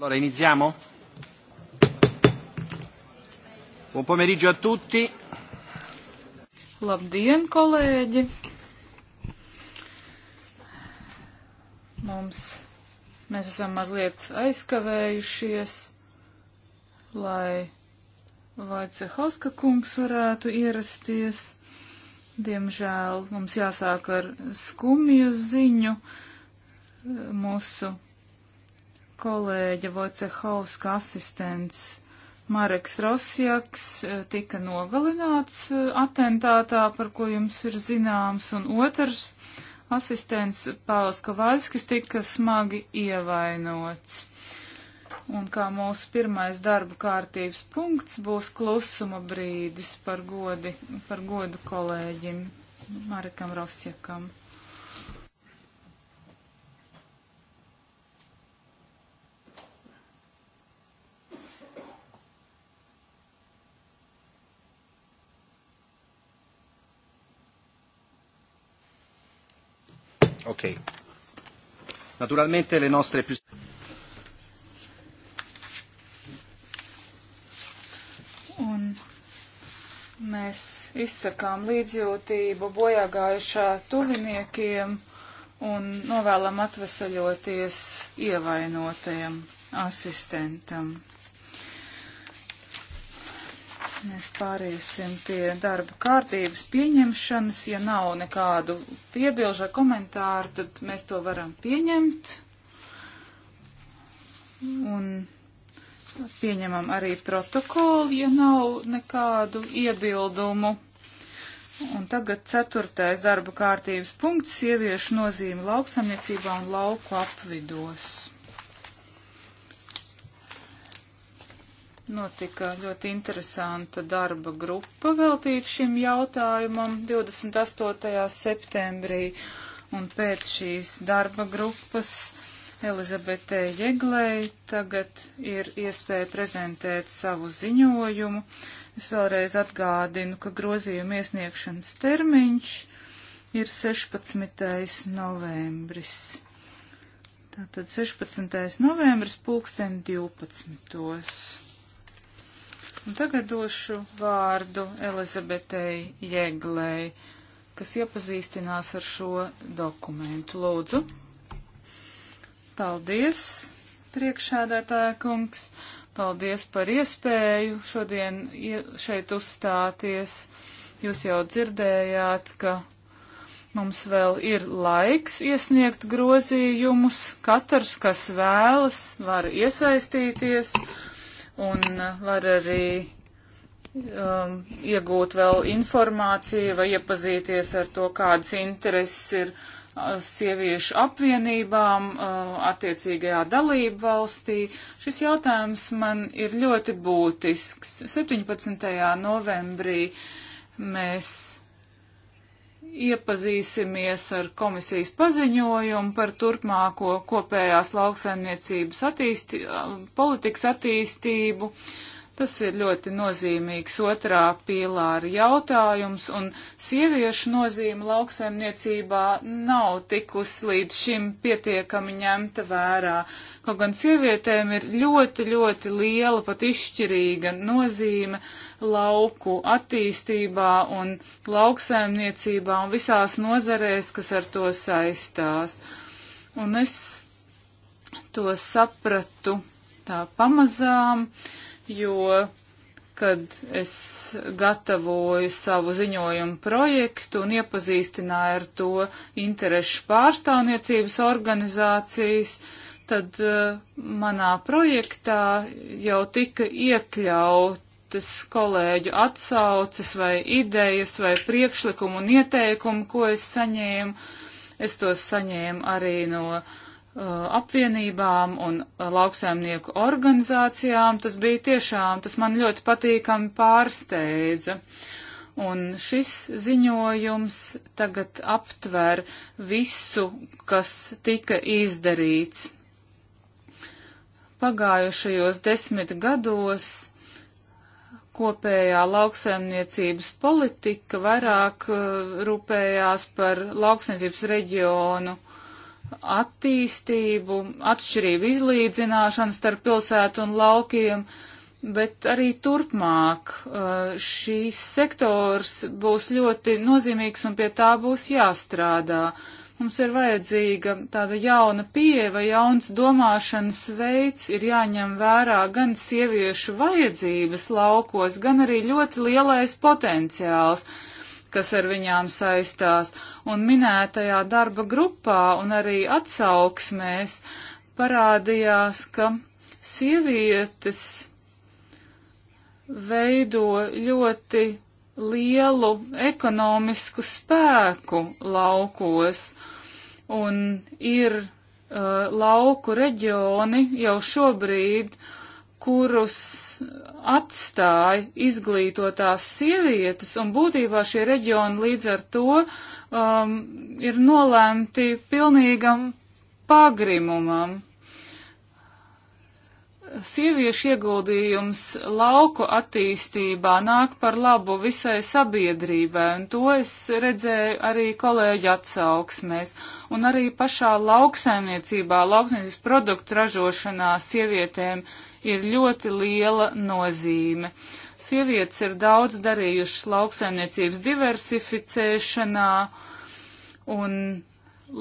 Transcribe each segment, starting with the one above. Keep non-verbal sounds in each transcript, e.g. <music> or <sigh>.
Allora iniziamo? Buon pomeriggio a tutti. Labdien, kolēģi! Mums, mēs esam mazliet aizkavējušies, lai Vaicehovska kungs varētu ierasties. Diemžēl mums jāsāk ar skumju ziņu. Mūsu kolēģa Vojcehauska asistents Mareks Rosjaks e, tika nogalināts e, atentātā, par ko jums ir zināms, un otrs asistents Pāls Kovaļskis tika smagi ievainots. Un kā mūsu pirmais darba kārtības punkts būs klusuma brīdis par, godi, par godu kolēģim Marekam Rosjakam. Ok. Naturalmente le nostre... Un mēs izsakām līdzjūtību bojāgājušā tuviniekiem un novēlam atvesaļoties ievainotajam asistentam. Mēs pāriesim pie darba kārtības pieņemšanas. Ja nav nekādu piebilžu vai komentāru, tad mēs to varam pieņemt. Un pieņemam arī protokolu, ja nav nekādu iebildumu. Un tagad ceturtais darba kārtības punkts - sieviešu nozīme lauksamniecībā un lauku apvidos. Notika ļoti interesanta darba grupa veltīt šim jautājumam 28. septembrī, un pēc šīs darba grupas Elizabetē Jeglei tagad ir iespēja prezentēt savu ziņojumu. Es vēlreiz atgādinu, ka grozījuma iesniegšanas termiņš ir 16. novembris. Tātad 16. novembris pulksten 12. Un tagad došu vārdu Elizabetei Jēglei, kas iepazīstinās ar šo dokumentu. Lūdzu. Paldies, priekšādātāja kungs. Paldies par iespēju šodien šeit uzstāties. Jūs jau dzirdējāt, ka mums vēl ir laiks iesniegt grozījumus. Katrs, kas vēlas, var iesaistīties un var arī um, iegūt vēl informāciju vai iepazīties ar to, kādas intereses ir uh, sieviešu apvienībām uh, attiecīgajā dalību valstī. Šis jautājums man ir ļoti būtisks. 17. novembrī mēs iepazīsimies ar komisijas paziņojumu par turpmāko kopējās lauksaimniecības attīsti, politikas attīstību. Uh, Tas ir ļoti nozīmīgs otrā pīlāra jautājums, un sieviešu nozīme lauksaimniecībā nav tikus līdz šim pietiekami ņemta vērā. Kaut gan sievietēm ir ļoti, ļoti liela, pat izšķirīga nozīme lauku attīstībā un lauksaimniecībā un visās nozarēs, kas ar to saistās. Un es to sapratu tā pamazām. Uh, jo, kad es gatavoju savu ziņojumu projektu un iepazīstināju ar to interešu pārstāvniecības organizācijas, tad uh, manā projektā jau tika iekļautas kolēģu atsauces vai idejas vai priekšlikumu un ieteikumu, ko es saņēmu. Es tos saņēmu arī no uh, Uh, apvienībām un uh, lauksaimnieku organizācijām. Tas bija tiešām, tas man ļoti patīkami pārsteidza. Un šis ziņojums tagad aptver visu, kas tika izdarīts. Pagājušajos desmit gados kopējā lauksaimniecības politika vairāk uh, rūpējās par lauksaimniecības reģionu attīstību, atšķirību izlīdzināšanu starp pilsētu un laukiem, bet arī turpmāk uh, šīs sektors būs ļoti nozīmīgs un pie tā būs jāstrādā. Mums ir vajadzīga tāda jauna pieeja, jauns domāšanas veids, ir jāņem vērā gan sieviešu vajadzības laukos, gan arī ļoti lielais potenciāls kas ar viņām saistās, un minētajā darba grupā un arī atsauksmēs parādījās, ka sievietes veido ļoti lielu ekonomisku spēku laukos, un ir uh, lauku reģioni jau šobrīd, uh, kurus atstāja izglītotās sievietes, un būtībā šie reģioni līdz ar to um, ir nolēmti pilnīgam pagrimumam sieviešu ieguldījums lauku attīstībā nāk par labu visai sabiedrībai, un to es redzēju arī kolēģi atsauksmēs. Un arī pašā lauksaimniecībā, lauksaimniecības produktu ražošanā sievietēm ir ļoti liela nozīme. Sievietes ir daudz darījušas lauksaimniecības diversificēšanā, un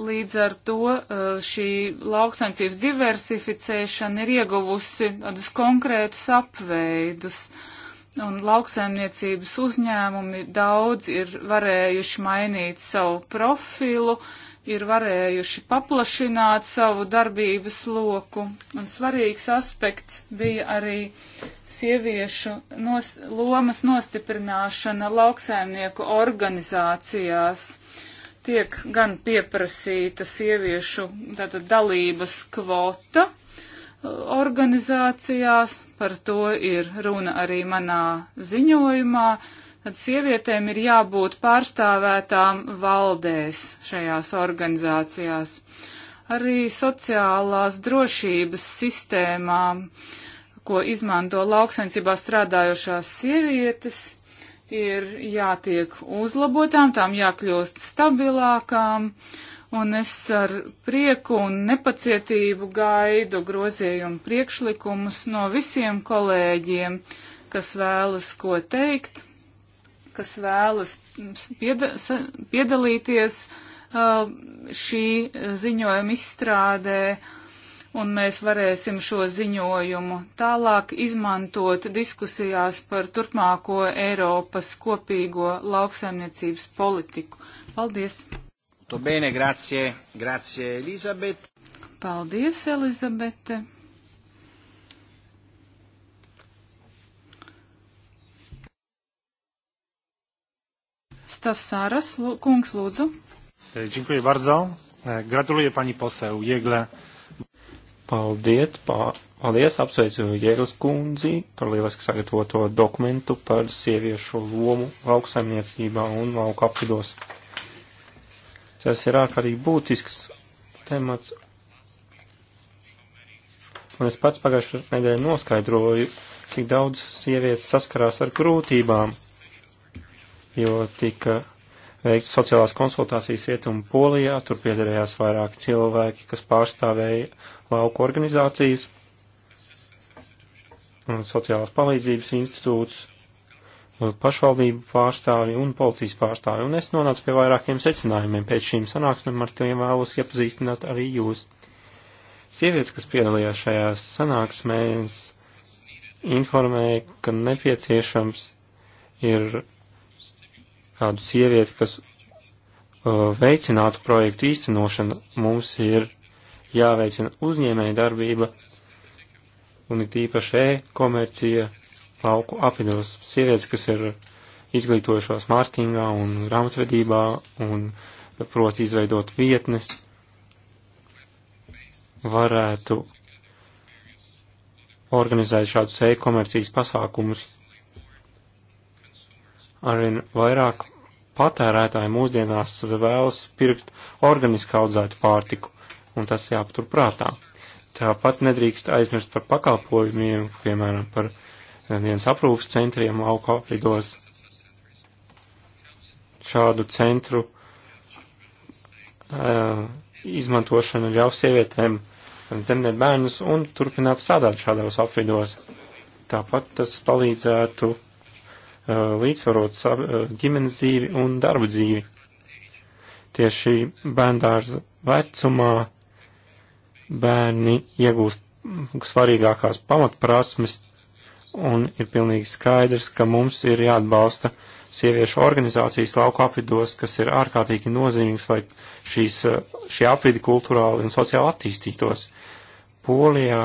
Līdz ar to uh, šī lauksaimniecības diversificēšana ir ieguvusi tādus konkrētus apveidus, un lauksaimniecības uzņēmumi daudz ir varējuši mainīt savu profilu, ir varējuši paplašināt savu darbības loku, un svarīgs aspekts bija arī sieviešu nos lomas nostiprināšana lauksaimnieku organizācijās. Uh, tiek gan pieprasīta sieviešu tātad, dalības kvota uh, organizācijās, par to ir runa arī manā ziņojumā, tad sievietēm ir jābūt pārstāvētām valdēs šajās organizācijās. Arī sociālās drošības sistēmām, ko izmanto lauksaimniecībā strādājošās sievietes, ir jātiek uzlabotām, tām jākļūst stabilākām, un es ar prieku un nepacietību gaidu grozījumu priekšlikumus no visiem kolēģiem, kas vēlas ko teikt, kas vēlas pieda piedalīties uh, šī ziņojuma izstrādē. Uh, un mēs varēsim šo ziņojumu tālāk izmantot diskusijās par turpmāko Eiropas kopīgo lauksaimniecības politiku. Paldies! To bene, grazie, grazie, Elizabete. Paldies, Elizabete. Stasaras, kungs, lūdzu. E, dziękuję bardzo. E, gratuluję pani poseł Jegle Paldies, pār, paldies apsveicu Jēlis kundzi par lieliski sagatavoto dokumentu par sieviešu lomu lauksaimniecībā un lauka apvidos. Tas ir ārkārtīgi būtisks temats. Un es pats pagājušajā nedēļā noskaidroju, cik daudz sievietes saskarās ar grūtībām, jo tika veikts sociālās konsultācijas rietumu polijā, tur piederējās vairāki cilvēki, kas pārstāvēja lauku organizācijas un sociālās palīdzības institūts, pašvaldību pārstāvi un policijas pārstāvi, un es nonācu pie vairākiem secinājumiem pēc šīm sanāksmēm, ar tiem vēlos iepazīstināt arī jūs. Sievietes, kas piedalījās šajās sanāksmēs, informēja, ka nepieciešams ir kādu sievieti, kas uh, veicinātu projektu īstenošanu. Mums ir jāveicina uzņēmēja darbība un it īpaši e-komercija lauku apvidos. Sievietes, kas ir izglītojušās mārtingā un grāmatvedībā un prot izveidot vietnes, varētu organizēt šādus e-komercijas pasākumus. Arvien vairāk patērētāji mūsdienās vēlas pirkt organiski audzētu pārtiku un tas jāpatur prātā. Tāpat nedrīkst aizmirst par pakalpojumiem, piemēram, par dienas aprūpas centriem lauka apvidos. Šādu centru uh, izmantošana ļauj sievietēm dzemdēt bērnus un turpināt strādāt šādos apvidos. Tāpat tas palīdzētu līdzsvarot ģimenes dzīvi un darba dzīvi. Tieši bērndārza vecumā bērni iegūst svarīgākās pamatprasmes, un ir pilnīgi skaidrs, ka mums ir jāatbalsta sieviešu organizācijas lauku apvidos, kas ir ārkārtīgi nozīmīgs, lai šīs, šie apvidi kulturāli un sociāli attīstītos. Polijā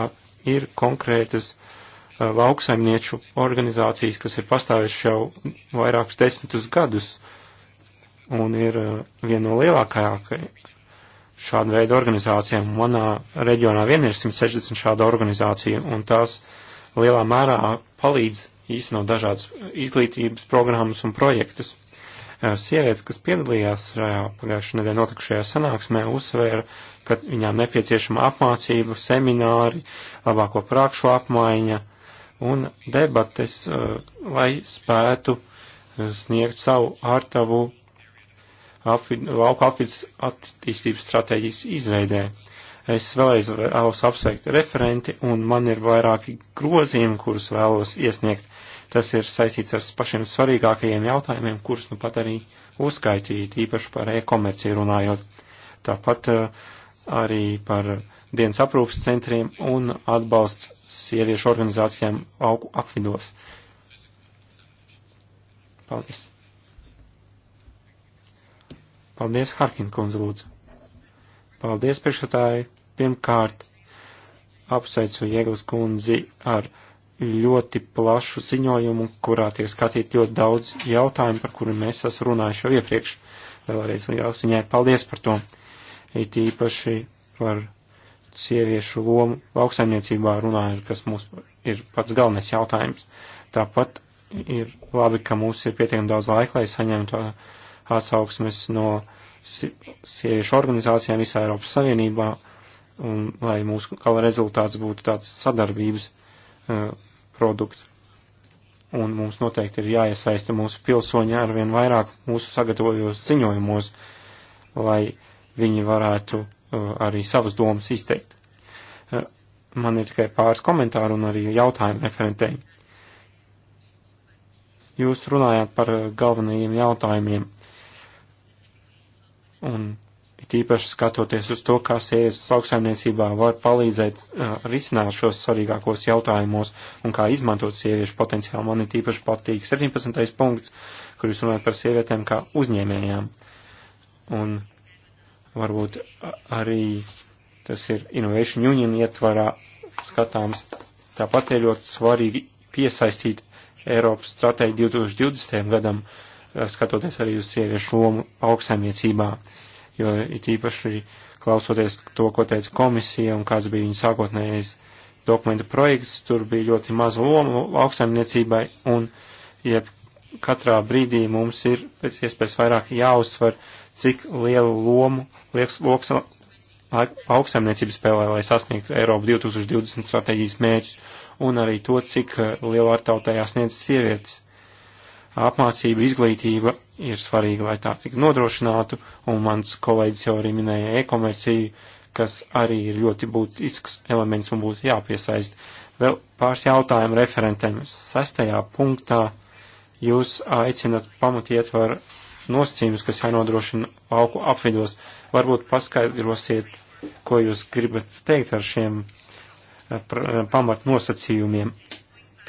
ir konkrētas eh, lauksaimnieču organizācijas, kas ir pastāvējušas jau vairākus desmitus gadus un ir eh, viena no lielākajām šādu veidu organizācijām. Manā reģionā vien ir 160 šāda organizācija, un tās lielā mērā palīdz īstenot dažādas izglītības programmas un projektus. Sievietes, kas piedalījās šajā pagājušajā nedēļā notikušajā sanāksmē, uzsvēra, ka viņām nepieciešama apmācība, semināri, labāko prākšu apmaiņa un debates, lai spētu sniegt savu ārtavu apvid, lauka apvidus attīstības stratēģijas izveidē. Es vēlreiz vēlos apsveikt referenti, un man ir vairāki grozījumi, kurus vēlos iesniegt. Tas ir saistīts ar pašiem svarīgākajiem jautājumiem, kurus nu pat arī uzskaitīt, īpaši par e-komerciju runājot. Tāpat eh, arī par dienas aprūpas centriem un atbalsts sieviešu organizācijām augu apvidos. Paldies! Paldies, Harkin kundze, lūdzu. Paldies, priekšatāji. Pirmkārt, apsveicu Jēglas kundzi ar ļoti plašu ziņojumu, kurā tiek skatīt ļoti daudz jautājumu, par kuriem mēs esam runājuši jau iepriekš. Vēlreiz liels viņai paldies par to. It īpaši par sieviešu lomu lauksaimniecībā runājot, kas mums ir pats galvenais jautājums. Tāpat ir labi, ka mums ir pietiekami daudz laika, lai saņemtu uh, atsauksmes no sieviešu organizācijām visā Eiropas Savienībā, un lai mūsu gala rezultāts būtu tāds sadarbības uh, produkts. Un mums noteikti ir jāiesaista mūsu pilsoņi arvien vairāk mūsu sagatavojos ziņojumos, lai viņi varētu uh, arī savas domas izteikt. Uh, man ir tikai pāris komentāru un arī jautājumu referentēm. Jūs runājāt par uh, galvenajiem jautājumiem Un it īpaši skatoties uz to, kā sievietes lauksaimniecībā var palīdzēt uh, risināt šos svarīgākos jautājumos un kā izmantot sieviešu potenciālu. Man it īpaši patīk 17. punkts, kur jūs runājat par sievietēm kā uzņēmējām. Un varbūt arī tas ir Innovation Union ietvarā skatāms. Tāpat ir ļoti svarīgi piesaistīt Eiropas stratēģiju 2020. gadam. Uh, skatoties arī uz sieviešu lomu augstsaimniecībā, jo it īpaši klausoties to, ko teica komisija un kāds bija viņa sākotnējais dokumenta projekts, tur bija ļoti maza loma augstsaimniecībai un jeb katrā brīdī mums ir pēc iespējas vairāk jāuzsver, cik lielu lomu liekas loks augstsaimniecības spēlē, lai sasniegtu Eiropu 2020 stratēģijas mērķus un arī to, cik lielu artautē jāsniedz sievietes apmācība, izglītība ir svarīga, lai tā tik nodrošinātu, un mans kolēģis jau arī minēja e-komerciju, kas arī ir ļoti būtisks elements un būtu jāpiesaist. Vēl pāris jautājumu referentiem. Sestajā punktā jūs aicinat pamatietvaru nosacījumus, kas jānodrošina lauku apvidos. Varbūt paskaidrosiet, ko jūs gribat teikt ar šiem pamat nosacījumiem.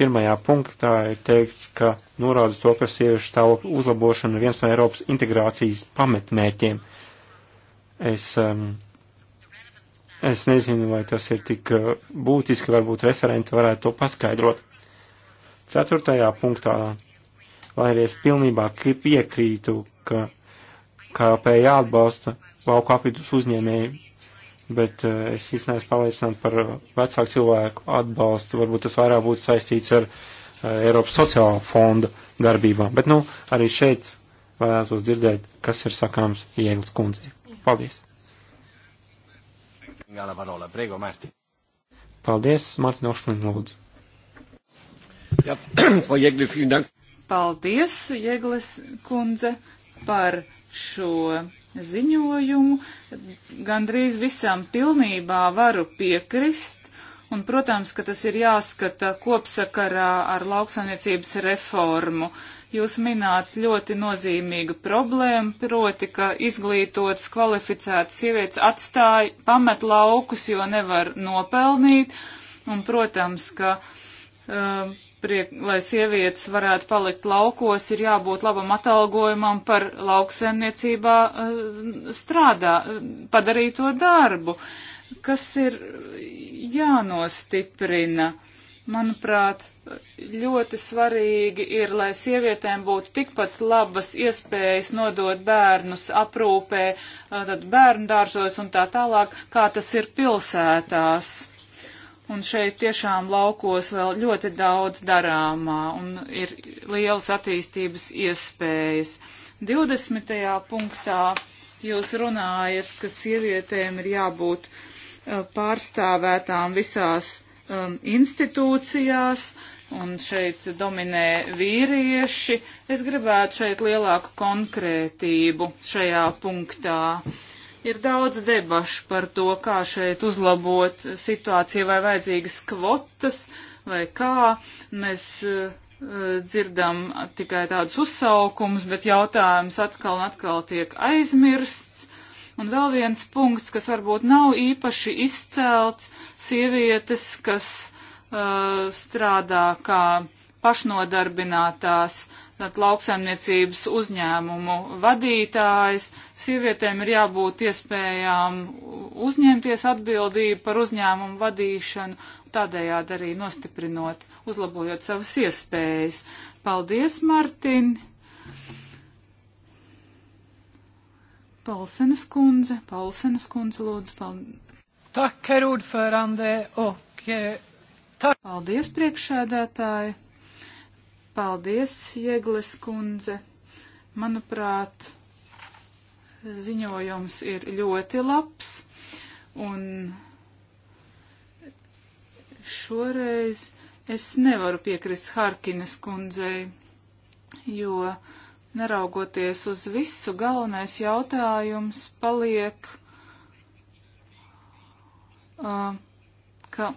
Pirmajā punktā ir teikts, ka norādas to, ka sieviešu stāvokļu uzlabošana ir viens no Eiropas integrācijas pamatmērķiem. Es, um, es nezinu, vai tas ir tik uh, būtiski, varbūt referenti varētu to paskaidrot. Ceturtajā punktā, lai arī es pilnībā piekrītu, ka KP jāatbalsta lauku apvidus uzņēmēju bet eh, es īstenībā esmu pārliecināts par vecāku cilvēku atbalstu. Varbūt tas vairāk būtu saistīts ar eh, Eiropas sociālā fonda darbībām. Bet, nu, arī šeit vēlētos dzirdēt, kas ir sakāms Jēglas kundzei. Paldies! Paldies, Mārtiņ Ošmīn, lūdzu. Jā, <clears throat> Frau Jēgle, vielen Dank. Paldies, Jēglas kundze, par šo ziņojumu. Gandrīz visam pilnībā varu piekrist. Un, protams, ka tas ir jāskata kopsakarā ar lauksaimniecības reformu. Jūs mināt ļoti nozīmīgu problēmu, proti, ka izglītotas, kvalificētas sievietes atstāja, pamet laukus, jo nevar nopelnīt. Un, protams, ka uh, priek, lai sievietes varētu palikt laukos, ir jābūt labam atalgojumam par lauksaimniecībā eh, strādā, eh, padarīto darbu, kas ir jānostiprina. Manuprāt, ļoti svarīgi ir, lai sievietēm būtu tikpat labas iespējas nodot bērnus aprūpē, eh, tad bērnu dārzos un tā tālāk, kā tas ir pilsētās Un šeit tiešām laukos vēl ļoti daudz darāmā un ir lielas attīstības iespējas. 20. punktā jūs runājat, ka sievietēm ir jābūt uh, pārstāvētām visās um, institūcijās, un šeit dominē vīrieši. Es gribētu šeit lielāku konkrētību šajā punktā. Uh, Ir daudz debašu par to, kā šeit uzlabot situāciju, vai vajadzīgas kvotas, vai kā. Mēs uh, dzirdam tikai tādus uzsaukumus, bet jautājums atkal un atkal tiek aizmirsts. Un vēl viens punkts, kas varbūt nav īpaši izcelts - sievietes, kas uh, strādā kā pašnodarbinātās nodrošināt lauksaimniecības uzņēmumu vadītājs. Sievietēm ir jābūt iespējām uzņemties atbildību par uzņēmumu vadīšanu, tādējādi arī nostiprinot, uzlabojot savas iespējas. Paldies, Martin! Paulsenes kundze, Paulsenes kundze, lūdzu, paldies. Tak, herr ordförande, ok. Eh, tak. Paldies, priekšsēdētāji. Paldies, Jēglis kundze. Manuprāt, ziņojums ir ļoti labs un šoreiz es nevaru piekrist Harkinas kundzei, jo neraugoties uz visu, galvenais jautājums paliek, uh, ka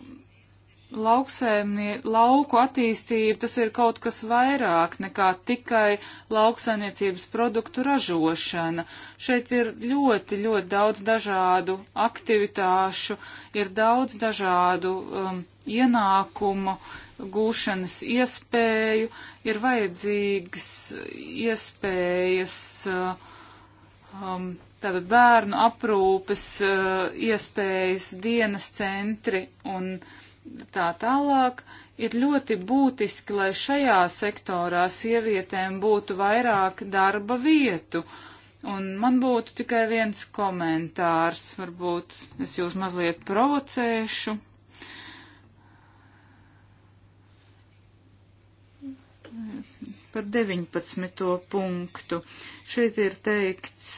lauksēmnie, lauku attīstība tas ir kaut kas vairāk nekā tikai lauksaimniecības produktu ražošana. Šeit ir ļoti, ļoti daudz dažādu aktivitāšu, ir daudz dažādu um, ienākumu gūšanas iespēju, ir vajadzīgas iespējas. Uh, um, Tātad bērnu aprūpes uh, iespējas, dienas centri un uh, tā tālāk, ir ļoti būtiski, lai šajā sektorā sievietēm būtu vairāk darba vietu. Un man būtu tikai viens komentārs, varbūt es jūs mazliet provocēšu. Par 19. punktu. Šeit ir teikts,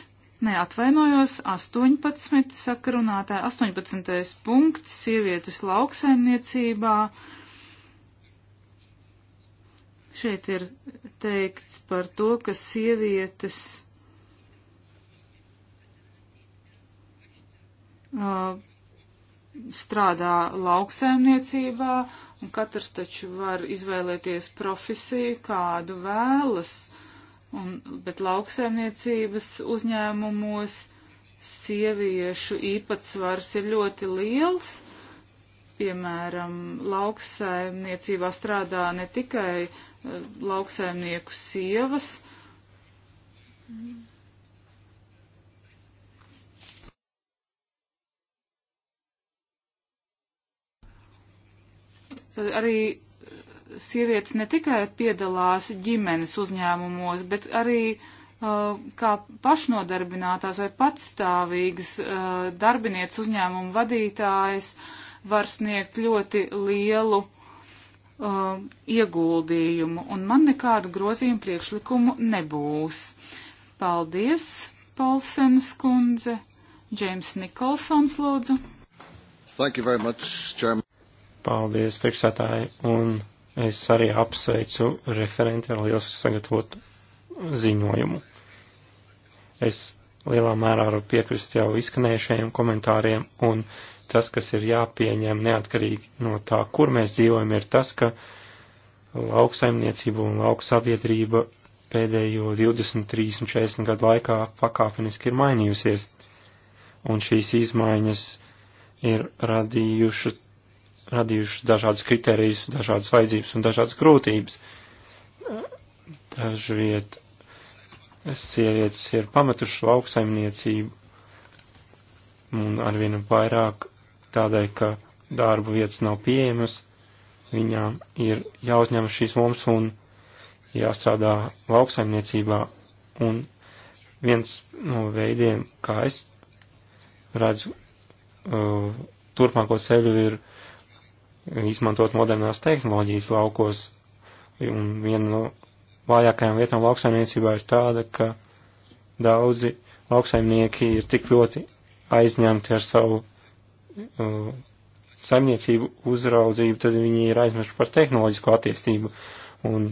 Nē, atvainojos, 18, saka runātāja, 18. punkts, sievietes lauksaimniecībā. Šeit ir teikts par to, ka sievietes uh, strādā lauksaimniecībā, un katrs taču var izvēlēties profesiju, kādu vēlas un, bet lauksaimniecības uzņēmumos sieviešu īpatsvars ir ļoti liels. Piemēram, lauksaimniecībā strādā ne tikai eh, lauksaimnieku sievas. Tad arī sievietes ne tikai piedalās ģimenes uzņēmumos, bet arī uh, kā pašnodarbinātās vai patstāvīgas uh, darbinieces uzņēmumu vadītājas var sniegt ļoti lielu uh, ieguldījumu, un man nekādu grozījumu priekšlikumu nebūs. Paldies, Palsens kundze. Džeims Nikolsons, lūdzu. Thank you very much, Chairman. Paldies, priekšsētāji, un Es arī apsveicu referenti ar lielu sagatavotu ziņojumu. Es lielā mērā varu piekrist jau izskanējušajiem komentāriem, un tas, kas ir jāpieņem neatkarīgi no tā, kur mēs dzīvojam, ir tas, ka lauksaimniecība un lauksabiedrība pēdējo 20, 30, 40 gadu laikā pakāpeniski ir mainījusies, un šīs izmaiņas ir radījušas radījušas dažādas kritērijas, dažādas vajadzības un dažādas grūtības. Dažviet sievietes ir pametušas lauksaimniecību un arvien vairāk tādēļ, ka darba vietas nav pieejamas, viņām ir jāuzņem šīs lomas un jāstrādā lauksaimniecībā. Un viens no veidiem, kā es redzu, uh, turpmāko ceļu ir izmantot modernās tehnoloģijas laukos. Un viena no vājākajām lietām lauksaimniecībā ir tāda, ka daudzi lauksaimnieki ir tik ļoti aizņemti ar savu uh, saimniecību uzraudzību, tad viņi ir aizmirsti par tehnoloģisko attīstību. Un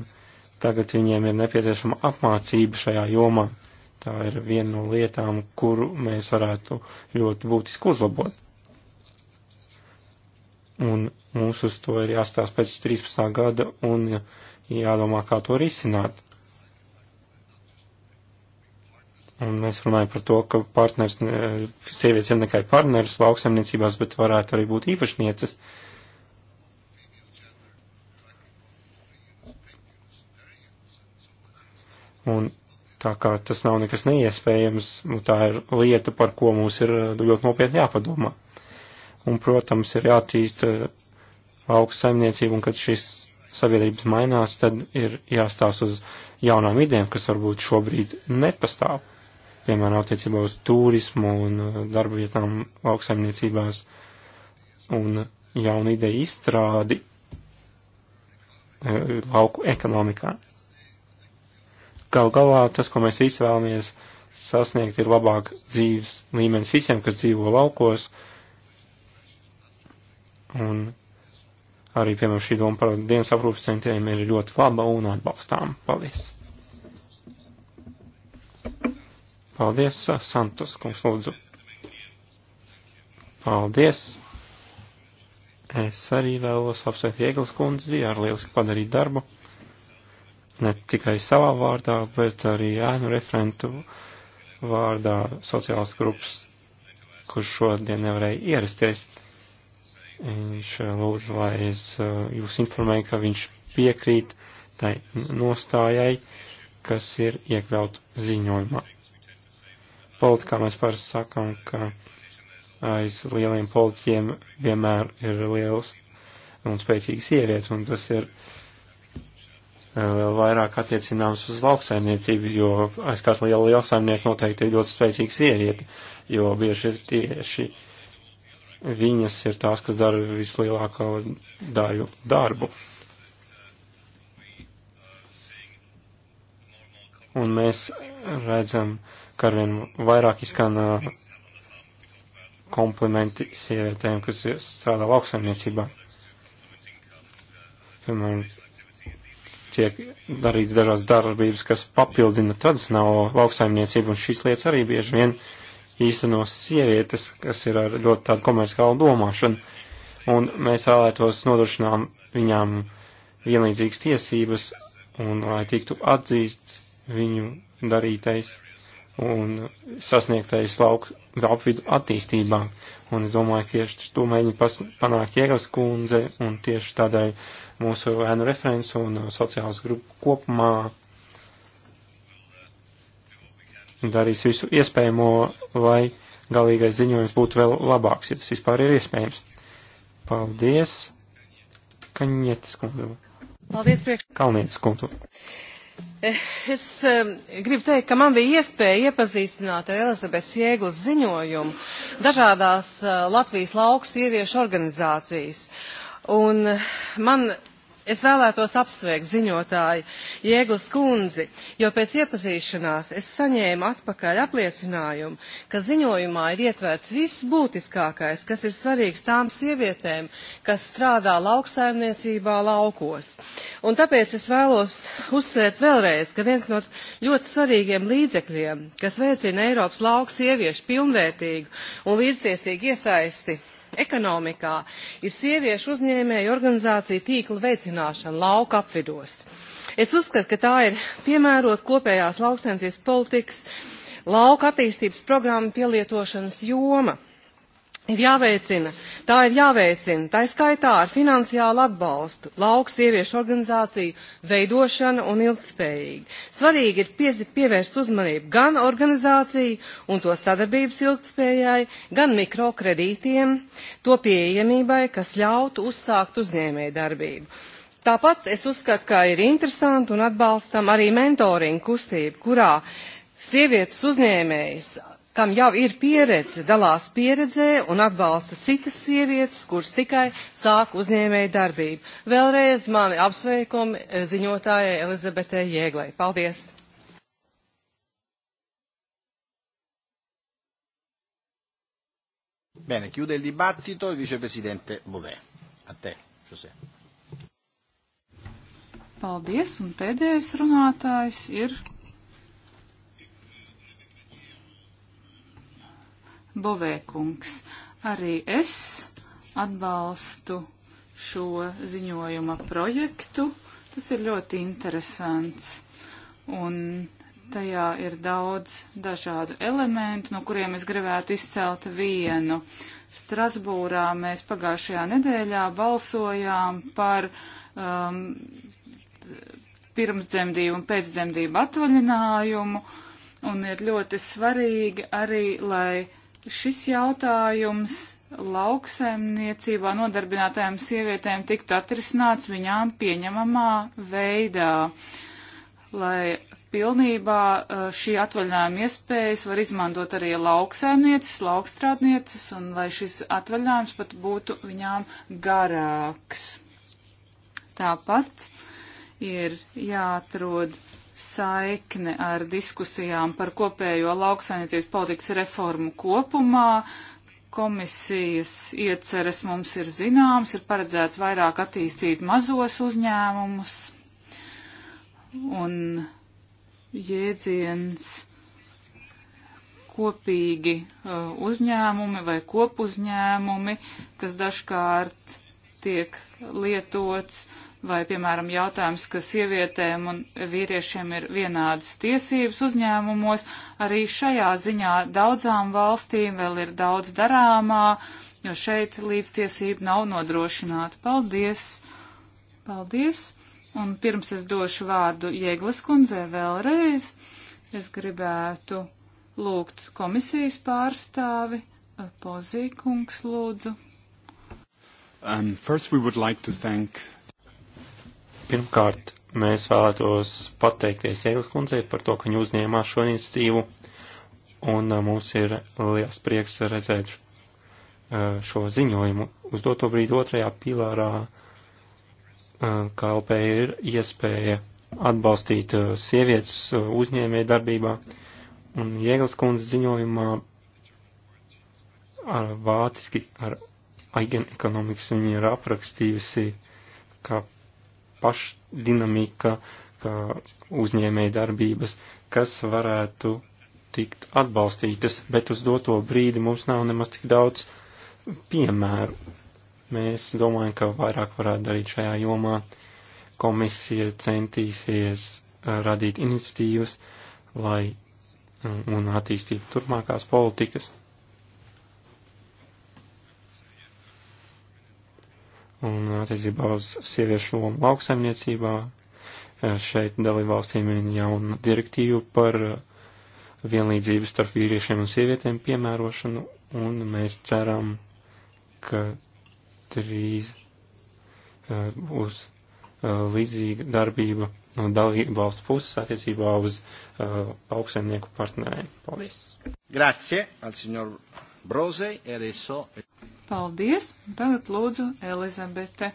tagad viņiem ir nepieciešama apmācība šajā jomā. Tā ir viena no lietām, kuru mēs varētu ļoti būtiski uzlabot. Un Mums uz to ir jāstās pēc 13. gada un jādomā, kā to risināt. Un mēs runājam par to, ka partners, sievietes ir ne tikai partneris lauksaimniecībās, bet varētu arī būt īpašnieces. Un tā kā tas nav nekas neiespējams, nu, tā ir lieta, par ko mums ir ļoti nopietni jāpadomā. Un, protams, ir jātīsta lauku saimniecību un kad šīs sabiedrības mainās, tad ir jāstās uz jaunām idejām, kas varbūt šobrīd nepastāv. Piemēram, attiecībā uz turismu un uh, darba vietām lauksaimniecībās un jaunu ideju izstrādi uh, lauku ekonomikā. Gal galā tas, ko mēs visi vēlamies sasniegt, ir labāk dzīves līmenis visiem, kas dzīvo laukos. Un Arī, piemēram, šī doma par dienas aprūpas centriem ir ļoti laba un atbalstām. Paldies! Paldies, Santos, kungs, lūdzu. Paldies! Es arī vēlos apsveikt Ieglas kundzi ar lieliski padarīt darbu. Ne tikai savā vārdā, bet arī ēnu referentu vārdā sociālas grupas, kurš šodien nevarēja ierasties. Viņš eh, lūdz, lai es eh, jūs informēju, ka viņš piekrīt tai nostājai, kas ir iekļaut ziņojumā. Politikā mēs parasti sakām, ka aiz lieliem politiķiem vienmēr ir liels un spēcīgs sievietes, un tas ir eh, vēl vairāk attiecināms uz lauksaimniecību, jo aizkārt liela lauksaimnieka noteikti ir ļoti spēcīga sieviete, jo bieži ir tieši uh, viņas ir tās, kas dara vislielāko daļu darbu. Un mēs redzam, ka arvien vairāk izskan uh, komplimenti sievietēm, kas strādā lauksaimniecībā. Piemēram, tiek darīts dažās darbības, kas papildina tradicionālo lauksaimniecību, un šīs lietas arī bieži vien uh, īstenos sievietes, kas ir ar ļoti tādu komerciālu domāšanu, un mēs vēlētos nodrošinām viņām vienlīdzīgas tiesības, un lai tiktu atzīsts viņu darītais un sasniegtais lauku apvidu attīstībā. Un es domāju, ka tieši to mēģina panākt Jēgas kundze, un tieši tādai mūsu ēnu referents un sociālas grupu kopumā darīs visu iespējamo, lai galīgais ziņojums būtu vēl labāks, ja tas vispār ir iespējams. Paldies, Kaņietis kundze. Paldies, priekš. Kalnietis kundze. Eh, es um, gribu teikt, ka man bija iespēja iepazīstināt ar Elizabetes Jēglas ziņojumu dažādās uh, Latvijas lauks sieviešu organizācijas. Un man Es vēlētos apsveikt ziņotāju Jēglas kundzi, jo pēc iepazīšanās es saņēmu atpakaļ apliecinājumu, ka ziņojumā ir ietverts viss būtiskākais, kas ir svarīgs tām sievietēm, kas strādā lauksaimniecībā laukos. Un tāpēc es vēlos uzsvērt vēlreiz, ka viens no ļoti svarīgiem līdzekļiem, kas veicina Eiropas lauku sieviešu pilnvērtīgu un līdztiesīgu iesaisti ekonomikā ir sieviešu uzņēmēju organizāciju tīkla veicināšana lauka apvidos. Es uzskatu, ka tā ir piemērot kopējās lauksaimniecības politikas lauka attīstības programmu pielietošanas joma ir jāveicina, tā ir jāveicina, tā skaitā ar finansiālu atbalstu, lauku sieviešu organizāciju veidošana un ilgtspējīgi. Svarīgi ir pie, pievērst uzmanību gan organizāciju un to sadarbības ilgtspējai, gan mikrokredītiem, to pieejamībai, kas ļautu uzsākt uzņēmēju darbību. Tāpat es uzskatu, ka ir interesanti un atbalstam arī mentoringa kustība, kurā Sievietes uzņēmējas kam jau ir pieredze, dalās pieredzē un atbalsta citas sievietes, kuras tikai sāk uzņēmēju darbību. Vēlreiz mani apsveikumi eh, ziņotājai Elizabetei Jēglei. Paldies! Bene, chiude il dibattito il vicepresidente Bové. A te, José. Paldies, un pēdējais runātājs ir Bovēkungs. Arī es atbalstu šo ziņojuma projektu. Tas ir ļoti interesants. Un tajā ir daudz dažādu elementu, no kuriem es gribētu izcelt vienu. Strasbūrā mēs pagājušajā nedēļā balsojām par um, pirmsdzemdību un pēcdzemdību atvaļinājumu, un ir ļoti svarīgi arī, lai šis jautājums lauksaimniecībā nodarbinātajām sievietēm tiktu atrisināts viņām pieņemamā veidā, lai pilnībā uh, šī atvaļinājuma iespējas var izmantot arī lauksaimnieces, laukstrādnieces, un lai šis atvaļinājums pat būtu viņām garāks. Tāpat ir jāatrod saikne ar diskusijām par kopējo lauksainiecības politikas reformu kopumā. Komisijas ieceres mums ir zināms, ir paredzēts vairāk attīstīt mazos uzņēmumus un jēdziens kopīgi uh, uzņēmumi vai kopuzņēmumi, kas dažkārt tiek lietots. Uh, vai, piemēram, jautājums, ka sievietēm un vīriešiem ir vienādas tiesības uzņēmumos, arī šajā ziņā daudzām valstīm vēl ir daudz darāmā, jo šeit līdztiesība nav nodrošināta. Paldies! Paldies! Un pirms es došu vārdu Jēglas kundzē vēlreiz, es gribētu lūgt komisijas pārstāvi Pozīkungs lūdzu. Um, first we would like to thank Pirmkārt, mēs vēlētos pateikties Eilas kundzei par to, ka viņa uzņēmās šo iniciatīvu, un mums ir liels prieks redzēt šo ziņojumu. Uz doto brīdi otrajā pilārā KLP ir iespēja atbalstīt sievietes uzņēmē darbībā, un Jēglas kundzes ziņojumā ar vāciski, ar aigen ekonomikas viņa ir aprakstījusi, ka pašdinamika, kā uzņēmēja darbības, kas varētu tikt atbalstītas, bet uz doto brīdi mums nav nemaz tik daudz piemēru. Mēs domājam, ka vairāk varētu darīt šajā jomā. Komisija centīsies uh, radīt iniciatīvas, lai uh, un attīstītu turpmākās politikas. un attiecībā uz sieviešu lomu lauksaimniecībā. Eh, šeit dalībvalstīm ir jauna direktīva par eh, vienlīdzību starp vīriešiem un sievietēm piemērošanu, un mēs ceram, ka drīz eh, būs līdzīga darbība no dalībvalstu puses attiecībā uz lauksaimnieku partneriem. Paldies! Grazie al signor Brose e adesso... Paldies! Tagad lūdzu, Elizabete,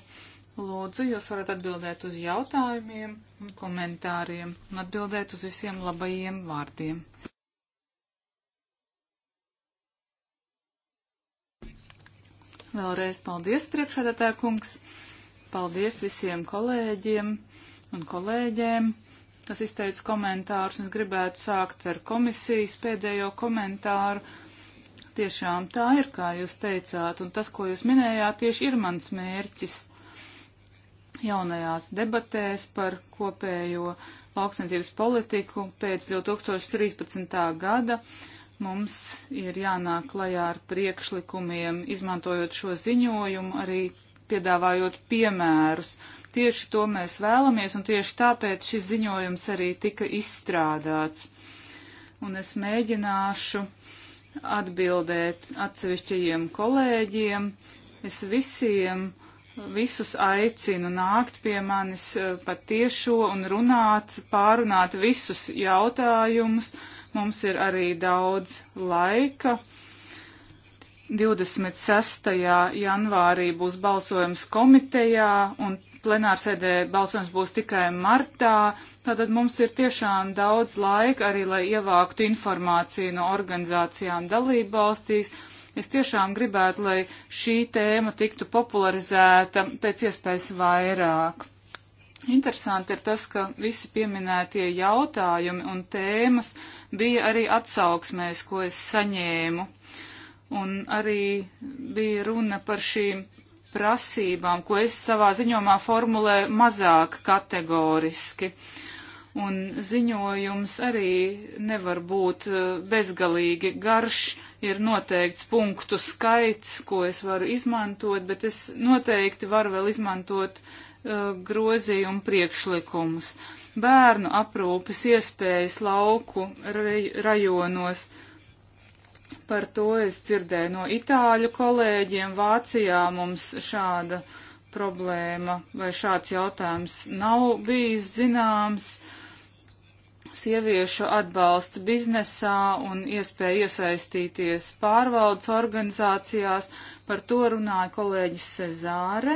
lūdzu, jūs varat atbildēt uz jautājumiem un komentāriem un atbildēt uz visiem labajiem vārdiem. Vēlreiz paldies, priekšādātā kungs! Paldies visiem kolēģiem un kolēģēm, kas izteica komentārus. Es gribētu sākt ar komisijas pēdējo komentāru Tiešām tā ir, kā jūs teicāt, un tas, ko jūs minējāt, tieši ir mans mērķis jaunajās debatēs par kopējo lauksniecības politiku pēc 2013. gada. Mums ir jānāk klajā ar priekšlikumiem, izmantojot šo ziņojumu, arī piedāvājot piemērus. Tieši to mēs vēlamies, un tieši tāpēc šis ziņojums arī tika izstrādāts. Un es mēģināšu atbildēt atsevišķajiem kolēģiem. Es visiem, visus aicinu nākt pie manis eh, pat tiešo un runāt, pārunāt visus jautājumus. Mums ir arī daudz laika. 26. janvārī būs balsojums komitejā, un plenārsēdē balsojums būs tikai martā, tātad mums ir tiešām daudz laika arī, lai ievāktu informāciju no organizācijām dalību valstīs. Es tiešām gribētu, lai šī tēma tiktu popularizēta pēc iespējas vairāk. Interesanti ir tas, ka visi pieminētie jautājumi un tēmas bija arī atsauksmēs, ko es saņēmu. Un arī bija runa par šīm prasībām, ko es savā ziņomā formulēju mazāk kategoriski. Un ziņojums arī nevar būt eh, bezgalīgi garš, ir noteikts punktu skaits, ko es varu izmantot, bet es noteikti varu vēl izmantot uh, grozījumu priekšlikumus. Bērnu aprūpes iespējas lauku rajonos. Rej Par to es dzirdēju no itāļu kolēģiem. Vācijā mums šāda problēma vai šāds jautājums nav bijis zināms sieviešu atbalsts biznesā un iespēja iesaistīties pārvaldes organizācijās. Par to runāja kolēģis Cezāre.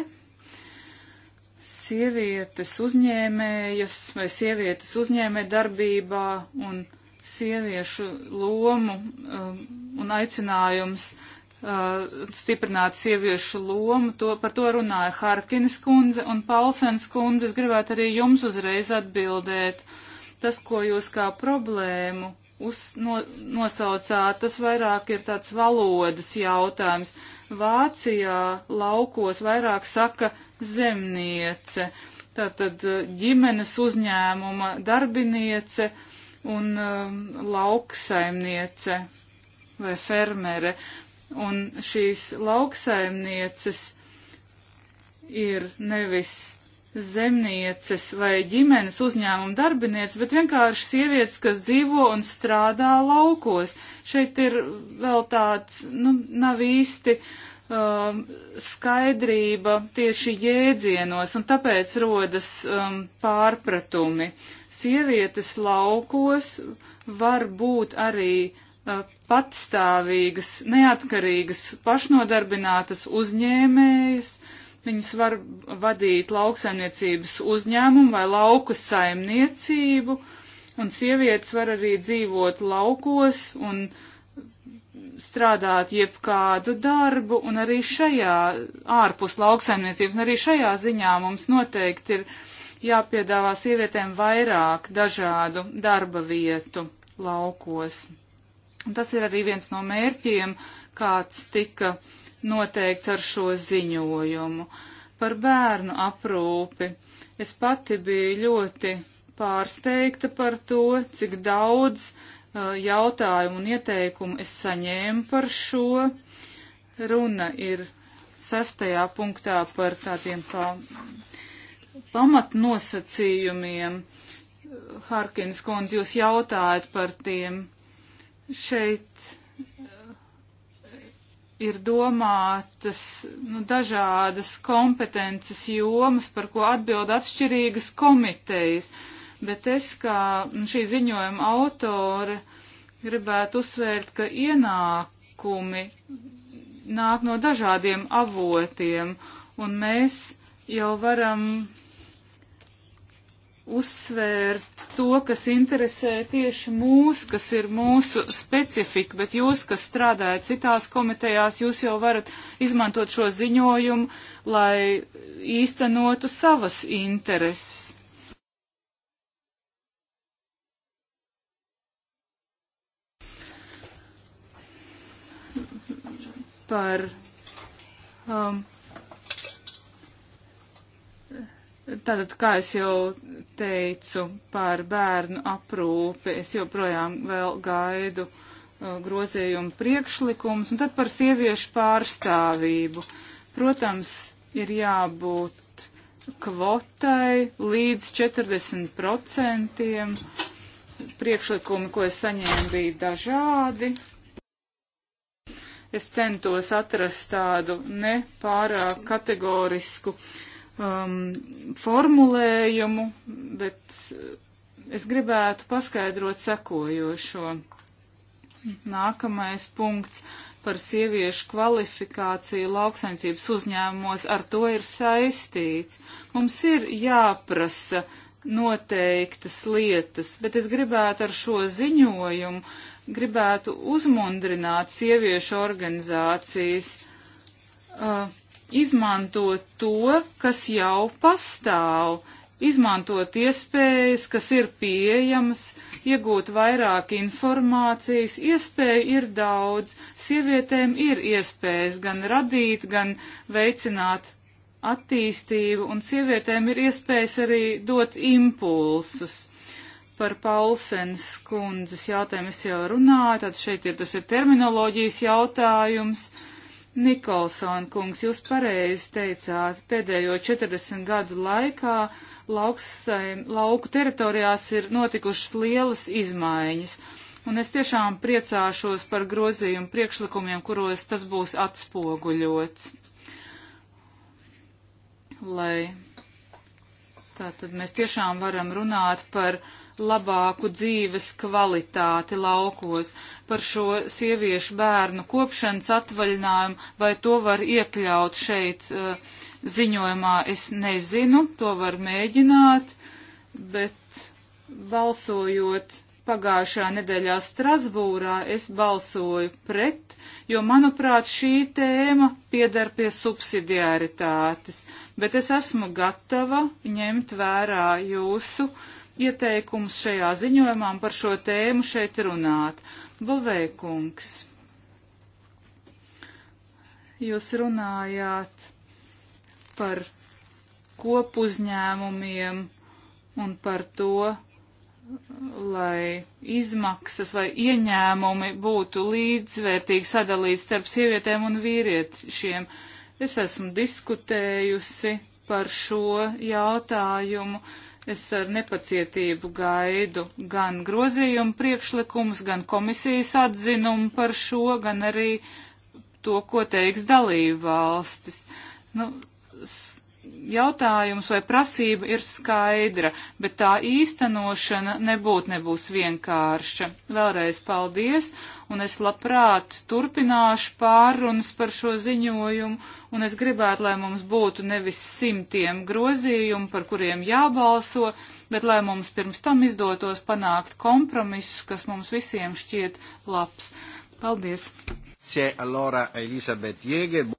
Sievietes uzņēmējas vai sievietes uzņēmē darbībā un sieviešu lomu um, un aicinājums uh, stiprināt sieviešu lomu. To, par to runāja Harkinas kundze un Palsens kundze. Es gribētu arī jums uzreiz atbildēt. Tas, ko jūs kā problēmu uz, no, nosaucāt, tas vairāk ir tāds valodas jautājums. Vācijā laukos vairāk saka zemniece, tātad uh, ģimenes uzņēmuma darbiniece. Uh, un um, lauksaimniece vai fermere. Un šīs lauksaimnieces ir nevis zemnieces vai ģimenes uzņēmuma darbinieces, bet vienkārši sievietes, kas dzīvo un strādā laukos. Šeit ir vēl tāds, nu, nav īsti um, skaidrība tieši jēdzienos, un tāpēc rodas um, pārpratumi. Uh, sievietes laukos var būt arī uh, patstāvīgas, neatkarīgas, pašnodarbinātas uzņēmējas. Viņas var vadīt lauksaimniecības uzņēmumu vai lauku saimniecību, un sievietes var arī dzīvot laukos un strādāt jebkādu darbu, un arī šajā ārpus lauksaimniecības, un arī šajā ziņā mums noteikti ir uh, jāpiedāvā sievietēm vairāk dažādu darba vietu laukos. Un tas ir arī viens no mērķiem, kāds tika noteikts ar šo ziņojumu. Par bērnu aprūpi. Es pati biju ļoti pārsteigta par to, cik daudz uh, jautājumu un ieteikumu es saņēmu par šo. Runa ir sastajā punktā par tādiem kā pamatnosacījumiem. Harkins kundze, jūs jautājat par tiem. Šeit eh, ir domātas nu, dažādas kompetences jomas, par ko atbild atšķirīgas komitejas, bet es kā nu, šī ziņojuma autore gribētu uzsvērt, ka ienākumi nāk no dažādiem avotiem, un mēs jau varam uzsvērt to, kas interesē tieši mūs, kas ir mūsu specifika, bet jūs, kas strādājat citās komitejās, jūs jau varat izmantot šo ziņojumu, lai īstenotu savas intereses. Par um, Tātad, kā es jau teicu par bērnu aprūpi, es joprojām vēl gaidu uh, grozījumu priekšlikums, un tad par sieviešu pārstāvību. Protams, ir jābūt kvotai līdz 40%. Priekšlikumi, ko es saņēmu, bija dažādi. Es centos atrast tādu nepārāk kategorisku uh, um, formulējumu, bet uh, es gribētu paskaidrot sekojošo. Nākamais punkts par sieviešu kvalifikāciju lauksaimniecības uzņēmumos ar to ir saistīts. Mums ir jāprasa noteiktas lietas, bet es gribētu ar šo ziņojumu gribētu uzmundrināt sieviešu organizācijas. Uh, izmantot to, kas jau pastāv, izmantot iespējas, kas ir pieejamas, iegūt vairāk informācijas. Iespēju ir daudz, sievietēm ir iespējas gan radīt, gan veicināt attīstību, un sievietēm ir iespējas arī dot impulsus. Par Paulsens kundzes jautājumu es jau runāju, tad šeit ir tas ir terminoloģijas jautājums. Uh, Nikolson kungs, jūs pareizi teicāt, pēdējo 40 gadu laikā lauks, lauku teritorijās ir notikušas lielas izmaiņas. Un es tiešām priecāšos par grozījumu priekšlikumiem, kuros tas būs atspoguļots. Lai tā tad mēs tiešām varam runāt par labāku dzīves kvalitāti laukos, par šo sieviešu bērnu kopšanas atvaļinājumu, vai to var iekļaut šeit eh, ziņojumā, es nezinu, to var mēģināt, bet balsojot pagājušajā nedēļā Strasbūrā, es balsoju pret, jo, manuprāt, šī tēma piedar pie subsidiaritātes, bet es esmu gatava ņemt vērā jūsu uh, ieteikums šajā ziņojumā par šo tēmu šeit runāt. Bovēkungs, jūs runājāt par kopuzņēmumiem un par to, lai izmaksas vai ieņēmumi būtu līdzvērtīgi sadalīti starp sievietēm un vīriešiem. Es esmu diskutējusi par šo jautājumu. Es ar nepacietību gaidu gan grozījumu priekšlikumus, gan komisijas atzinumu par šo, gan arī to, ko teiks dalību valstis. Nu, jautājums vai prasība ir skaidra, bet tā īstenošana nebūt nebūs vienkārša. Vēlreiz paldies, un es labprāt turpināšu pārunas par šo ziņojumu, un es gribētu, lai mums būtu nevis simtiem grozījumu, par kuriem jābalso, bet lai mums pirms tam izdotos panākt kompromisu, kas mums visiem šķiet labs. Paldies! Grazie allora a Elisabeth Jäger.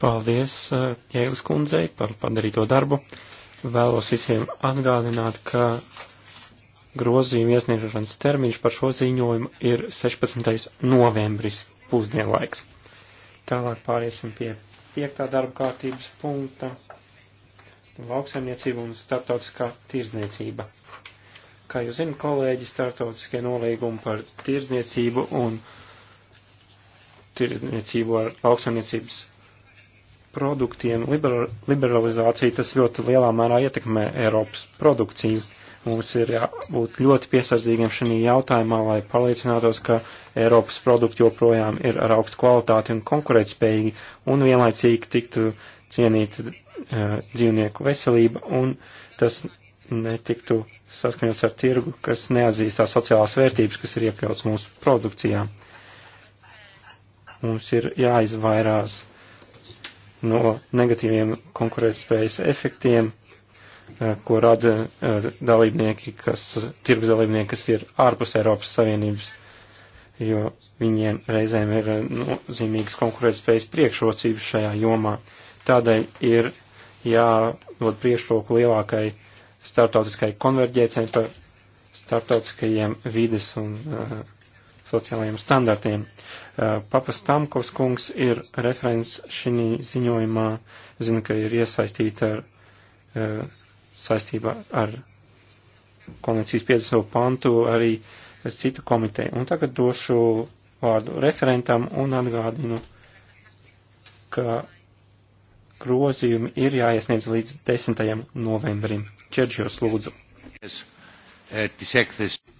Paldies Jēlis eh, kundzei par padarīto darbu. Vēlos visiem atgādināt, ka grozījuma iesniegšanas termiņš par šo ziņojumu ir 16. novembris pusdienlaiks. Tālāk pāriesim pie piektā darba kārtības punkta - lauksaimniecība un starptautiskā tirzniecība. Kā jūs zināt, kolēģi, starptautiskie nolīgumi par tirzniecību un tirzniecību ar lauksaimniecības produktiem liber liberalizācija, tas ļoti lielā mērā ietekmē Eiropas produkciju. Mums ir jābūt ļoti piesardzīgiem šajā jautājumā, lai pārliecinātos, ka Eiropas produkti joprojām ir ar augstu kvalitāti un konkurētspējīgi, un vienlaicīgi tiktu cienīta uh, eh, dzīvnieku veselība, un tas netiktu saskaņots ar tirgu, kas neatzīst tās sociālās vērtības, kas ir iekļauts mūsu produkcijā. Mums ir jāizvairās no negatīviem konkurētspējas efektiem, eh, ko rada eh, dalībnieki, kas, tirgus dalībnieki, kas ir ārpus Eiropas Savienības, jo viņiem reizēm ir eh, nozīmīgas konkurētspējas priekšrocības šajā jomā. Tādēļ ir jādod priekšroku lielākai starptautiskai konverģēcijai par starptautiskajiem vides un uh, sociālajiem standartiem. Papastamkovs kungs ir referents šī ziņojumā, zinu, ka ir iesaistīta ar, saistībā ar konvencijas 50. pantu arī citu komiteju. Un tagad došu vārdu referentam un atgādinu, ka grozījumi ir jāiesniedz līdz 10. novembrim. Čerģijos lūdzu.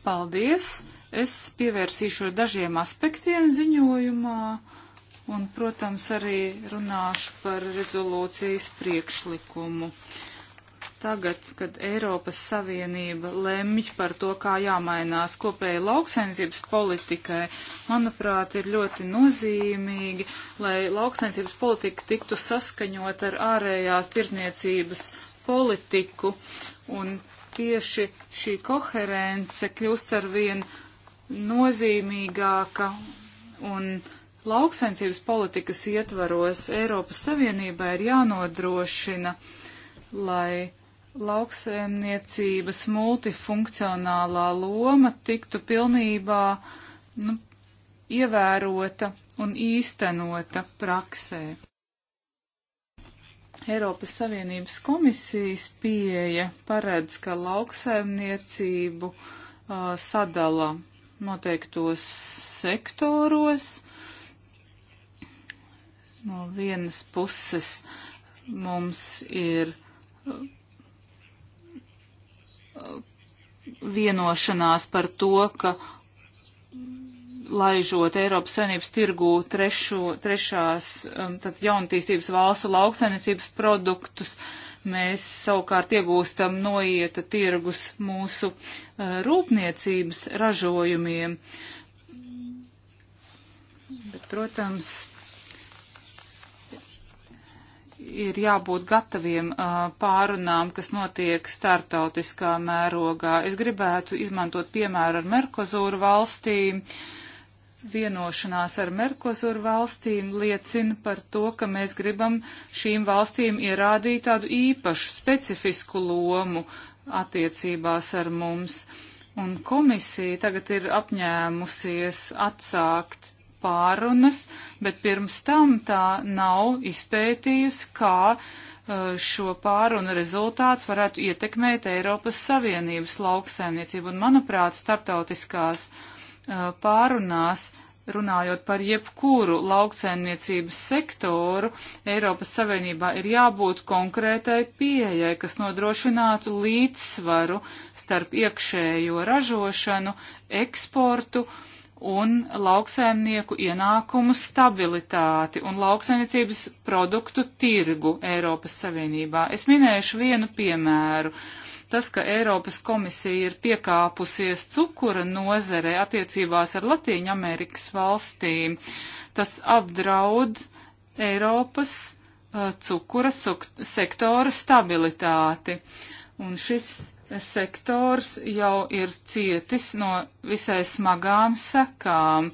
Paldies! Es pievērsīšu dažiem aspektiem ziņojumā un, protams, arī runāšu par rezolūcijas priekšlikumu. Tagad, kad Eiropas Savienība lemj par to, kā jāmainās kopēja lauksainsības politikai, manuprāt, ir ļoti nozīmīgi, lai lauksainsības politika tiktu saskaņot ar ārējās tirdzniecības politiku un tieši šī koherence kļūst ar vien nozīmīgāka un lauksaimniecības politikas ietvaros Eiropas Savienībai ir jānodrošina, lai lauksaimniecības multifunkcionālā loma tiktu pilnībā nu, ievērota un īstenota praksē. Eiropas Savienības komisijas pieeja paredz, ka lauksaimniecību uh, sadala noteiktos sektoros. No vienas puses mums ir uh, vienošanās par to, ka laižot Eiropas Savienības tirgū trešo, trešās um, jauntīstības valstu lauksainiecības produktus, Mēs savukārt iegūstam noieta tirgus mūsu uh, rūpniecības ražojumiem. Bet, protams, ir jābūt gataviem uh, pārunām, kas notiek startautiskā mērogā. Es gribētu izmantot piemēru ar Merkozūru valstīm. Uh, Vienošanās ar Merkosur valstīm liecina par to, ka mēs gribam šīm valstīm ierādīt tādu īpašu, specifisku lomu attiecībās ar mums. Un komisija tagad ir apņēmusies atsākt pārunas, bet pirms tam tā nav izpētījusi, kā uh, šo pārunu rezultāts varētu ietekmēt Eiropas Savienības lauksaimniecību. Un, manuprāt, starptautiskās uh, Uh, pārunās, runājot par jebkuru lauksaimniecības sektoru, Eiropas Savienībā ir jābūt konkrētai pieejai, kas nodrošinātu līdzsvaru starp iekšējo ražošanu, eksportu un lauksaimnieku ienākumu stabilitāti un lauksaimniecības produktu tirgu Eiropas Savienībā. Es minēšu vienu piemēru. Uh, Tas, ka Eiropas komisija ir piekāpusies cukura nozarē attiecībās ar Latīņu Amerikas valstīm, tas apdraud Eiropas uh, cukura sektora stabilitāti. Un šis sektors jau ir cietis no visai smagām sekām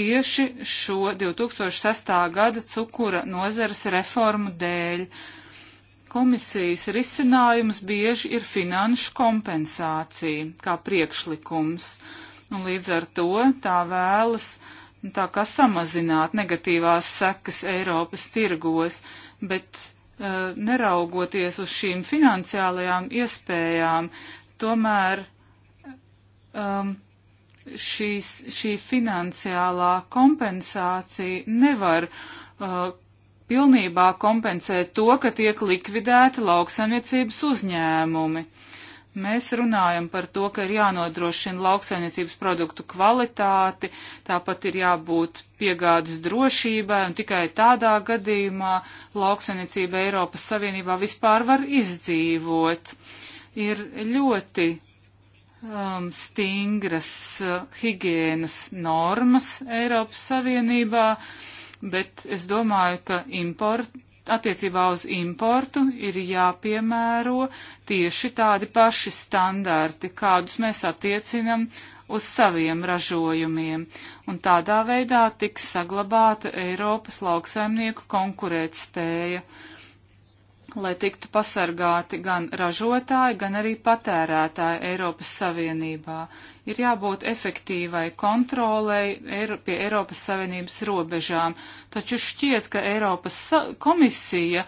tieši šo 2006. gada cukura nozares reformu dēļ komisijas risinājums bieži ir finanšu kompensācija kā priekšlikums, un līdz ar to tā vēlas nu, tā kā samazināt negatīvās sekas Eiropas tirgos, bet uh, neraugoties uz šīm finansiālajām iespējām, tomēr um, šīs, šī finansiālā kompensācija nevar uh, pilnībā kompensēt to, ka tiek likvidēti lauksaimniecības uzņēmumi. Mēs runājam par to, ka ir jānodrošina lauksaimniecības produktu kvalitāti, tāpat ir jābūt piegādes drošībai, un tikai tādā gadījumā lauksaimniecība Eiropas Savienībā vispār var izdzīvot. Ir ļoti um, stingras uh, higienas normas Eiropas Savienībā. Uh, bet es domāju, ka import, attiecībā uz importu ir jāpiemēro tieši tādi paši standarti, kādus mēs attiecinam uz saviem ražojumiem, un tādā veidā tiks saglabāta Eiropas lauksaimnieku konkurētspēja. spēja lai tiktu pasargāti gan ražotāji, gan arī patērētāji Eiropas Savienībā. Ir jābūt efektīvai kontrolei Eiro, pie Eiropas Savienības robežām, taču šķiet, ka Eiropas komisija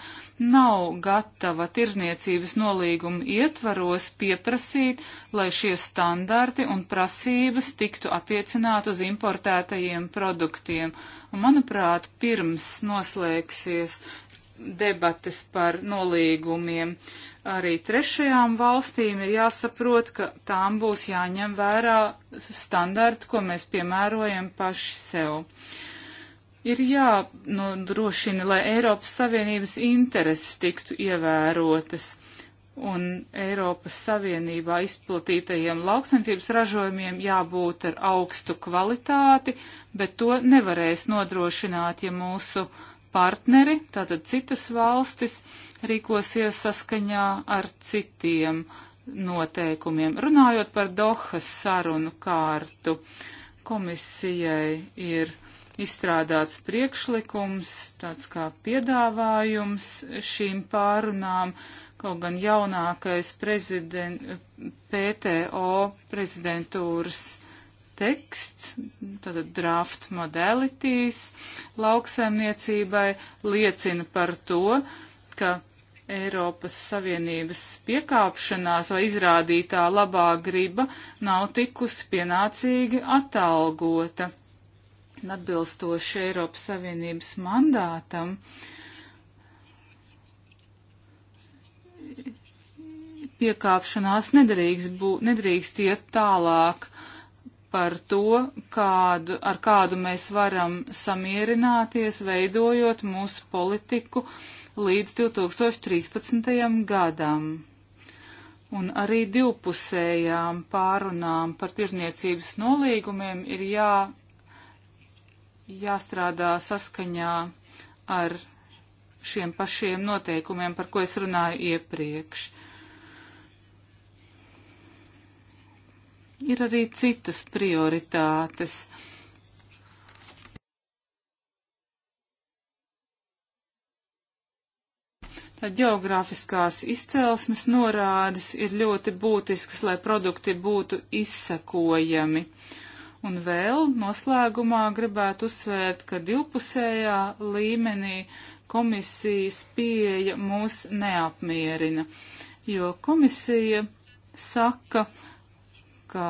nav gatava tirzniecības nolīgumu ietvaros pieprasīt, lai šie standarti un prasības tiktu attiecināt uz importētajiem produktiem. Un, manuprāt, pirms noslēgsies debates par nolīgumiem. Arī trešajām valstīm ir jāsaprot, ka tām būs jāņem vērā standarti, ko mēs piemērojam paši sev. Ir jānodrošina, lai Eiropas Savienības intereses tiktu ievērotas un Eiropas Savienībā izplatītajiem lauksaimniecības ražojumiem jābūt ar augstu kvalitāti, bet to nevarēs nodrošināt, ja mūsu partneri, tātad citas valstis, rīkosies saskaņā ar citiem noteikumiem. Runājot par Dohas sarunu kārtu, komisijai ir izstrādāts priekšlikums, tāds kā piedāvājums šīm pārunām, kaut gan jaunākais prezident, PTO prezidentūras teksts, tātad draft modalities lauksaimniecībai liecina par to, ka Eiropas Savienības piekāpšanās vai izrādītā labā griba nav tikusi pienācīgi atalgota. Atbilstoši Eiropas Savienības mandātam piekāpšanās nedrīkst, bū, nedrīkst iet tālāk uh, par to, kādu, ar kādu mēs varam samierināties, veidojot mūsu politiku līdz 2013. gadam. Un arī divpusējām pārunām par tirzniecības nolīgumiem ir jā, jāstrādā saskaņā ar šiem pašiem noteikumiem, par ko es runāju iepriekš. ir arī citas prioritātes. Tā geogrāfiskās izcelsmes norādes ir ļoti būtiskas, lai produkti būtu izsekojami. Un vēl noslēgumā gribētu uzsvērt, ka divpusējā līmenī komisijas pieeja mūs neapmierina, jo komisija saka, ka kā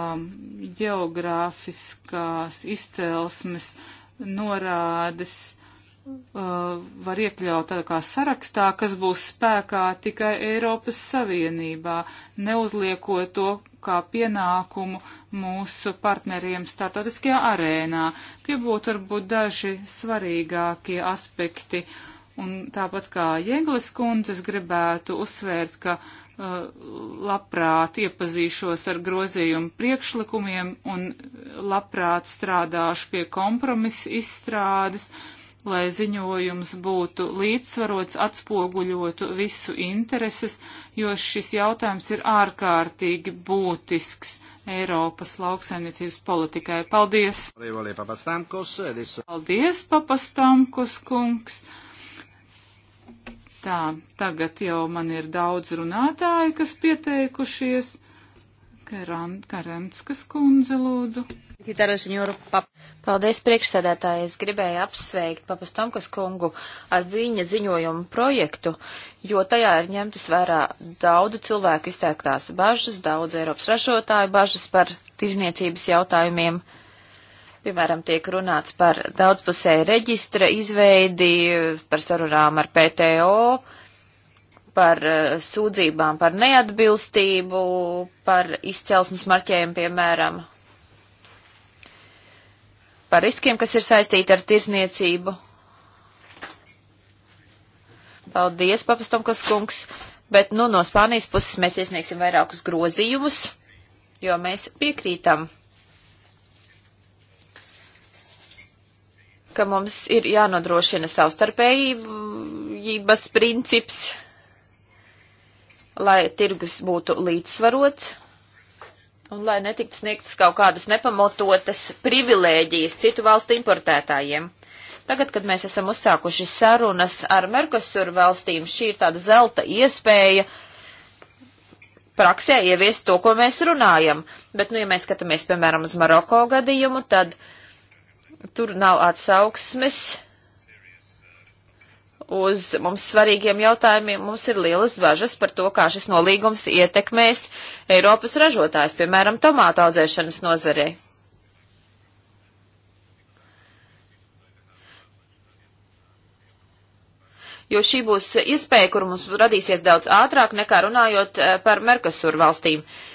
geogrāfiskās izcelsmes norādes uh, var iekļaut tādā kā sarakstā, kas būs spēkā tikai Eiropas Savienībā, neuzliekot to kā pienākumu mūsu partneriem startautiskajā arēnā. Tie būtu varbūt daži svarīgākie aspekti. Un tāpat kā Jēglis kundzes gribētu uzsvērt, ka uh, labprāt iepazīšos ar grozījumu priekšlikumiem un labprāt strādāšu pie kompromisa izstrādes, lai ziņojums būtu līdzsvarots, atspoguļotu visu intereses, jo šis jautājums ir ārkārtīgi būtisks Eiropas lauksaimniecības politikai. Paldies! Paldies, Papastamkos kungs! Tā, tagad jau man ir daudz runātāji, kas pieteikušies. Karenskas kundze, lūdzu. Paldies, priekšsēdētāji. Es gribēju apsveikt papastomkas kungu ar viņa ziņojumu projektu, jo tajā ir ņemtas vērā daudzu cilvēku izteiktās bažas, daudz Eiropas ražotāju bažas par tirzniecības jautājumiem Piemēram, tiek runāts par daudzpusēju reģistra izveidi, par sarunām ar PTO, par eh, sūdzībām par neatbilstību, par izcelsmes marķējumu, piemēram, par riskiem, kas ir saistīti ar tirzniecību. Paldies, papastomkas kungs, bet nu no Spānijas puses mēs iesniegsim vairākus grozījumus, jo mēs piekrītam ka mums ir jānodrošina savstarpējības princips, lai tirgus būtu līdzsvarots un lai netiktu sniegtas kaut kādas nepamatotas privilēģijas citu valstu importētājiem. Tagad, kad mēs esam uzsākuši sarunas ar Merkosur valstīm, šī ir tāda zelta iespēja praksē ieviest to, ko mēs runājam. Bet, nu, ja mēs skatāmies, piemēram, uz Maroko gadījumu, tad uh, Tur nav atsauksmes uz mums svarīgiem jautājumiem. Mums ir lielas bažas par to, kā šis nolīgums ietekmēs Eiropas ražotājs, piemēram, tomātu audzēšanas nozarei. jo šī būs iespēja, kur mums radīsies daudz ātrāk nekā runājot eh, par Merkasur valstīm. Uh,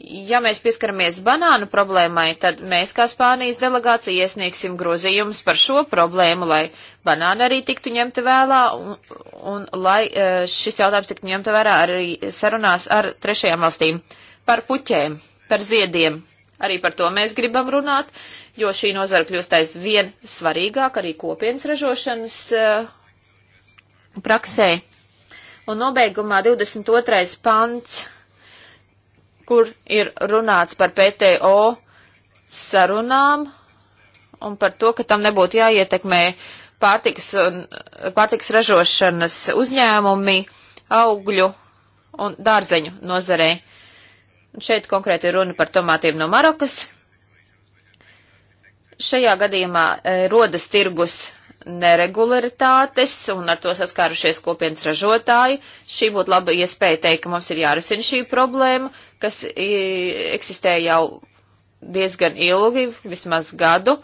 ja mēs pieskaramies banānu problēmai, tad mēs kā Spānijas delegācija iesniegsim grozījumus par šo problēmu, lai banāna arī tiktu ņemta vēlā un, un lai e, šis jautājums tiktu ņemta vērā arī sarunās ar trešajām valstīm par puķēm, par ziediem. Arī par to mēs gribam runāt, jo šī nozara kļūst aizvien svarīgāk arī kopienas ražošanas uh, praksē. Un nobeigumā 22. pants kur ir runāts par PTO sarunām un par to, ka tam nebūtu jāietekmē pārtiks, un, pārtiks ražošanas uzņēmumi augļu un dārzeņu nozarē. Un šeit konkrēti runa par tomātiem no Marokas. Šajā gadījumā e, rodas tirgus neregularitātes, un ar to saskārušies kopienas ražotāji. Šī būtu laba iespēja teikt, ka mums ir jārisina šī problēma, kas eksistē jau diezgan ilgi, vismaz gadu.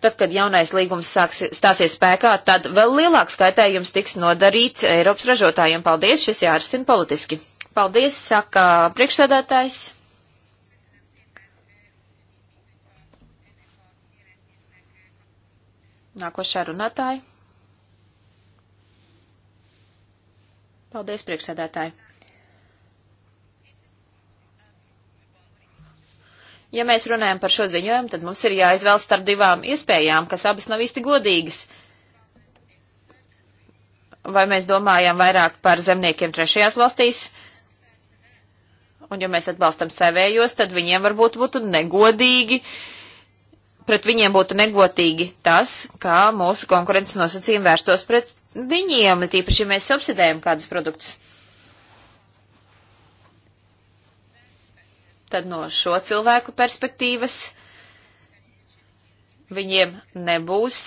Tad, kad jaunais līgums sāks, stāsies spēkā, tad vēl lielāks skaitējums tiks nodarīts Eiropas ražotājiem. Paldies, šis jārisina politiski. Paldies, saka priekšsēdētājs. Nākošā runātāja. Paldies, priekšsēdētāji. Ja mēs runājam par šo ziņojumu, tad mums ir jāizvēlas starp divām iespējām, kas abas nav īsti godīgas. Vai mēs domājam vairāk par zemniekiem trešajās valstīs? Un ja mēs atbalstam savējos, tad viņiem varbūt būtu negodīgi, pret viņiem būtu negotīgi tas, kā mūsu konkurences nosacījumi vērstos pret viņiem, tīpaši, ja mēs subsidējam kādus produktus. tad no šo cilvēku perspektīvas viņiem nebūs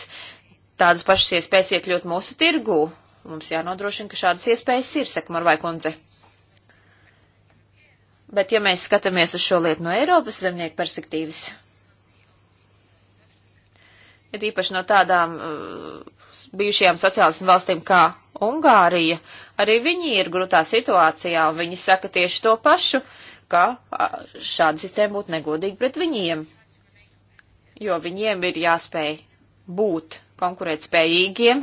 tādas pašas iespējas iekļūt mūsu tirgū. Mums jānodrošina, ka šādas iespējas ir, saka Marvai kundze. Bet ja mēs skatāmies uz šo lietu no Eiropas zemnieku perspektīvas, ir ja īpaši no tādām uh, bijušajām sociālismu valstīm kā Ungārija, arī viņi ir grūtā situācijā, un viņi saka tieši to pašu, uh, ka šāda sistēma būtu negodīga pret viņiem, jo viņiem ir jāspēj būt konkurētspējīgiem,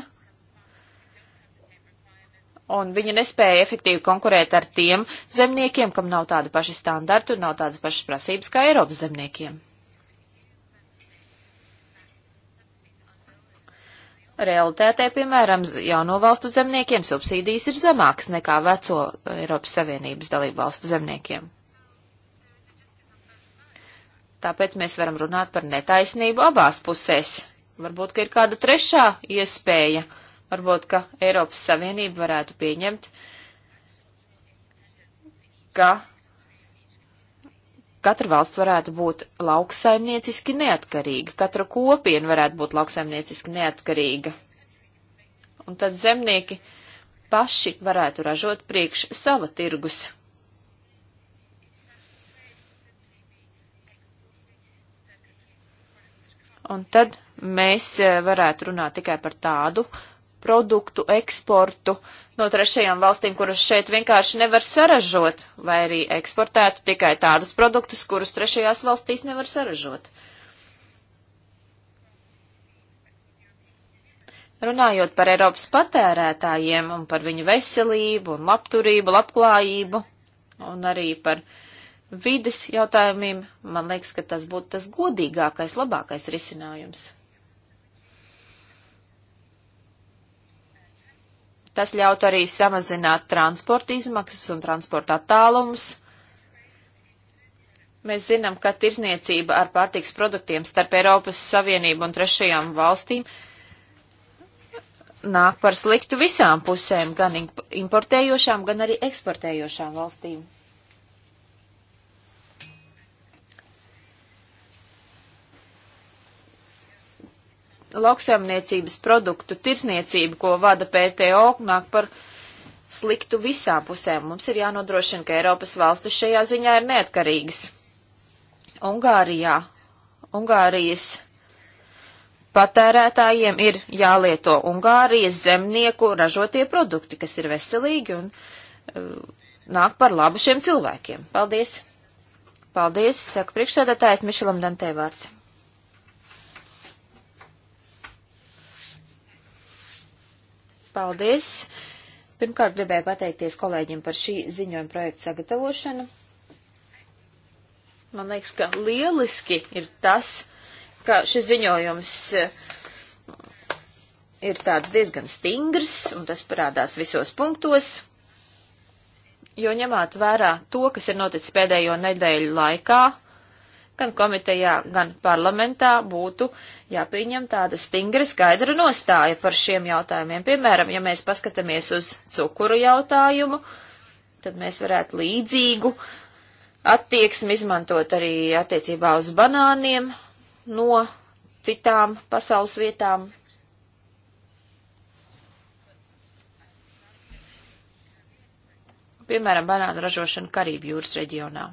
un viņi nespēja efektīvi konkurēt ar tiem zemniekiem, kam nav tāda paša standarta un nav tādas pašas prasības kā Eiropas zemniekiem. Realitātē, piemēram, jauno valstu zemniekiem subsīdijas ir zemākas nekā veco Eiropas Savienības dalību valstu zemniekiem. Tāpēc mēs varam runāt par netaisnību abās pusēs. Varbūt, ka ir kāda trešā iespēja. Varbūt, ka Eiropas Savienība varētu pieņemt, ka katra valsts varētu būt lauksaimnieciski neatkarīga, katra kopiena varētu būt lauksaimnieciski neatkarīga. Un tad zemnieki paši varētu ražot priekš sava tirgus. Un tad mēs e, varētu runāt tikai par tādu produktu eksportu no trešajām valstīm, kuras šeit vienkārši nevar saražot, vai arī eksportētu tikai tādus produktus, kurus trešajās valstīs nevar saražot. Runājot par Eiropas patērētājiem un par viņu veselību un labturību, labklājību un arī par uh, vides jautājumiem, man liekas, ka tas būtu tas godīgākais, labākais risinājums. Tas ļaut arī samazināt transporta izmaksas un transporta attālumus. Mēs zinām, ka tirzniecība ar pārtiks produktiem starp Eiropas Savienību un trešajām valstīm nāk par sliktu visām pusēm, gan importējošām, gan arī eksportējošām valstīm. lauksaimniecības produktu tirsniecība, ko vada PTO, nāk par sliktu visām pusēm. Mums ir jānodrošina, ka Eiropas valstis šajā ziņā ir neatkarīgas. Ungārijā, Ungārijas patērētājiem ir jālieto Ungārijas zemnieku ražotie produkti, kas ir veselīgi un uh, nāk par labu šiem cilvēkiem. Paldies! Paldies, saka priekšsēdētājs Mišelam Dantē vārds. Paldies! Pirmkārt, gribēju pateikties kolēģim par šī ziņojuma projekta sagatavošanu. Man liekas, ka lieliski ir tas, ka šis ziņojums eh, ir tāds diezgan stingrs, un tas parādās visos punktos, jo ņemot vērā to, kas ir noticis pēdējo nedēļu laikā, gan komitejā, gan parlamentā, būtu jāpieņem tāda stingra, skaidra nostāja par šiem jautājumiem. Piemēram, ja mēs paskatāmies uz cukuru jautājumu, tad mēs varētu līdzīgu attieksmi izmantot arī attiecībā uz banāniem no citām pasaules vietām. Piemēram, banānu ražošanu Karību jūras reģionā.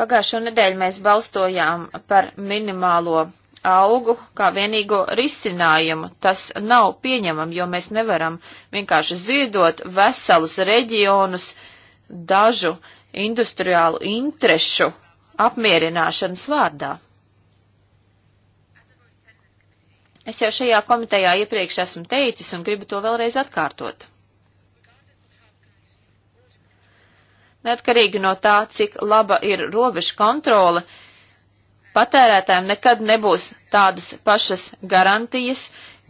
Pagājušo nedēļu mēs balstojām par minimālo algu kā vienīgo risinājumu. Tas nav pieņemam, jo mēs nevaram vienkārši ziedot veselus reģionus dažu industriālu interešu apmierināšanas vārdā. Es jau šajā komitejā iepriekš esmu teicis un gribu to vēlreiz atkārtot. Neatkarīgi no tā, cik laba ir robeža kontrole, patērētājiem nekad nebūs tādas pašas garantijas,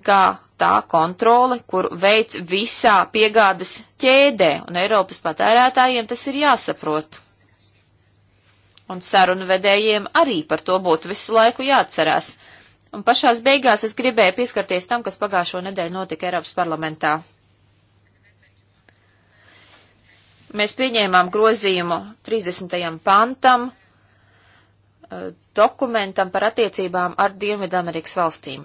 kā tā kontrole, kur veids visā piegādes ķēdē, un Eiropas patērētājiem tas ir jāsaprot. Un sarunu vedējiem arī par to būtu visu laiku jāatcerās. Un pašās beigās es gribēju pieskarties tam, kas pagājušo nedēļu notika Eiropas parlamentā. Mēs pieņēmām grozījumu 30. pantam eh, dokumentam par attiecībām ar Dienvidamerikas valstīm.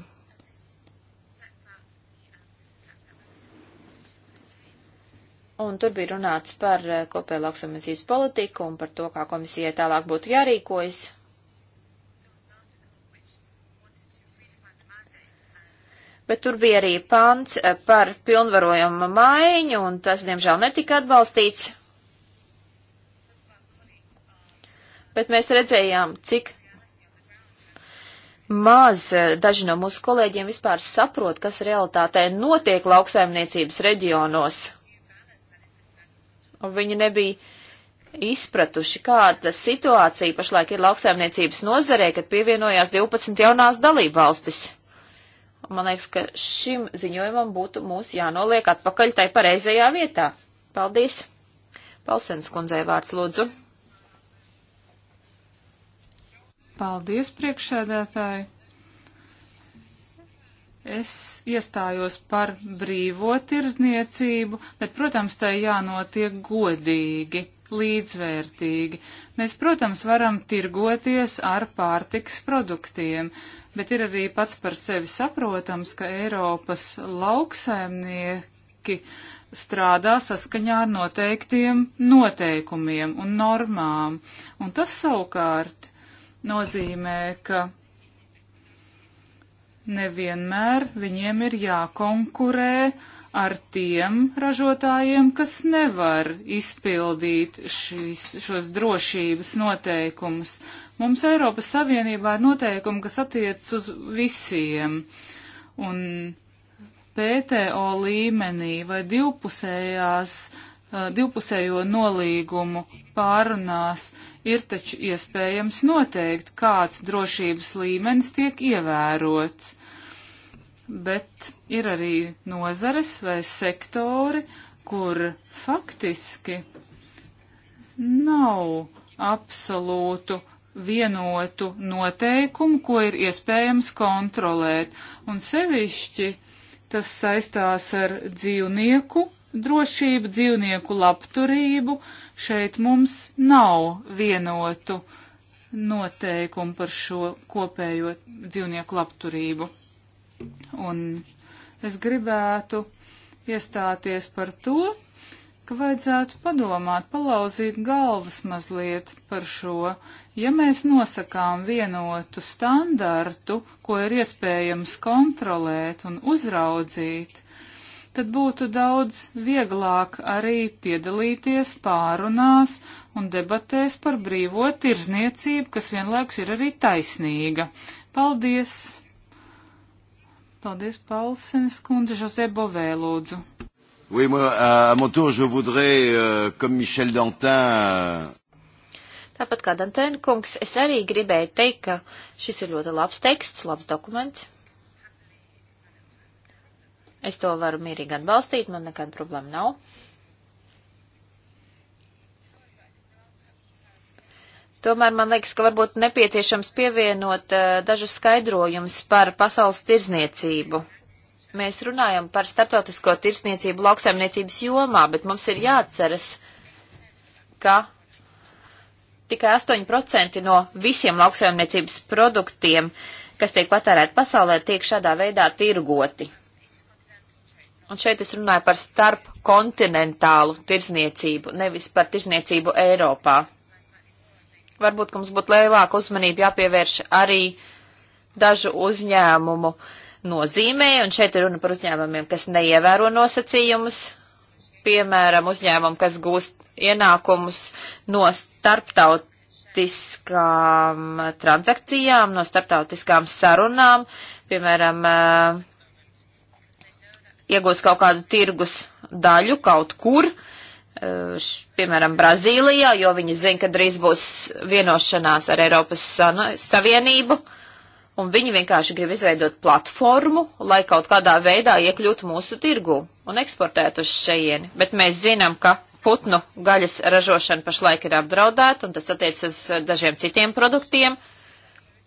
Un tur bija runāts par eh, kopēju lauksamniecības politiku un par to, kā komisijai tālāk būtu jārīkojas. bet tur bija arī pants eh, par pilnvarojumu maiņu, un tas, diemžēl, netika atbalstīts. Bet mēs redzējām, cik maz eh, daži no mūsu kolēģiem vispār saprot, kas realitātē notiek lauksaimniecības reģionos. Un viņi nebija izpratuši, kāda situācija pašlaik ir lauksaimniecības nozarē, kad pievienojās 12 jaunās dalībvalstis. Un man liekas, ka šim ziņojumam būtu mūs jānoliek atpakaļ tai pareizajā vietā. Paldies! Palsens kundzei vārds lūdzu. Paldies, priekšsēdētāji! Es iestājos par brīvo tirzniecību, bet, protams, tai jānotiek godīgi līdzvērtīgi. Mēs, protams, varam tirgoties ar pārtiks produktiem, bet ir arī pats par sevi saprotams, ka Eiropas lauksaimnieki strādā saskaņā ar noteiktiem noteikumiem un normām. Un tas savukārt nozīmē, ka nevienmēr viņiem ir jākonkurē ar tiem ražotājiem, kas nevar izpildīt šīs, šos drošības noteikumus. Mums Eiropas Savienībā ir noteikumi, kas attiec uz visiem. Un PTO līmenī vai divpusējās, eh, divpusējo nolīgumu pārunās ir taču iespējams noteikt, kāds drošības līmenis tiek ievērots bet ir arī nozares vai sektori, kur faktiski nav absolūtu vienotu noteikumu, ko ir iespējams kontrolēt, un sevišķi tas saistās ar dzīvnieku drošību, dzīvnieku labturību. Šeit mums nav vienotu noteikumu par šo kopējo dzīvnieku labturību. Un es gribētu iestāties par to, ka vajadzētu padomāt, palauzīt galvas mazliet par šo. Ja mēs nosakām vienotu standartu, ko ir iespējams kontrolēt un uzraudzīt, tad būtu daudz vieglāk arī piedalīties pārunās un debatēs par brīvo tirzniecību, kas vienlaikus ir arī taisnīga. Paldies! Paldies, Palsenes kundze, Žozē Bovē, lūdzu. Oui, moi, à, à mon tour, je voudrais, euh, comme Michel Dantin. Euh, Tāpat kā Dantēna kungs, es arī gribēju teikt, ka šis ir ļoti labs teksts, labs dokuments. Es to varu mierīgi atbalstīt, man nekāda problēma nav. Tomēr man liekas, ka varbūt nepieciešams pievienot uh, dažus skaidrojumus par pasaules tirzniecību. Mēs runājam par starptautisko tirsniecību lauksaimniecības jomā, bet mums ir jāatceras, ka tikai 8% no visiem lauksaimniecības produktiem, kas tiek patērēti pasaulē, tiek šādā veidā tirgoti. Un šeit es runāju par starpkontinentālu tirzniecību, nevis par tirzniecību Eiropā. Varbūt mums būtu lielāka uzmanība jāpievērš arī dažu uzņēmumu nozīmē, un šeit ir runa par uzņēmumiem, kas neievēro nosacījumus, piemēram, uzņēmumu, kas gūst ienākumus no starptautiskām transakcijām, no starptautiskām sarunām, piemēram, eh, iegūst kaut kādu tirgus daļu kaut kur, uh, Eh, piemēram, Brazīlijā, jo viņi zina, ka drīz būs vienošanās ar Eiropas Savienību, un viņi vienkārši grib izveidot platformu, lai kaut kādā veidā iekļūtu mūsu tirgu un eksportētu uz šejieni. Bet mēs zinām, ka putnu gaļas ražošana pašlaik ir apdraudēta, un tas attiec uz dažiem citiem produktiem.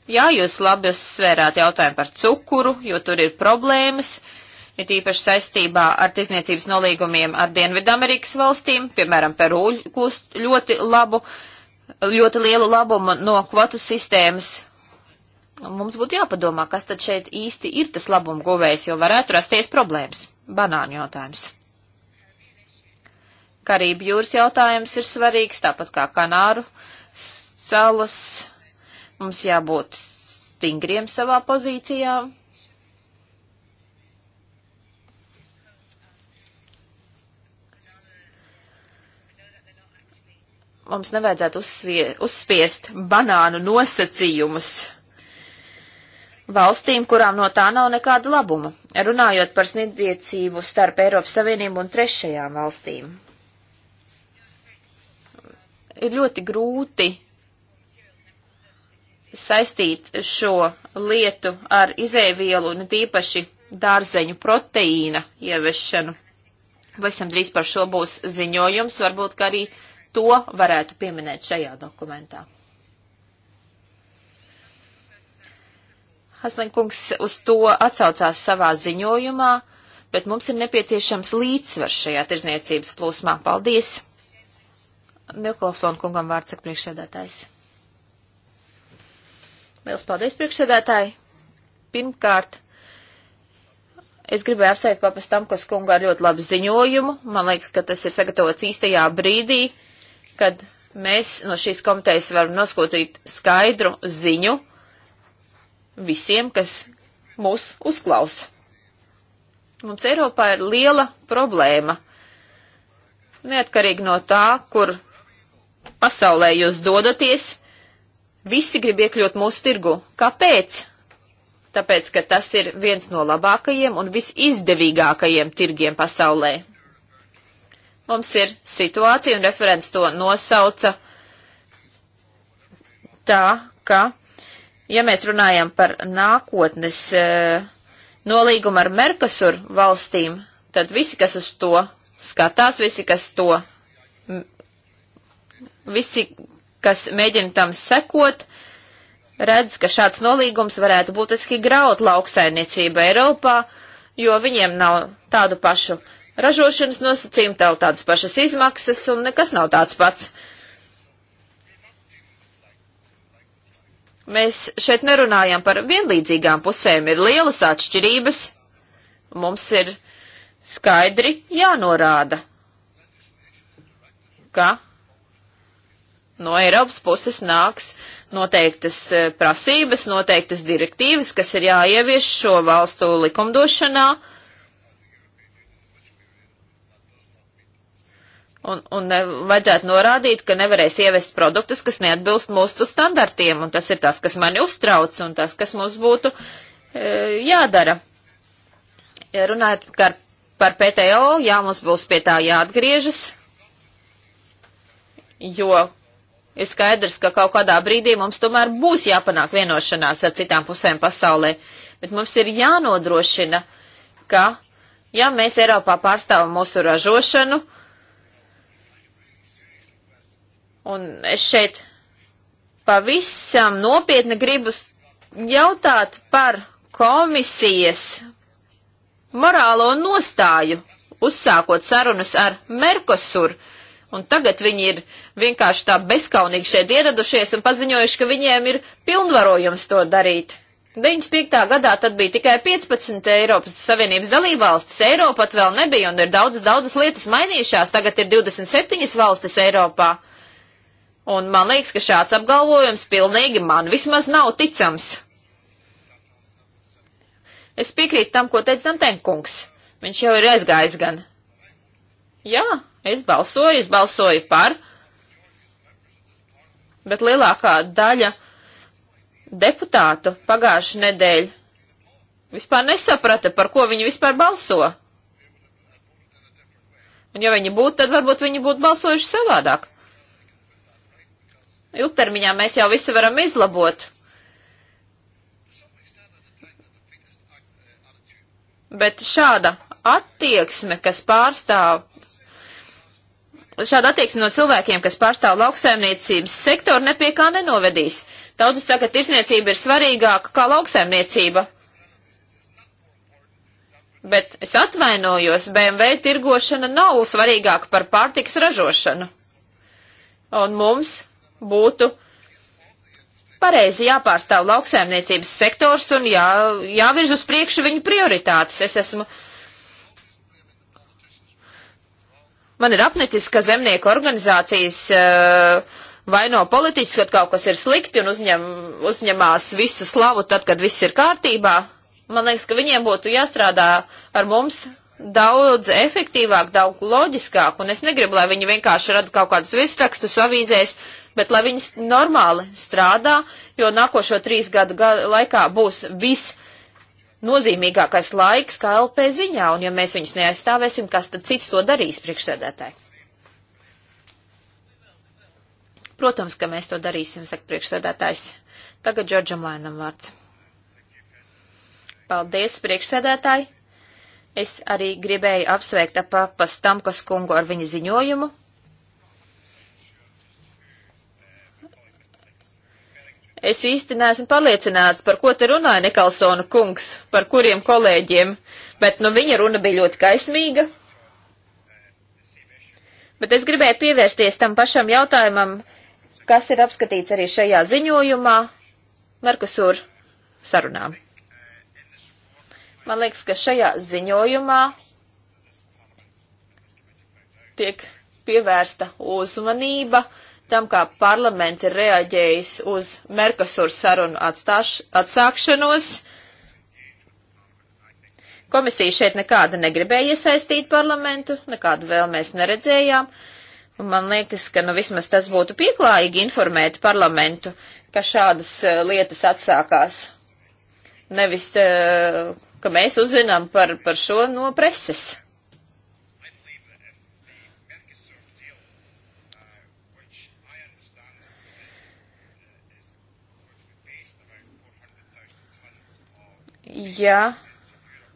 Jā, jūs labi uzsvērāt jautājumu par cukuru, jo tur ir problēmas. Uh, it īpaši saistībā ar tirzniecības nolīgumiem ar Dienvidamerikas valstīm, piemēram, Peru gūst ļoti labu, ļoti lielu labumu no kvotu sistēmas. Mums būtu jāpadomā, kas tad šeit īsti ir tas labumu guvējs, jo varētu rasties problēmas. Banāņu jautājums. Karību jūras jautājums ir svarīgs, tāpat kā Kanāru salas. Mums jābūt stingriem savā pozīcijā, mums nevajadzētu uzsvie, uzspiest banānu nosacījumus valstīm, kurām no tā nav nekāda labuma, runājot par sniedzniecību starp Eiropas Savienību un trešajām valstīm. Ir ļoti grūti saistīt šo lietu ar izēvielu un tīpaši dārzeņu proteīna ieviešanu. Visam drīz par šo būs ziņojums, varbūt, ka arī uh, to varētu pieminēt šajā dokumentā. Haslinkungs uz to atsaucās savā ziņojumā, bet mums ir nepieciešams līdzsvars šajā tirzniecības plūsmā. Paldies! Nikolson kungam vārds saka priekšsēdētājs. Liels paldies priekšsēdētāji! Pirmkārt, Es gribēju apsveikt papastam, kas kunga ar ļoti labu ziņojumu. Man liekas, ka tas ir sagatavots īstajā brīdī kad mēs no šīs komitejas varam noskūtīt skaidru ziņu visiem, kas mūs uzklausa. Mums Eiropā ir liela problēma. Neatkarīgi no tā, kur pasaulē jūs dodaties, visi grib iekļūt mūsu tirgu. Kāpēc? Tāpēc, ka tas ir viens no labākajiem un visizdevīgākajiem tirgiem pasaulē. Mums ir situācija, un referents to nosauca tā, ka, ja mēs runājam par nākotnes eh, nolīgumu ar Merkasur valstīm, tad visi, kas uz to skatās, visi, kas to, visi, kas mēģina tam sekot, redz, ka šāds nolīgums varētu būtiski graut lauksainiecību Eiropā, jo viņiem nav tādu pašu Ražošanas nosacījumi tev tādas pašas izmaksas un nekas nav tāds pats. Mēs šeit nerunājam par vienlīdzīgām pusēm, ir lielas atšķirības. Mums ir skaidri jānorāda, ka no Eiropas puses nāks noteiktas eh, prasības, noteiktas direktīvas, kas ir jāievieš šo valstu likumdošanā, un, un vajadzētu norādīt, ka nevarēs ievest produktus, kas neatbilst mūsu standartiem, un tas ir tas, kas mani uztrauc, un tas, kas mums būtu e, jādara. Runājot par, par PTO, jā, mums būs pie tā jāatgriežas, jo ir skaidrs, ka kaut kādā brīdī mums tomēr būs jāpanāk vienošanās ar citām pusēm pasaulē, bet mums ir jānodrošina, ka, ja mēs Eiropā pārstāvam mūsu ražošanu, uh, Un es šeit pavisam nopietni gribu jautāt par komisijas morālo nostāju, uzsākot sarunas ar Merkosur. Un tagad viņi ir vienkārši tā bezkaunīgi šeit ieradušies un paziņojuši, ka viņiem ir pilnvarojums to darīt. 95. gadā tad bija tikai 15 Eiropas Savienības dalībvalstis. Eiropa pat vēl nebija un ir daudzas, daudzas lietas mainījušās. Tagad ir 27 valstis Eiropā. Uh, Un man liekas, ka šāds apgalvojums pilnīgi man vismaz nav ticams. Es piekrītu tam, ko teica Antenkungs. Viņš jau ir aizgājis gan. Jā, es balsoju, es balsoju par, bet lielākā daļa deputātu pagājuši nedēļ vispār nesaprata, par ko viņi vispār balso. Un ja viņi būtu, tad varbūt viņi būtu balsojuši savādāk. Ilgtermiņā mēs jau visu varam izlabot. Bet šāda attieksme, kas pārstāv, šāda attieksme no cilvēkiem, kas pārstāv lauksaimniecības sektoru, nepie kā nenovedīs. Daudz saka, ka tirsniecība ir svarīgāka kā lauksaimniecība. Bet es atvainojos, BMW tirgošana nav svarīgāka par pārtikas ražošanu. Un mums būtu pareizi jāpārstāv lauksaimniecības sektors un jā, jāvirz uz priekšu viņu prioritātes. Es esmu. Man ir apnicis, ka zemnieku organizācijas uh, vaino politiķus, kad kaut kas ir slikti un uzņem, uzņemās visu slavu tad, kad viss ir kārtībā. Man liekas, ka viņiem būtu jāstrādā ar mums daudz efektīvāk, daudz loģiskāk, un es negribu, lai viņi vienkārši rada kaut kādus visrakstus avīzēs, uh, bet lai viņas normāli strādā, jo nākošo trīs gadu laikā būs viss nozīmīgākais laiks KLP ziņā, un ja mēs viņus neaizstāvēsim, kas tad cits to darīs priekšsēdētāji? Protams, ka mēs to darīsim, saka priekšsēdētājs. Tagad Džordžam Lainam vārds. Paldies, priekšsēdētāji! Es arī gribēju apsveikt apapas Tamkas kungu ar viņa ziņojumu. Es īsti neesmu pārliecināts, par ko te runāja Nikolsona kungs, par kuriem kolēģiem, bet nu viņa runa bija ļoti kaismīga. Bet es gribēju pievērsties tam pašam jautājumam, kas ir apskatīts arī šajā ziņojumā Merkusur sarunām. Man liekas, ka šajā ziņojumā tiek pievērsta uzmanība uh, tam, kā parlaments ir reaģējis uz Merkosur sarunu atstāš, atsākšanos. Komisija šeit nekāda negribēja iesaistīt parlamentu, nekādu vēl mēs neredzējām. Un man liekas, ka nu vismaz tas būtu pieklājīgi informēt parlamentu, ka šādas uh, lietas atsākās. Nevis, uh, ka mēs uzzinām par, par šo no preses. ja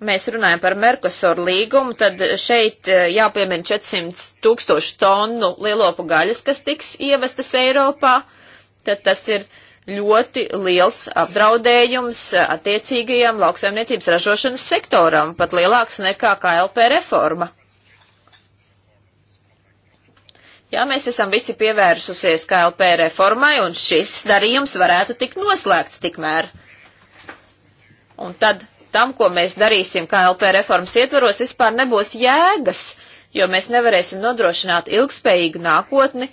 mēs runājam par Merkosoru līgumu, tad šeit eh, jāpiemina 400 tūkstošu tonu lielopu gaļas, kas tiks ievestas Eiropā. Tad tas ir ļoti liels apdraudējums eh, attiecīgajam lauksaimniecības ražošanas sektoram, pat lielāks nekā KLP reforma. Jā, mēs esam visi pievērsusies KLP reformai, un šis darījums varētu tikt noslēgts tikmēr. Uh, Un tad tam, ko mēs darīsim KLP reformas ietvaros, vispār nebūs jēgas, jo mēs nevarēsim nodrošināt ilgspējīgu nākotni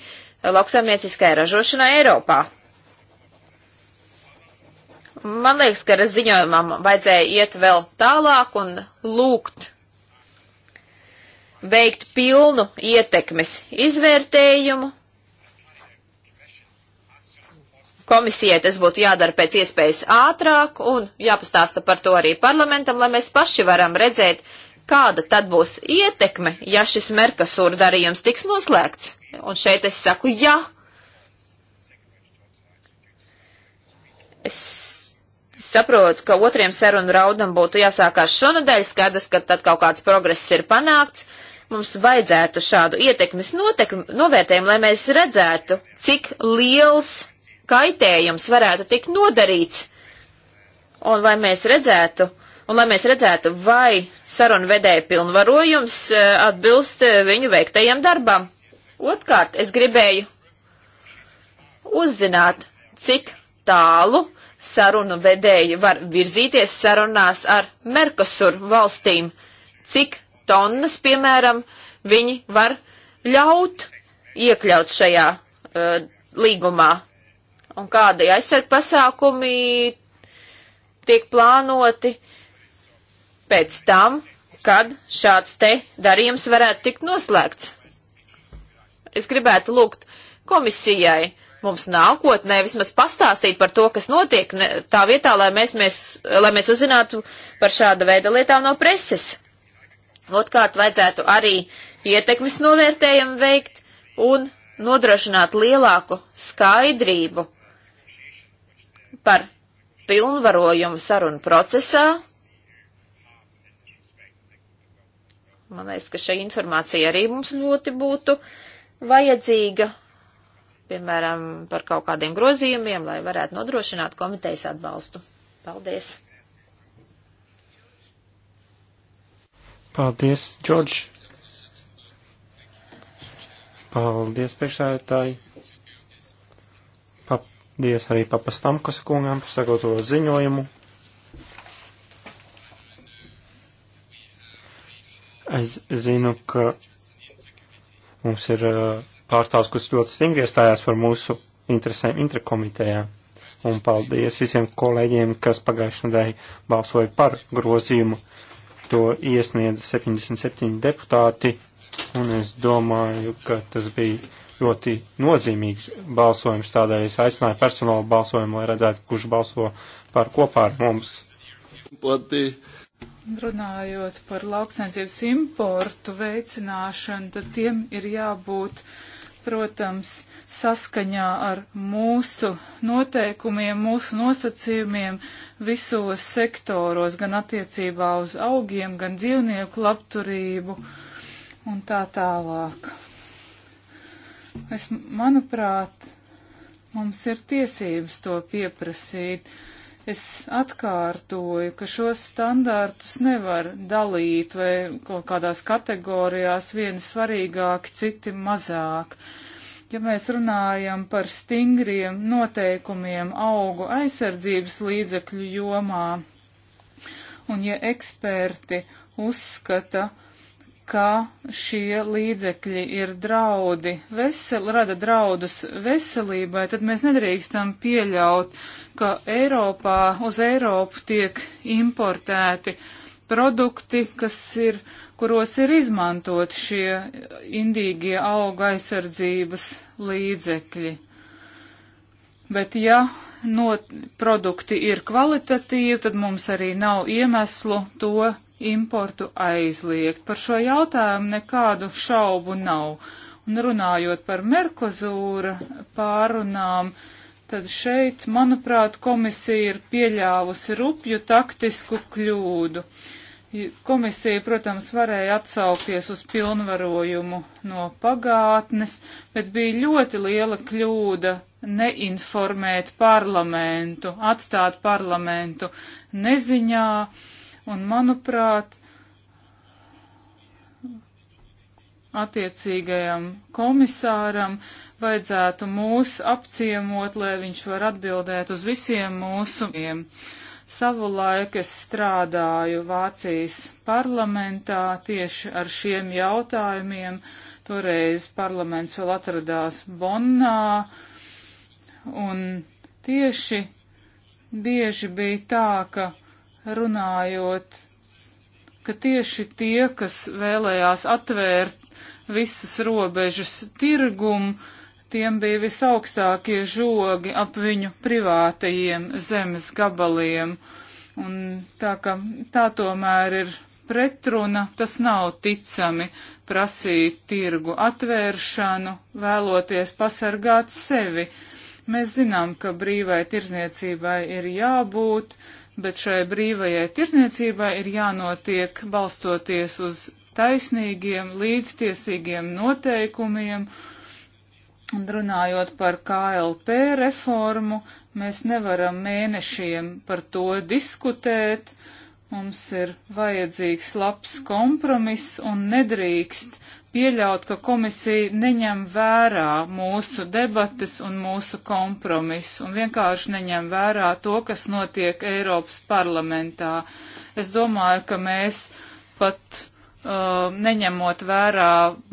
lauksaimnieciskai ražošanai Eiropā. Man liekas, ka ziņojumam vajadzēja iet vēl tālāk un lūgt veikt pilnu ietekmes izvērtējumu Komisijai tas būtu jādara pēc iespējas ātrāk un jāpastāsta par to arī parlamentam, lai mēs paši varam redzēt, kāda tad būs ietekme, ja šis Merkasūra darījums tiks noslēgts. Un šeit es saku jā. Es saprotu, ka otriem sarunu raudam būtu jāsākās šonadēļ, skaidrs, ka tad kaut kāds progress ir panākts. Mums vajadzētu šādu ietekmes notekmi, novērtējumu, lai mēs redzētu, cik liels kaitējums varētu tikt nodarīts, un vai mēs redzētu, un lai mēs redzētu, vai sarunu vedēja pilnvarojums eh, atbilst eh, viņu veiktajiem darbam. Otkārt, es gribēju uzzināt, cik tālu sarunu vedēji var virzīties sarunās ar Merkosur valstīm, cik tonnas, piemēram, viņi var ļaut iekļaut šajā uh, līgumā un kādi aizsardz pasākumi tiek plānoti pēc tam, kad šāds te darījums varētu tikt noslēgts. Es gribētu lūgt komisijai mums nākotnē vismaz pastāstīt par to, kas notiek ne, tā vietā, lai mēs, mēs, lai mēs uzzinātu par šāda veida lietām no preses. Otkārt, vajadzētu arī ietekmes novērtējumu veikt un nodrošināt lielāku skaidrību par pilnvarojumu sarunu procesā. Man liekas, ka šī informācija arī mums ļoti būtu vajadzīga, piemēram, par kaut kādiem grozījumiem, lai varētu nodrošināt komitejas atbalstu. Paldies! Paldies, Džordž! Paldies, priekšsēdētāji! Dievs arī papastamkas kungam par sagatavoto ziņojumu. Es zinu, ka mums ir uh, pārstāvs, kurš ļoti stingri iestājās par mūsu interesēm intrakomitejā. Un paldies visiem kolēģiem, kas pagājušajā nedēļā balsoja par grozījumu. To iesniedza 77 deputāti, un es domāju, ka tas bija ļoti nozīmīgs balsojums, tādēļ es aicināju personālu balsojumu, lai redzētu, kurš balso par kopā ar mums. Platī. Runājot par lauksainsības importu veicināšanu, tad tiem ir jābūt, protams, saskaņā ar mūsu noteikumiem, mūsu nosacījumiem visos sektoros, gan attiecībā uz augiem, gan dzīvnieku labturību un tā tālāk. Es, manuprāt, mums ir tiesības to pieprasīt. Es atkārtoju, ka šos standārtus nevar dalīt vai kaut kādās kategorijās vieni svarīgāki, citi mazāk. Ja mēs runājam par stingriem noteikumiem augu aizsardzības līdzekļu jomā, un ja eksperti uzskata, ka ka šie līdzekļi ir draudi, vesel, rada draudus veselībai, tad mēs nedrīkstam pieļaut, ka Eiropā uz Eiropu tiek importēti produkti, kas ir, kuros ir izmantot šie indīgie auga aizsardzības līdzekļi. Bet ja no produkti ir kvalitatīvi, tad mums arī nav iemeslu to importu aizliegt. Par šo jautājumu nekādu šaubu nav. Un runājot par Merkozūra pārunām, tad šeit, manuprāt, komisija ir pieļāvusi rupju taktisku kļūdu. Komisija, protams, varēja atsaukties uz pilnvarojumu no pagātnes, bet bija ļoti liela kļūda neinformēt parlamentu, atstāt parlamentu neziņā Un, manuprāt, attiecīgajam komisāram vajadzētu mūs apciemot, lai viņš var atbildēt uz visiem mūsu. Savulaik es strādāju Vācijas parlamentā tieši ar šiem jautājumiem. Toreiz parlaments vēl atradās Bonnā. Un tieši bieži bija tā, ka runājot, ka tieši tie, kas vēlējās atvērt visas robežas tirgumu, tiem bija visaugstākie žogi ap viņu privātajiem zemes gabaliem. Un tā ka tā tomēr ir pretruna, tas nav ticami prasīt tirgu atvēršanu, vēloties pasargāt sevi. Mēs zinām, ka brīvai tirzniecībai ir jābūt, bet šai brīvajai tirzniecībai ir jānotiek balstoties uz taisnīgiem, līdztiesīgiem noteikumiem. Un runājot par KLP reformu, mēs nevaram mēnešiem par to diskutēt. Mums ir vajadzīgs labs kompromiss un nedrīkst pieļaut, ka komisija neņem vērā mūsu debates un mūsu kompromisu un vienkārši neņem vērā to, kas notiek Eiropas parlamentā. Es domāju, ka mēs pat uh, neņemot vērā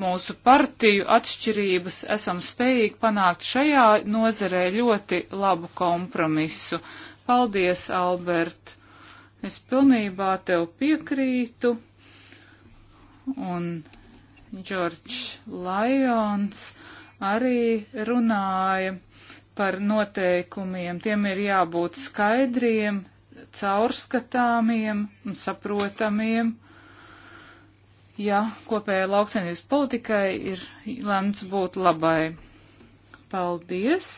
mūsu partiju atšķirības, esam spējīgi panākt šajā nozarē ļoti labu kompromisu. Paldies, Albert! Es pilnībā tev piekrītu un Džordžs Lajons arī runāja par noteikumiem. Tiem ir jābūt skaidriem, caurskatāmiem un saprotamiem. Ja kopējai lauksainības politikai ir lemts būt labai. Paldies!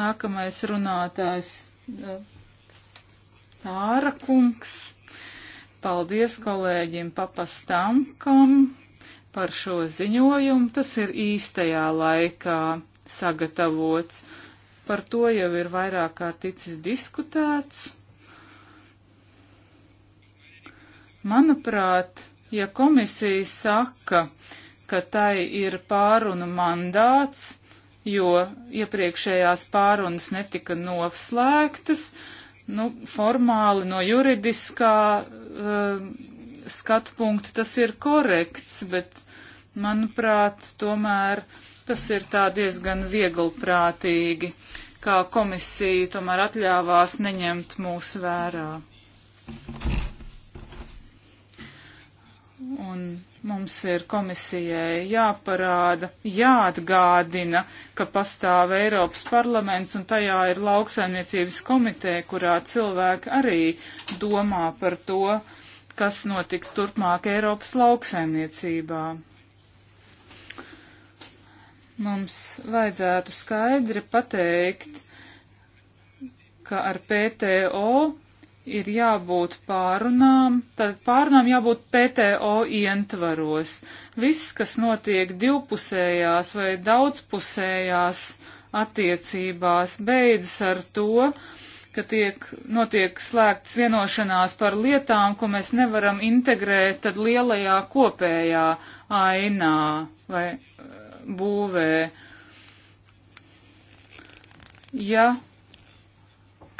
Nākamais runātājs eh, Tāra kungs. Paldies kolēģim Papastamkam par šo ziņojumu. Tas ir īstajā laikā sagatavots. Par to jau ir vairāk kā ticis diskutēts. Manuprāt, ja komisija saka, ka tai ir pārunu mandāts, jo iepriekšējās pārunas netika noslēgtas, nu, formāli no juridiskā uh, skatu punktu tas ir korekts, bet, manuprāt, tomēr tas ir tā diezgan vieglprātīgi, kā komisija tomēr atļāvās neņemt mūs vērā. Un mums ir komisijai jāparāda, jāatgādina, ka pastāv Eiropas parlaments un tajā ir lauksaimniecības komiteja, kurā cilvēki arī domā par to, kas notiks turpmāk Eiropas lauksaimniecībā. Mums vajadzētu skaidri pateikt, ka ar PTO ir jābūt pārunām, tad pārunām jābūt PTO ientvaros. Viss, kas notiek divpusējās vai daudzpusējās attiecībās, beidzas ar to, ka tiek, notiek slēgts vienošanās par lietām, ko mēs nevaram integrēt tad lielajā kopējā ainā vai eh, būvē. Ja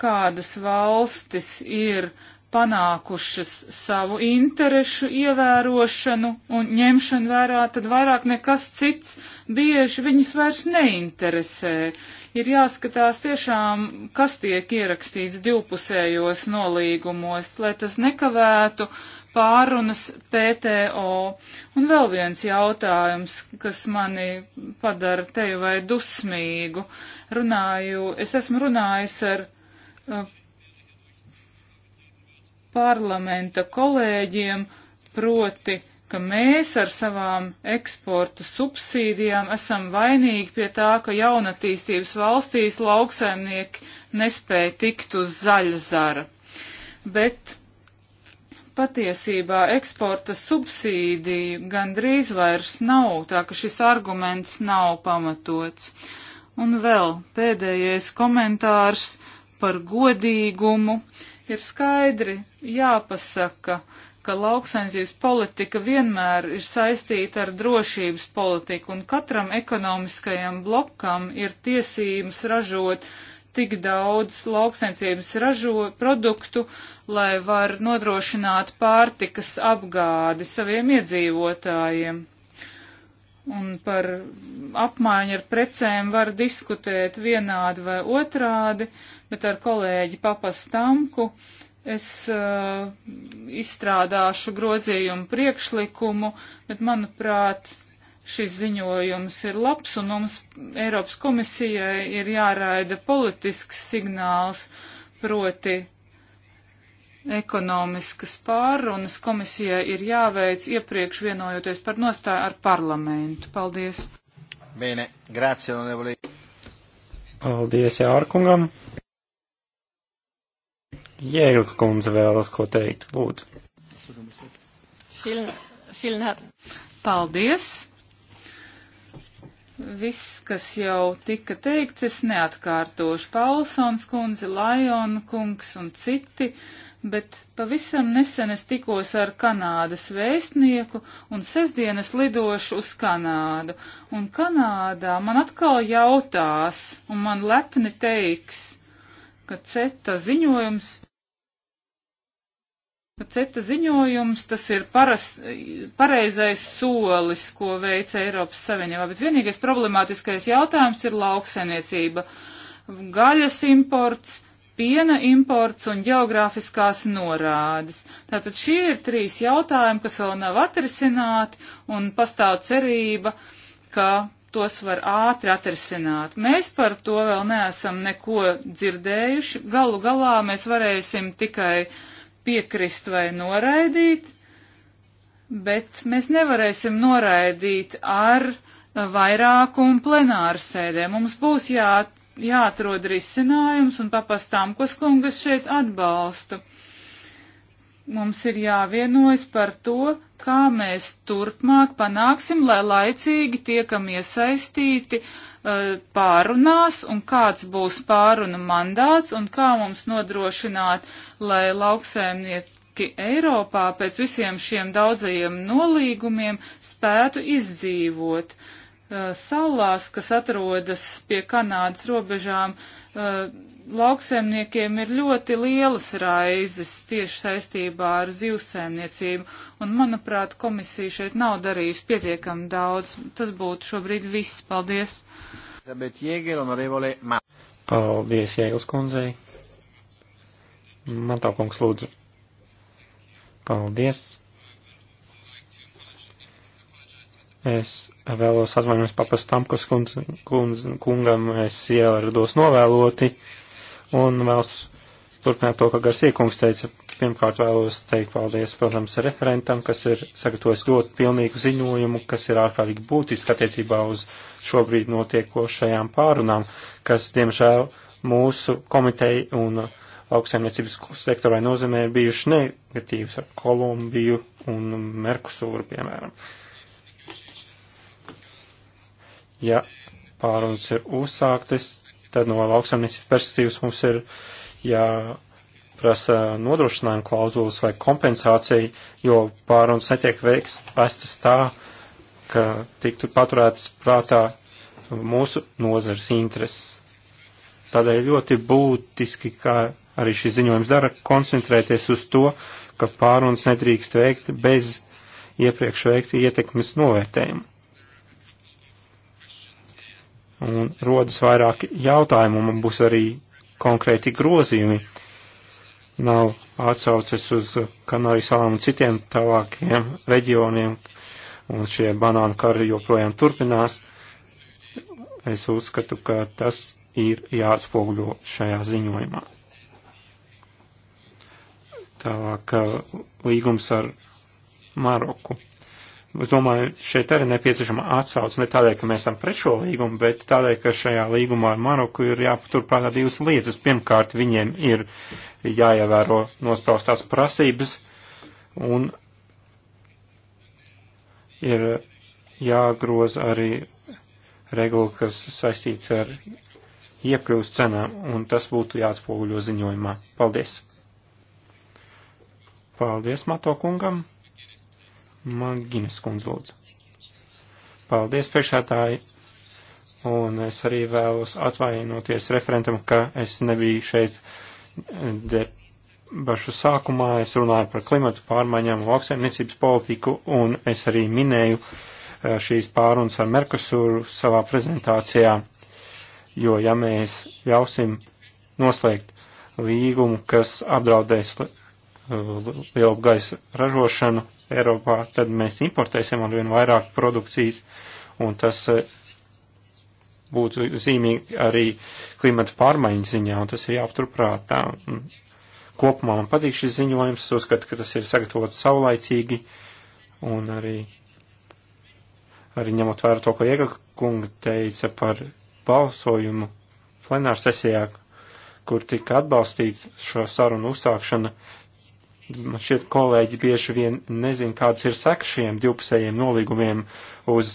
kādas valstis ir panākušas savu interešu ievērošanu un ņemšanu vērā, tad vairāk nekas cits bieži viņas vairs neinteresē, Ir jāskatās tiešām, kas tiek ierakstīts divpusējos nolīgumos, lai tas nekavētu pārunas PTO. Un vēl viens jautājums, kas mani padara tevi vai dusmīgu. Runāju, es esmu runājis ar uh, parlamenta kolēģiem proti ka mēs ar savām eksporta subsīdijām esam vainīgi pie tā, ka jaunatīstības valstīs lauksaimnieki nespēja tikt uz zaļa zara. Bet patiesībā eksporta subsīdiju gandrīz vairs nav, tā ka šis arguments nav pamatots. Un vēl pēdējais komentārs par godīgumu ir skaidri jāpasaka, ka ka lauksaimniecības politika vienmēr ir saistīta ar drošības politiku, un katram ekonomiskajam blokam ir tiesības ražot tik daudz lauksaimniecības ražo produktu, lai var nodrošināt pārtikas apgādi saviem iedzīvotājiem. Un par apmaiņu ar precēm var diskutēt vienādi vai otrādi, bet ar kolēģi papastamku Es uh, izstrādāšu grozījumu priekšlikumu, bet, manuprāt, šis ziņojums ir labs un mums Eiropas komisijai ir jāraida politisks signāls, proti ekonomiskas pārunas komisijai ir jāveic iepriekš vienojoties par nostāju ar parlamentu. Paldies. Bene, grazie, onorevoli. Paldies Jārkungam. Jēlka kundze vēlas ko teikt, lūdzu. Filna, filna. Paldies! Viss, kas jau tika teikts, es neatkārtošu Paulsons kundzi, Lajona kungs un citi, bet pavisam nesen es tikos ar Kanādas vēstnieku un sestdienas lidošu uz Kanādu. Un Kanādā man atkal jautās un man lepni teiks, ka CETA ziņojums Ceta ziņojums, tas ir paras, pareizais solis, ko veica Eiropas Savienībā, bet vienīgais problemātiskais jautājums ir laukseniecība. Gaļas imports, piena imports un geogrāfiskās norādes. Tātad šie ir trīs jautājumi, kas vēl nav atrisināti un pastāv cerība, ka tos var ātri atrisināt. Mēs par to vēl neesam neko dzirdējuši. Galu galā mēs varēsim tikai piekrist vai noraidīt, bet mēs nevarēsim noraidīt ar vairākumu plenārsēdē. Mums būs jā, jāatrod risinājums un papastām, kas kungas šeit atbalsta. Mums ir jāvienojas par to, kā mēs turpmāk panāksim, lai laicīgi tiekam iesaistīti uh, pārunās un kāds būs pārunu mandāts un kā mums nodrošināt, lai lauksēmnieki Eiropā pēc visiem šiem daudzajiem nolīgumiem spētu izdzīvot. Uh, salās, kas atrodas pie Kanādas robežām, uh, lauksaimniekiem ir ļoti lielas raizes tieši saistībā ar zivsaimniecību, un, manuprāt, komisija šeit nav darījusi pietiekami daudz. Tas būtu šobrīd viss. Paldies! Paldies, Jēgls kundzei! Man tā kungs lūdzu. Paldies! Es vēlos atvainojos papastam, kas kundz, kundz, kungam es ierados novēloti. Un vēlos turpināt to, ka Garsīkungs teica, pirmkārt vēlos teikt paldies, protams, referentam, kas ir sagatavojis ļoti pilnīgu ziņojumu, kas ir ārkārtīgi būtiski attiecībā uz šobrīd notiekošajām pārunām, kas, diemžēl, mūsu komiteja un lauksaimniecības sektorai nozīmē bijuši negatīvas ar Kolumbiju un Merkusūru, piemēram. Ja pārunas ir uzsāktas, tad no lauksaimniecības perspektīvas mums ir jāprasa nodrošinājuma klauzulas vai kompensācija, jo pārunas netiek veiks vestas tā, ka tiktu paturētas prātā mūsu nozars intereses. Tādēļ ļoti būtiski, kā arī šis ziņojums dara, koncentrēties uz to, ka pārunas nedrīkst veikt bez iepriekš veikta ietekmes novērtējumu un rodas vairāki jautājumi, un būs arī konkrēti grozījumi. Nav atsauces uz Kanārijas salām un citiem tālākiem reģioniem, un šie banānu kari joprojām turpinās. Es uzskatu, ka tas ir jāatspoguļo šajā ziņojumā. Tālāk uh, līgums ar Maroku. Es domāju, šeit arī nepieciešama atsauce ne tādēļ, ka mēs esam pret šo līgumu, bet tādēļ, ka šajā līgumā ar Maroku ir jāpaturprātā divas lietas. Pirmkārt, viņiem ir jāievēro nospraustās prasības un ir jāgroza arī regula, kas saistīta ar iekļūst cenām, un tas būtu jāatspoguļo ziņojumā. Paldies! Paldies, Mato kungam! Maginas kundz lūdzu. Paldies priekšētāji, un es arī vēlos atvainoties referentam, ka es nebiju šeit debašu sākumā, es runāju par klimatu pārmaiņām, lauksaimniecības politiku, un es arī minēju eh, šīs pārunas ar Merkusuru savā prezentācijā, jo ja mēs ļausim noslēgt līgumu, kas apdraudēs eh, lielu gaisa ražošanu, Eiropā, tad mēs importēsim ar vien vairāk produkcijas, un tas eh, būtu zīmīgi arī klimata pārmaiņu ziņā, un tas ir jāapturprātā. Kopumā man patīk šis ziņojums, uzskatu, ka tas ir sagatavots saulaicīgi, un arī, arī ņemot vērā to, ko Iega kunga teica par balsojumu plenārsesijā, kur tika atbalstīts šo sarunu uzsākšana, Man šķiet, kolēģi bieži vien nezin, kādas ir sekas šiem divpusējiem nolīgumiem uz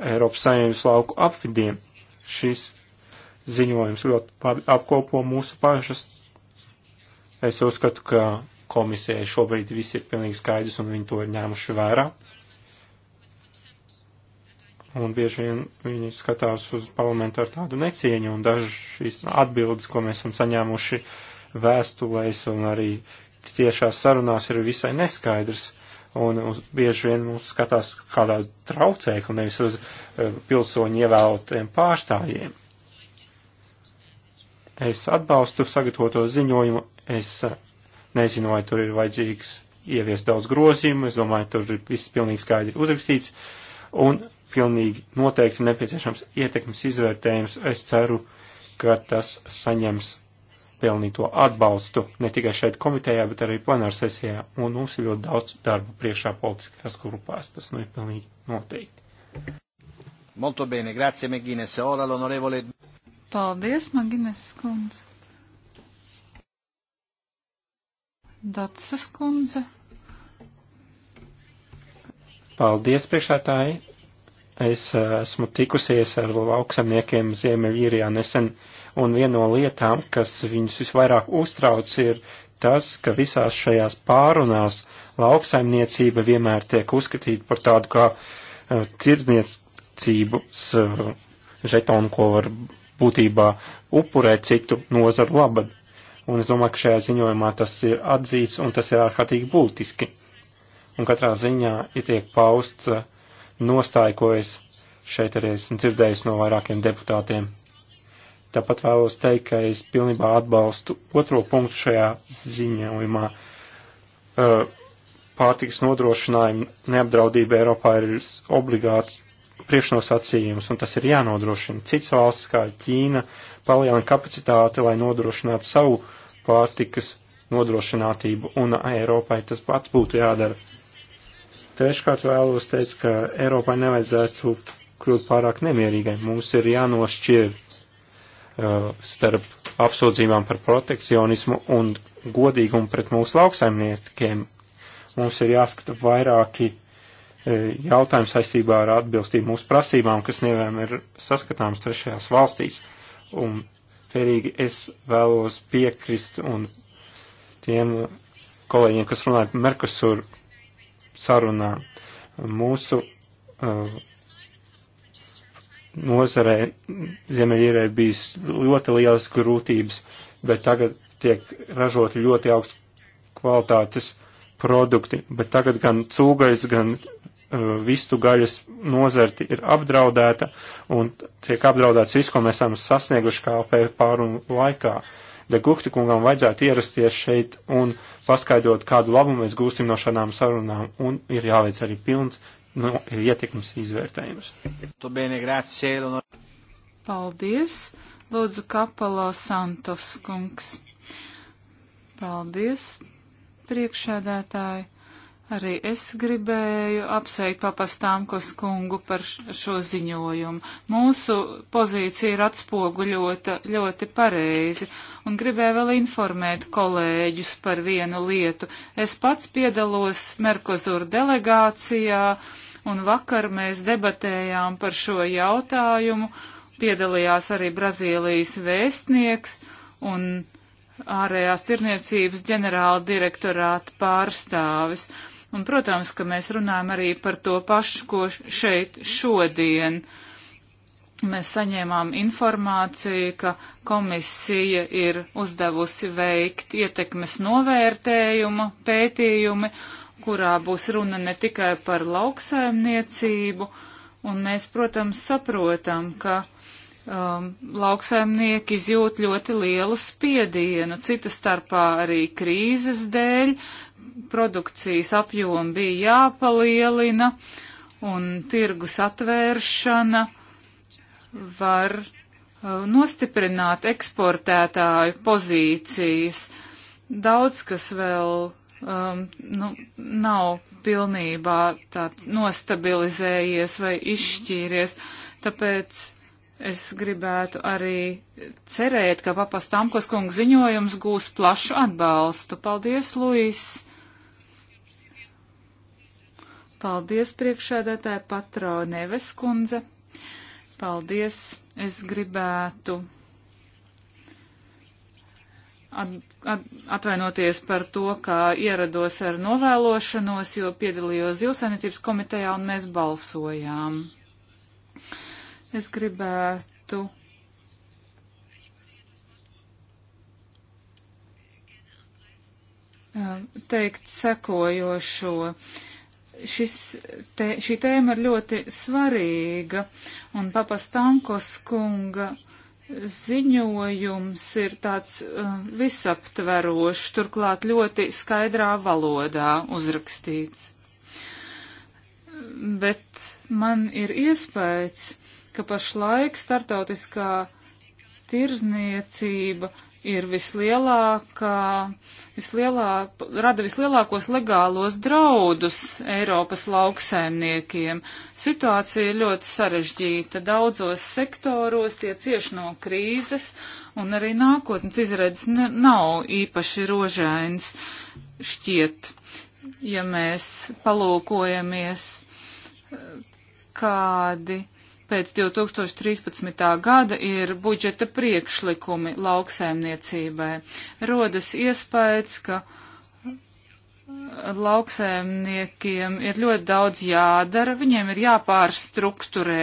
Eiropas saimnības lauku apvidiem. Šis ziņojums ļoti apkopo mūsu pašas. Es uzskatu, ka komisijai šobrīd viss ir pilnīgi skaidrs un viņi to ir ņēmuši vērā. Un bieži vien viņi skatās uz parlamentu ar tādu necieņu un dažas šīs atbildes, ko mēs esam saņēmuši vēstulēs un arī tiešās sarunās ir visai neskaidrs, un uz, bieži vien mums skatās kādā traucēkli, nevis uz uh, pilsoņu ievēlotiem pārstāvjiem. Es atbalstu sagatavoto ziņojumu, es uh, eh, nezinu, vai tur ir vajadzīgs ieviest daudz grozījumu, es domāju, tur ir viss pilnīgi skaidri uzrakstīts, un pilnīgi noteikti nepieciešams ietekmes izvērtējums. Es ceru, ka tas saņems pelnīto atbalstu ne tikai šeit komitejā, bet arī plenārsesijā. Un mums ir ļoti daudz darba priekšā politiskajās grupās. Tas nu ir pilnīgi noteikti. Molto bene, grazie Megines. Ora l'onorevole. Paldies, Magines skundze. Datsa skundze. Paldies, priekšētāji. Es eh, esmu tikusies ar lauksamniekiem Ziemeļīrijā nesen. Uh, un viena no lietām, kas viņus visvairāk uztrauc, ir tas, ka visās šajās pārunās lauksaimniecība vienmēr tiek uzskatīta par tādu kā uh, eh, tirdzniecības uh, eh, žetonu, ko var būtībā upurēt citu nozaru labad. Un es domāju, ka šajā ziņojumā tas ir atzīts un tas ir ārkārtīgi būtiski. Un katrā ziņā ir tiek paust uh, nostāja, ko es šeit arī esmu dzirdējis no vairākiem deputātiem. Tāpat vēlos teikt, ka es pilnībā atbalstu otro punktu šajā ziņojumā. Pārtiks nodrošinājuma neapdraudība Eiropā ir obligāts priekšnosacījums, un tas ir jānodrošina. Cits valsts, kā Ķīna, palielina kapacitāti, lai nodrošinātu savu pārtikas nodrošinātību, un Eiropai tas pats būtu jādara. Treškārt vēlos teikt, ka Eiropai nevajadzētu kļūt pārāk nemierīgai. Mums ir jānošķir Uh, starp apsūdzībām par protekcionismu un godīgumu pret mūsu lauksaimniekiem. Mums ir jāskata vairāki uh, jautājumi saistībā ar atbilstību mūsu prasībām, kas nevēm ir saskatāms trešajās valstīs. Un ferīgi es vēlos piekrist un tiem kolēģiem, kas runāja par Merkusur sarunām. Mūsu uh, nozarē Ziemeļīrē bijis ļoti liels grūtības, bet tagad tiek ražot ļoti augsts kvalitātes produkti, bet tagad gan cūgais, gan uh, vistu gaļas nozarti ir apdraudēta un tiek apdraudēts viss, ko mēs esam sasnieguši KLP pārunu laikā. De Guhti kungam vajadzētu ierasties šeit un paskaidrot, kādu labumu mēs gūstam no šādām sarunām, un ir jāveic arī pilns no ietekmes izvērtējumus. Paldies! Lūdzu, Kapalo Santos kungs. Paldies, priekšēdētāji. Arī es gribēju apsveikt papastāmkos kungu par šo ziņojumu. Mūsu pozīcija ir atspoguļota ļoti pareizi, un gribēju vēl informēt kolēģus par vienu lietu. Es pats piedalos Merkozur delegācijā, uh, un vakar mēs debatējām par šo jautājumu. Piedalījās arī Brazīlijas vēstnieks un ārējās tirniecības ģenerāla direktorāta pārstāvis. Un, protams, ka mēs runājam arī par to pašu, ko šeit šodien. Mēs saņēmām informāciju, ka komisija ir uzdevusi veikt ietekmes novērtējuma pētījumi kurā būs runa ne tikai par lauksaimniecību, un mēs, protams, saprotam, ka um, lauksaimnieki izjūt ļoti lielu spiedienu, cita starpā arī krīzes dēļ, produkcijas apjomu bija jāpalielina, un tirgus atvēršana var uh, nostiprināt eksportētāju pozīcijas. Daudz kas vēl um, nu, nav pilnībā tāds nostabilizējies vai izšķīries, tāpēc es gribētu arī cerēt, ka papastāmkos kungu ziņojums gūs plašu atbalstu. Paldies, Luis! Paldies, priekšēdētāja patrone Veskundze! Paldies! Es gribētu atvainoties par to, ka ierados ar novēlošanos, jo piedalījos zilsainicības komitejā un mēs balsojām. Es gribētu. Teikt sekojošo. Šis, te, šī tēma ir ļoti svarīga, un papastankos kunga uh, ziņojums ir tāds uh, visaptverošs, turklāt ļoti skaidrā valodā uzrakstīts. Bet man ir iespējas, ka pašlaik startautiskā tirzniecība ir vislielākā, vislielāk, rada vislielākos legālos draudus Eiropas lauksaimniekiem. Situācija ir ļoti sarežģīta. Daudzos sektoros tie cieši no krīzes, un arī nākotnes izredzes nav īpaši rožains šķiet, ja mēs palūkojamies kādi pēc 2013. gada ir budžeta priekšlikumi lauksēmniecībai. Rodas iespējas, ka lauksēmniekiem ir ļoti daudz jādara, viņiem ir jāpārstruktūrē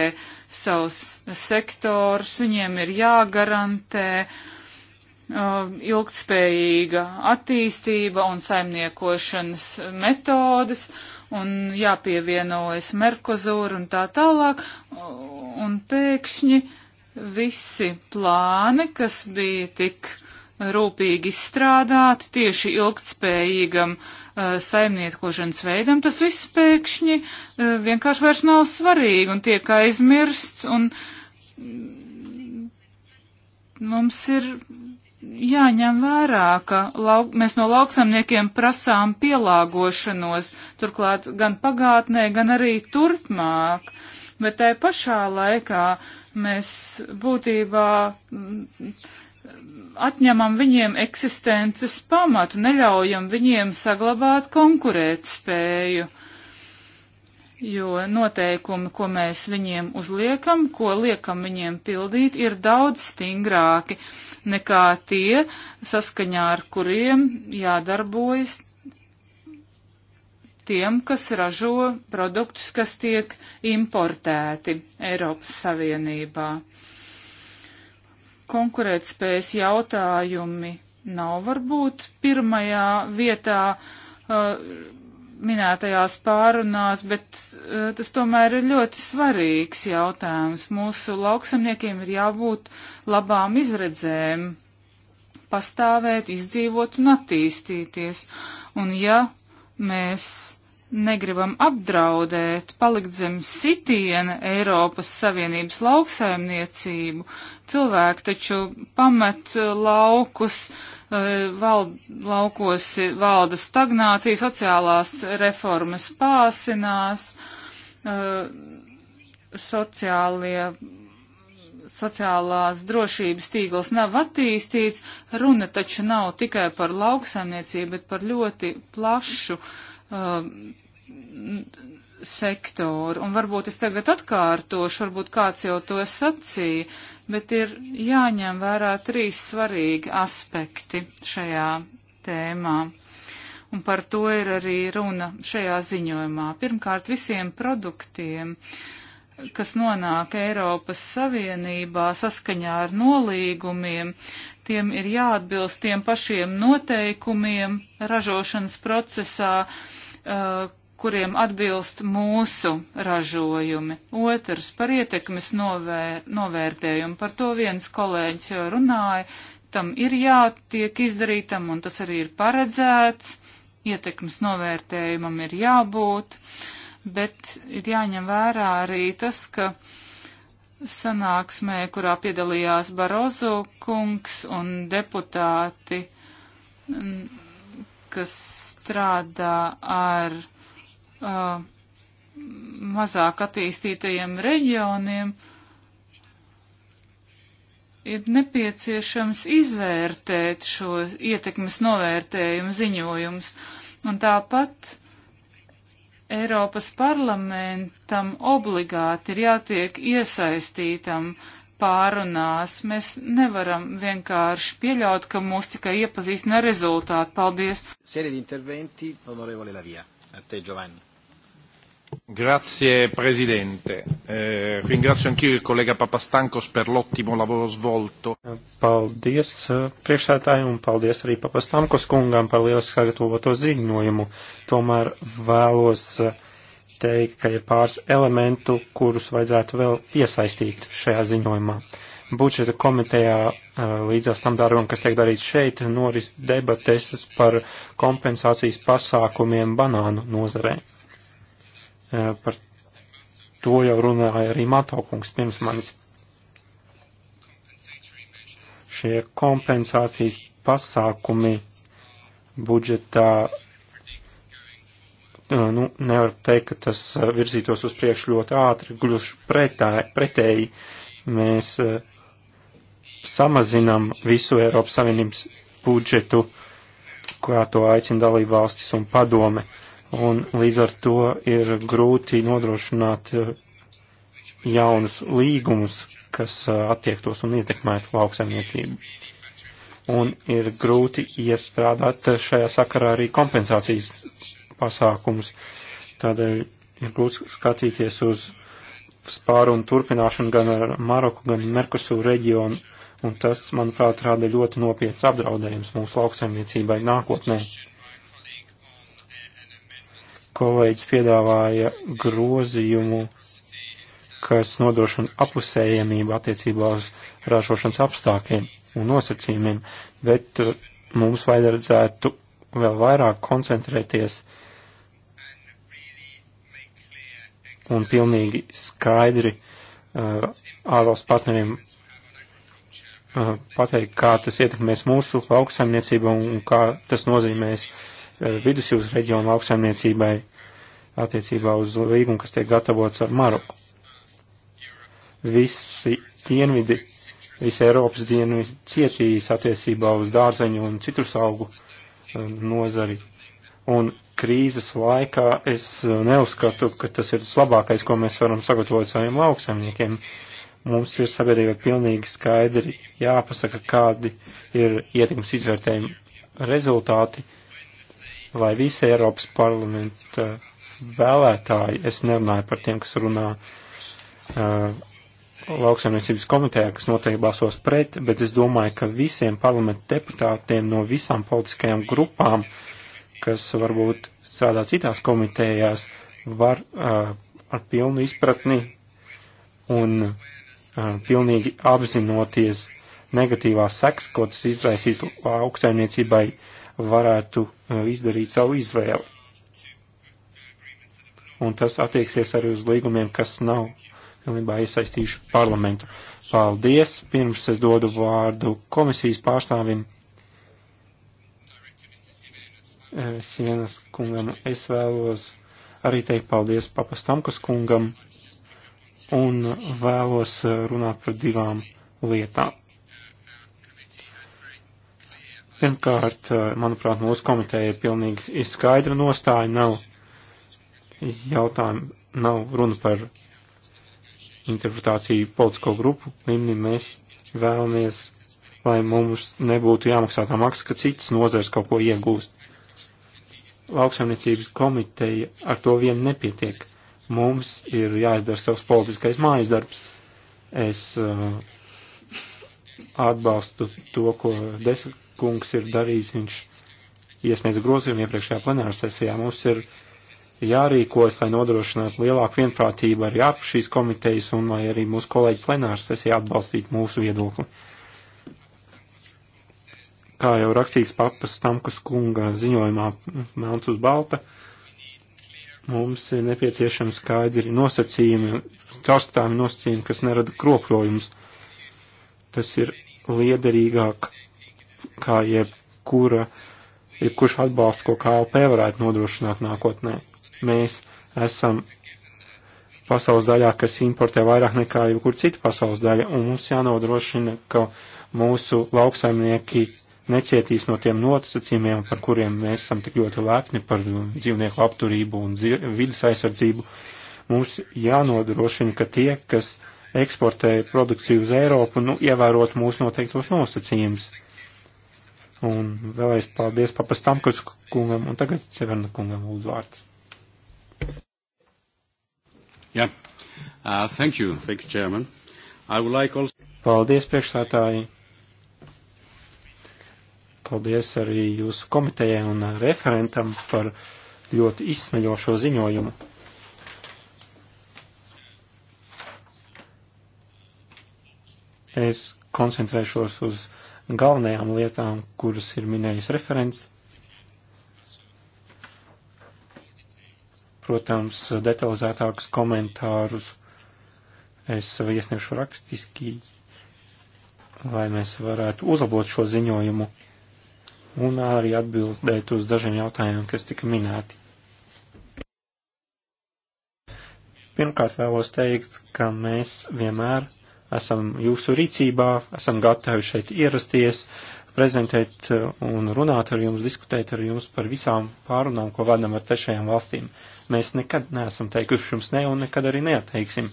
savus sektors, viņiem ir jāgarantē uh, uh, ilgtspējīga attīstība un saimniekošanas metodas un jāpievienojas Merkozūru un tā tālāk. Uh, un pēkšņi visi plāni, kas bija tik rūpīgi izstrādāti tieši ilgtspējīgam uh, saimniekošanas veidam, tas viss pēkšņi uh, vienkārši vairs nav svarīgi un tiek aizmirsts. Un, mm, Mums ir jāņem vērā, ka lauk, mēs no lauksamniekiem prasām pielāgošanos, turklāt gan pagātnē, gan arī turpmāk. Bet tai pašā laikā mēs būtībā mm, atņemam viņiem eksistences pamatu, neļaujam viņiem saglabāt konkurētspēju. spēju jo noteikumi, ko mēs viņiem uzliekam, ko liekam viņiem pildīt, ir daudz stingrāki nekā tie, saskaņā ar kuriem jādarbojas tiem, kas ražo produktus, kas tiek importēti Eiropas Savienībā. Konkurētspējas jautājumi nav varbūt pirmajā vietā. Uh, minētajās pārunās, bet uh, tas tomēr ir ļoti svarīgs jautājums. Mūsu lauksamniekiem ir jābūt labām izredzēm, pastāvēt, izdzīvot un attīstīties. Un ja mēs negribam apdraudēt, palikt zem sitiena Eiropas Savienības lauksaimniecību, cilvēki taču pamet laukus, uh, vald, laukos valda stagnācija, sociālās reformas pāsinās, sociālie, sociālās drošības tīkls nav attīstīts. Runa taču nav tikai par lauksaimniecību, bet par ļoti plašu sektoru. Un varbūt es tagad atkārtošu, varbūt kāds jau to sacīja, bet ir jāņem vērā trīs svarīgi aspekti šajā tēmā. Un par to ir arī runa šajā ziņojumā. Pirmkārt, visiem produktiem, kas nonāk Eiropas Savienībā saskaņā ar nolīgumiem, tiem ir jāatbilst tiem pašiem noteikumiem ražošanas procesā, uh, kuriem atbilst mūsu ražojumi. Otrs par ietekmes novēr, novērtējumu. Par to viens kolēģis jau runāja. Tam ir jātiek izdarītam, un tas arī ir paredzēts. Ietekmes novērtējumam ir jābūt, bet ir jāņem vērā arī tas, ka sanāksmē, kurā piedalījās Barozo kungs un deputāti, kas strādā ar uh, mazāk attīstītajiem reģioniem, ir nepieciešams izvērtēt šo ietekmes novērtējumu ziņojumus. Un tāpat Eiropas parlamentam obligāti ir jātiek iesaistītam pārunās. Mēs nevaram vienkārši pieļaut, ka mūs tikai iepazīstina rezultāti. Paldies! Sēri di interventi, onorevole Lavija. A te, Giovanni. Grazie Presidente, eh, ringrazio anch'io il collega Papastankos per l'ottimo lavoro svolto. Paldies eh, priekšētāji un paldies arī Papastankos kungam par lielisku sagatavoto ziņojumu. Tomēr vēlos eh, teikt, ka ir pāris elementu, kurus vajadzētu vēl iesaistīt šajā ziņojumā. Budžeta komitejā eh, līdzās tam darbam, kas tiek darīts šeit, noris debateses par kompensācijas pasākumiem banānu nozarei E, par to jau runāja arī Matokungs pirms manis. Šie kompensācijas pasākumi budžetā, e, nu, nevar teikt, ka tas e, virzītos uz priekšu ļoti ātri, gluži pretēji. pretēji mēs samazinam visu Eiropas Savienības budžetu, kā to aicina dalība valstis un padome un līdz ar to ir grūti nodrošināt eh, jaunus līgumus, kas eh, attiektos un ietekmētu lauksaimniecību. Un ir grūti iestrādāt eh, šajā sakarā arī kompensācijas pasākumus. Tādēļ ir grūti skatīties uz spārumu turpināšanu gan ar Maroku, gan Merkusūru reģionu, un tas, manuprāt, rada ļoti nopietnas apdraudējums mūsu lauksaimniecībai nākotnē kolēģis piedāvāja grozījumu, kas nodošana apusējamību attiecībā uz ražošanas apstākļiem un nosacījumiem, bet uh, mums vajadzētu vēl vairāk koncentrēties un pilnīgi skaidri uh, ārvalstu partneriem uh, pateikt, kā tas ietekmēs mūsu lauksaimniecību un kā tas nozīmēs uh, Eh, vidusjūras reģionu lauksaimniecībai attiecībā uz līgumu, kas tiek gatavots ar Maroku. Visi dienvidi, visa Eiropas dienvidi cietīs attiecībā uz dārzeņu un citrus augu eh, nozari. Un krīzes laikā es eh, neuzskatu, ka tas ir tas labākais, ko mēs varam sagatavot saviem lauksaimniekiem. Mums ir sabiedrība pilnīgi skaidri jāpasaka, kādi ir ietekmes izvērtējumi rezultāti vai visi Eiropas parlamenta vēlētāji, es nerunāju par tiem, kas runā uh, lauksaimniecības komitejā, kas noteikti balsos pret, bet es domāju, ka visiem parlamenta deputātiem no visām politiskajām grupām, kas varbūt strādā citās komitejās, var uh, ar pilnu izpratni un uh, pilnīgi apzinoties negatīvās seks, ko tas izraisīs lauksaimniecībai uh, varētu uh, izdarīt savu izvēli. Un tas attieksies arī uz līgumiem, kas nav pilnībā iesaistījuši parlamentu. Paldies! Pirms es dodu vārdu komisijas pārstāvim eh, Sienas kungam. Es vēlos arī teikt paldies papastamkas kungam un vēlos eh, runāt par divām lietām. Pirmkārt, eh, manuprāt, mūsu komiteja ir pilnīgi skaidra nostāja, nav jautājumu, nav runa par interpretāciju politisko grupu līmenī. Mēs vēlamies, lai mums nebūtu jāmaksā tā maksa, ka citas nozars kaut ko iegūst. Lauksaimniecības komiteja ar to vien nepietiek. Mums ir jāizdara savs politiskais mājas darbs. Es uh, atbalstu to, ko desa kungs ir darījis, viņš iesniedz grozījumu iepriekšējā plenāra sesijā. Mums ir jārīkojas, lai nodrošinātu lielāku vienprātību arī ap šīs komitejas un lai arī mūsu kolēģi plenāra sesijā atbalstītu mūsu viedokli. Kā jau rakstīts papas Stamkas kunga ziņojumā Melns uz Balta, mums ir nepieciešams skaidri nosacījumi, caurskatāmi nosacījumi, kas nerada kropļojumus. Tas ir liederīgāk kā jebkura, jebkurš atbalsts, ko KLP varētu nodrošināt nākotnē. Mēs esam pasaules daļā, kas importē vairāk nekā jebkur cita pasaules daļa, un mums jānodrošina, ka mūsu lauksaimnieki necietīs no tiem noticījumiem, par kuriem mēs esam tik ļoti lepni par dzīvnieku apturību un vidas aizsardzību. Mums jānodrošina, ka tie, kas eksportē produkciju uz Eiropu, nu, ievērot mūsu noteiktos nosacījumus. Un vēlreiz paldies papastam, kas kungam, un tagad Severna kungam lūdzu vārds. Jā, yeah. uh, thank you, thank you, chairman. I would like also. Paldies, priekšsētāji. Paldies arī jūsu komitejai un referentam par ļoti izsmeļošo ziņojumu. Es koncentrēšos uz galvenajām lietām, kuras ir minējis referents. Protams, detalizētākus komentārus es iesniegšu rakstiski, lai mēs varētu uzlabot šo ziņojumu un arī atbildēt uz dažiem jautājumiem, kas tika minēti. Pirmkārt vēlos teikt, ka mēs vienmēr esam jūsu rīcībā, esam gatavi šeit ierasties, prezentēt uh, un runāt ar jums, diskutēt ar jums par visām pārunām, ko vadam ar trešajām valstīm. Mēs nekad neesam teikuši jums ne un nekad arī neatteiksim.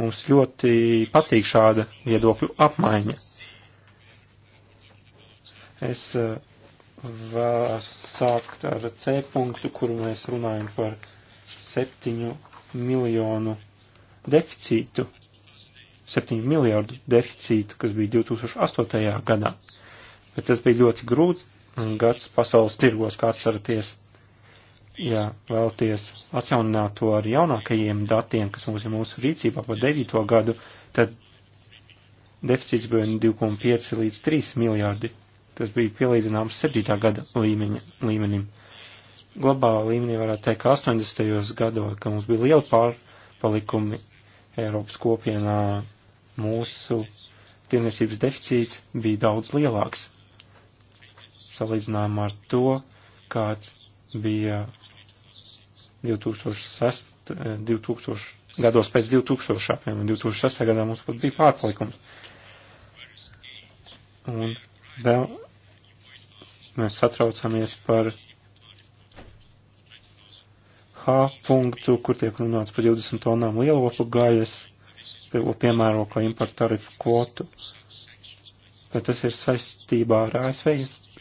Mums ļoti patīk šāda viedokļu apmaiņa. Es uh, vēlos sākt ar C punktu, kuru mēs runājam par septiņu miljonu deficītu, 7 miljardu deficītu, kas bija 2008. gadā. Bet tas bija ļoti grūts gads pasaules tirgos, kā atceraties. Ja vēlties atjaunināt to ar jaunākajiem datiem, kas mums ir mūsu rīcībā par 9. gadu, tad deficīts bija 2,5 līdz 3 miljardi. Tas bija pielīdzināms 7. gada līmeņa, līmenim. Globālā līmenī varētu teikt, ka 80. gados, ka mums bija liela pārpalikumi Eiropas kopienā mūsu tirniecības deficīts bija daudz lielāks salīdzinājumā ar to, kāds bija 2006, 2000, eh, gados pēc 2000, apmēram 2006. gadā mums pat bija pārpalikums. Un vēl mēs satraucamies par H punktu, kur tiek runāts par 20 tonām lielopu gaļas, ko piemēro kā importu tarifu kvotu. Bet tas ir saistībā ar ASV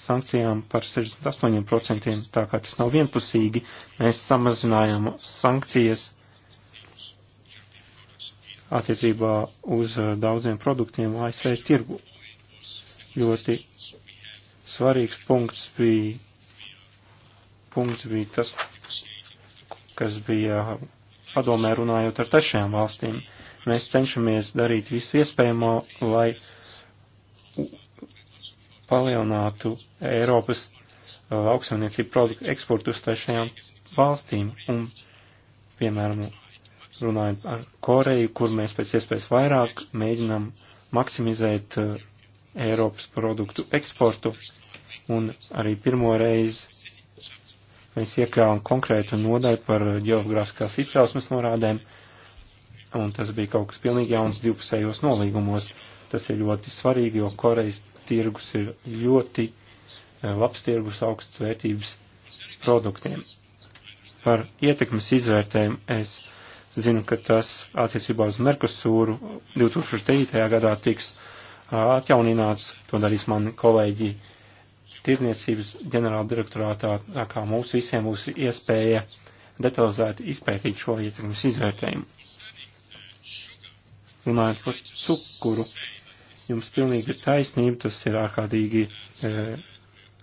sankcijām par 68%, tā kā tas nav vienpusīgi. Mēs samazinājām sankcijas attiecībā uz eh, daudziem produktiem ASV tirgu. Ļoti svarīgs punkts bija, punkts bija tas, kas bija padomē runājot ar trešajām valstīm. Mēs cenšamies darīt visu iespējamo, lai palielinātu Eiropas lauksaimniecību uh, produktu eksportu uz trešajām valstīm. Un, piemēram, runājot ar Koreju, kur mēs pēc iespējas vairāk mēģinam maksimizēt uh, Eiropas produktu eksportu. Un arī pirmo reizi Mēs iekļāvām konkrētu nodaļu par geogrāfiskās izcelsmes norādēm, un tas bija kaut kas pilnīgi jauns divpusējos nolīgumos. Tas ir ļoti svarīgi, jo Korejas tirgus ir ļoti eh, labs tirgus augsts vērtības produktiem. Par ietekmes izvērtējumu es zinu, ka tas attiecībā uz Merkusūru 2009. gadā tiks eh, atjaunināts, to darīs mani kolēģi tirniecības ģenerāla direktorātā, kā mums visiem būs iespēja detalizēti izpētīt šo ietekmes izvērtējumu. Runājot par cukuru, jums pilnīgi ir taisnība, tas ir ārkārtīgi e,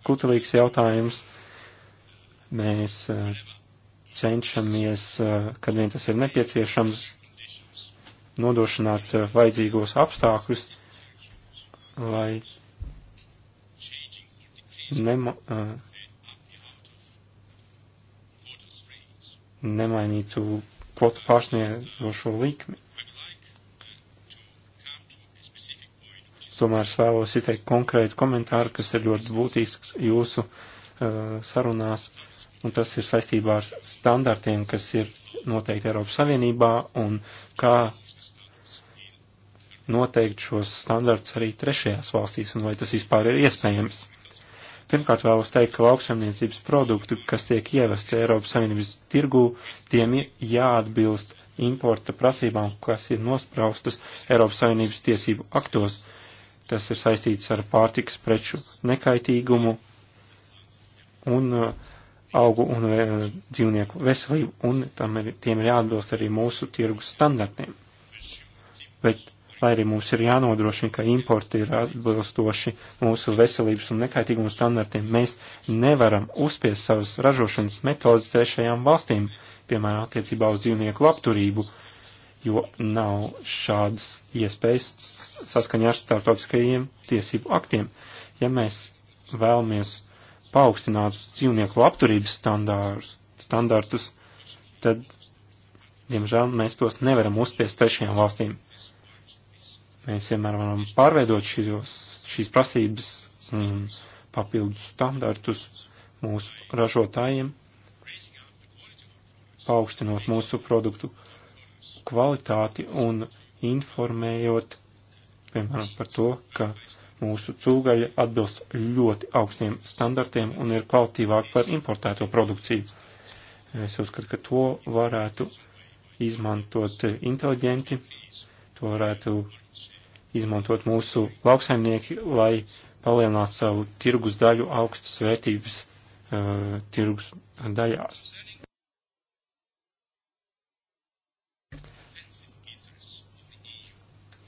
kutelīgs jautājums. Mēs e, cenšamies, e, kad vien tas ir nepieciešams, nodrošināt e, vajadzīgos apstākļus, lai nemo, eh, nemainītu kvotu pārsniegošo likmi. Tomēr es vēlos izteikt konkrētu komentāru, kas ir ļoti būtisks jūsu uh, sarunās, un tas ir saistībā ar standartiem, kas ir noteikti Eiropas Savienībā, un kā noteikt šos standarts arī trešajās valstīs, un vai tas vispār ir iespējams. Pirmkārt vēlos teikt, ka lauksaimniecības produkti, kas tiek ievesti Eiropas Savienības tirgū, tiem ir jāatbilst importa prasībām, kas ir nospraustas Eiropas Savienības tiesību aktos. Tas ir saistīts ar pārtikas preču nekaitīgumu un uh, augu un uh, dzīvnieku veselību, un tam ir, tiem ir jāatbilst arī mūsu tirgus standartiem. Bet lai arī mums ir jānodrošina, ka importi ir atbilstoši mūsu veselības un nekaitīgumu standartiem, mēs nevaram uzspies savas ražošanas metodas trešajām valstīm, piemēram, attiecībā uz dzīvnieku labturību, jo nav šādas iespējas saskaņā ar startautiskajiem tiesību aktiem. Ja mēs vēlamies paaugstināt dzīvnieku labturības standārus, standartus, tad, diemžēl, mēs tos nevaram uzspies trešajām valstīm Mēs vienmēr varam pārveidot šīs, šīs prasības un papildus standartus mūsu ražotājiem, paaugstinot mūsu produktu kvalitāti un informējot, piemēram, par to, ka mūsu cūgaļa atbilst ļoti augstiem standartiem un ir kvalitīvāk par importēto produkciju. Es uzskatu, ka to varētu izmantot inteliģenti, to varētu izmantot mūsu lauksaimnieki, lai palielinātu savu tirgus daļu augstas vērtības uh, tirgus daļās.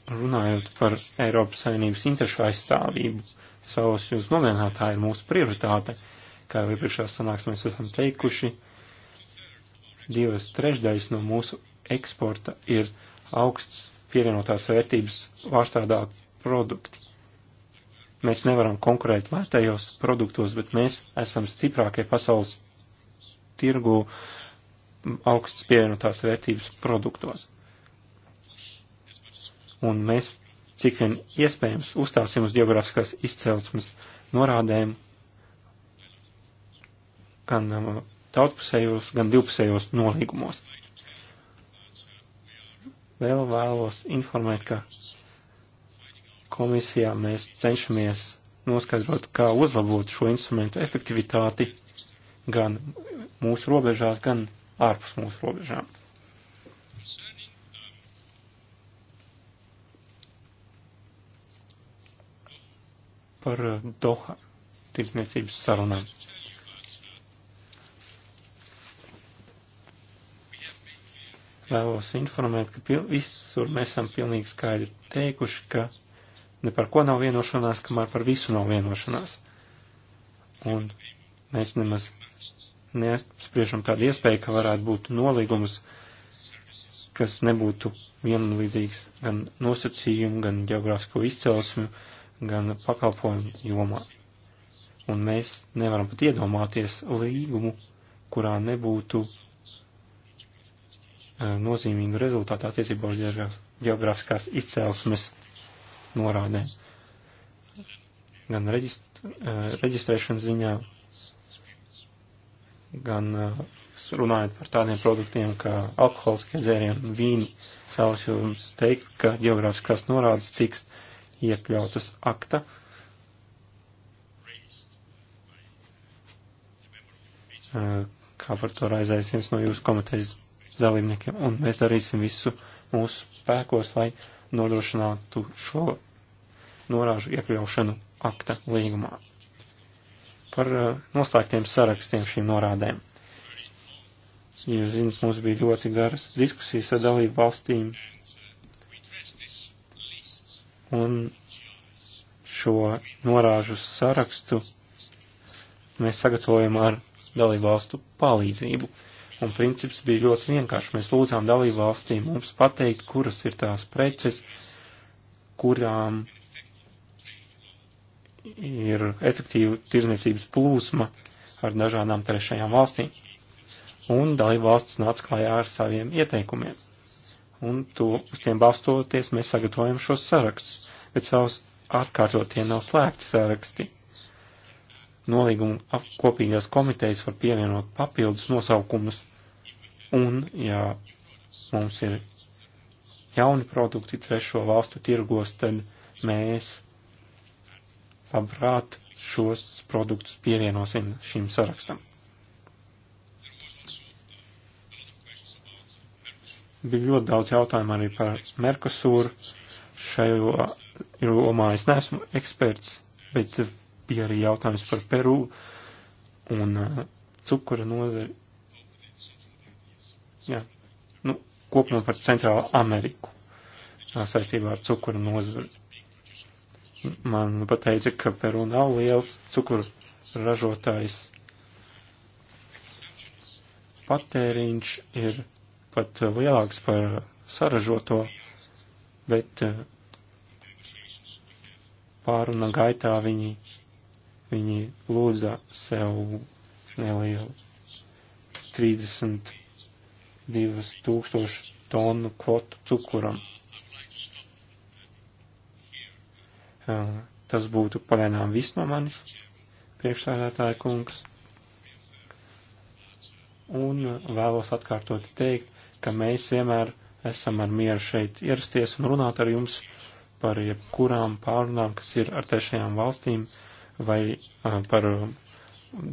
Runājot par Eiropas Savienības interešu aizstāvību, savas jūs nomierināt, tā ir mūsu prioritāte. Kā jau iepriekšējā sanāksmēs esam teikuši, divas trešdaļas no mūsu eksporta ir augsts pievienotās vērtības pārstādā produkti. Mēs nevaram konkurēt vietējos produktos, bet mēs esam stiprākie pasaules tirgu augsts pievienotās vērtības produktos. Un mēs, cik vien iespējams, uzstāsim uz geogrāfiskās izcelsmes norādēm gan um, daudzpusējos, gan divpusējos nolīgumos. Vēl vēlos informēt, ka komisijā mēs cenšamies noskaidrot, kā uzlabot šo instrumentu efektivitāti gan mūsu robežās, gan ārpus mūsu robežām. Par eh, Doha tirdzniecības sarunām. Vēlos informēt, ka visur mēs esam pilnīgi skaidri teikuši, ka ne par ko nav vienošanās, kamēr par visu nav vienošanās. Un mēs nemaz neapspriežam tādu iespēju, ka varētu būt nolīgums, kas nebūtu vienlīdzīgs gan nosacījumu, gan geogrāfisko izcelsmu, gan pakalpojumu jomā. Un mēs nevaram pat iedomāties līgumu, kurā nebūtu nozīmīgu rezultātu attiecībā uz geogrāfiskās izcelsmes norādēm. Gan reģist, eh, reģistrēšanas ziņā, gan eh, runājot par tādiem produktiem kā alkoholiskie dzērieni, vīni, savus jums teikt, ka geogrāfiskās norādes tiks iekļautas akta. Eh, kā par to raizēs viens no jūsu komitejas dalībniekiem, un mēs darīsim visu mūsu spēkos, lai nodrošinātu šo norāžu iekļaušanu akta līgumā. Par uh, noslēgtiem sarakstiem šīm norādēm. Jūs zināt, mums bija ļoti garas diskusijas ar dalību valstīm, un šo norāžu sarakstu mēs sagatavojam ar dalību valstu palīdzību. Un princips bija ļoti vienkārši. Mēs lūdzām dalību valstīm mums pateikt, kuras ir tās preces, kurām ir efektīva tirzniecības plūsma ar dažādām trešajām valstīm. Un dalību valstis nāca klājā ar saviem ieteikumiem. Un to, uz tiem balstoties mēs sagatavojam šos sarakstus, bet savus atkārtot tie nav slēgti saraksti nolīguma kopīgās komitejas var pievienot papildus nosaukumus, un, ja mums ir jauni produkti trešo valstu tirgos, tad mēs labprāt šos produktus pievienosim šim sarakstam. Bija ļoti daudz jautājumu arī par Merkosūru. Šajā jomā es neesmu eksperts, bet bija arī jautājums par Peru un uh, cukura nozari. Jā, nu, kopumā par Centrālu Ameriku uh, saistībā ar cukura nozari. Man pateica, ka Peru nav liels cukuru ražotājs. Patēriņš ir pat lielāks par saražoto, bet uh, pāruna gaitā viņi Viņi lūdza sev nelielu 32 tūkstošu tonu kvotu cukuram. Tas būtu pagaidām viss no manis, priekšsēdētāja kungs. Un vēlos atkārtot teikt, ka mēs vienmēr esam ar mieru šeit ierasties un runāt ar jums par jebkurām pārunām, kas ir ar trešajām valstīm vai par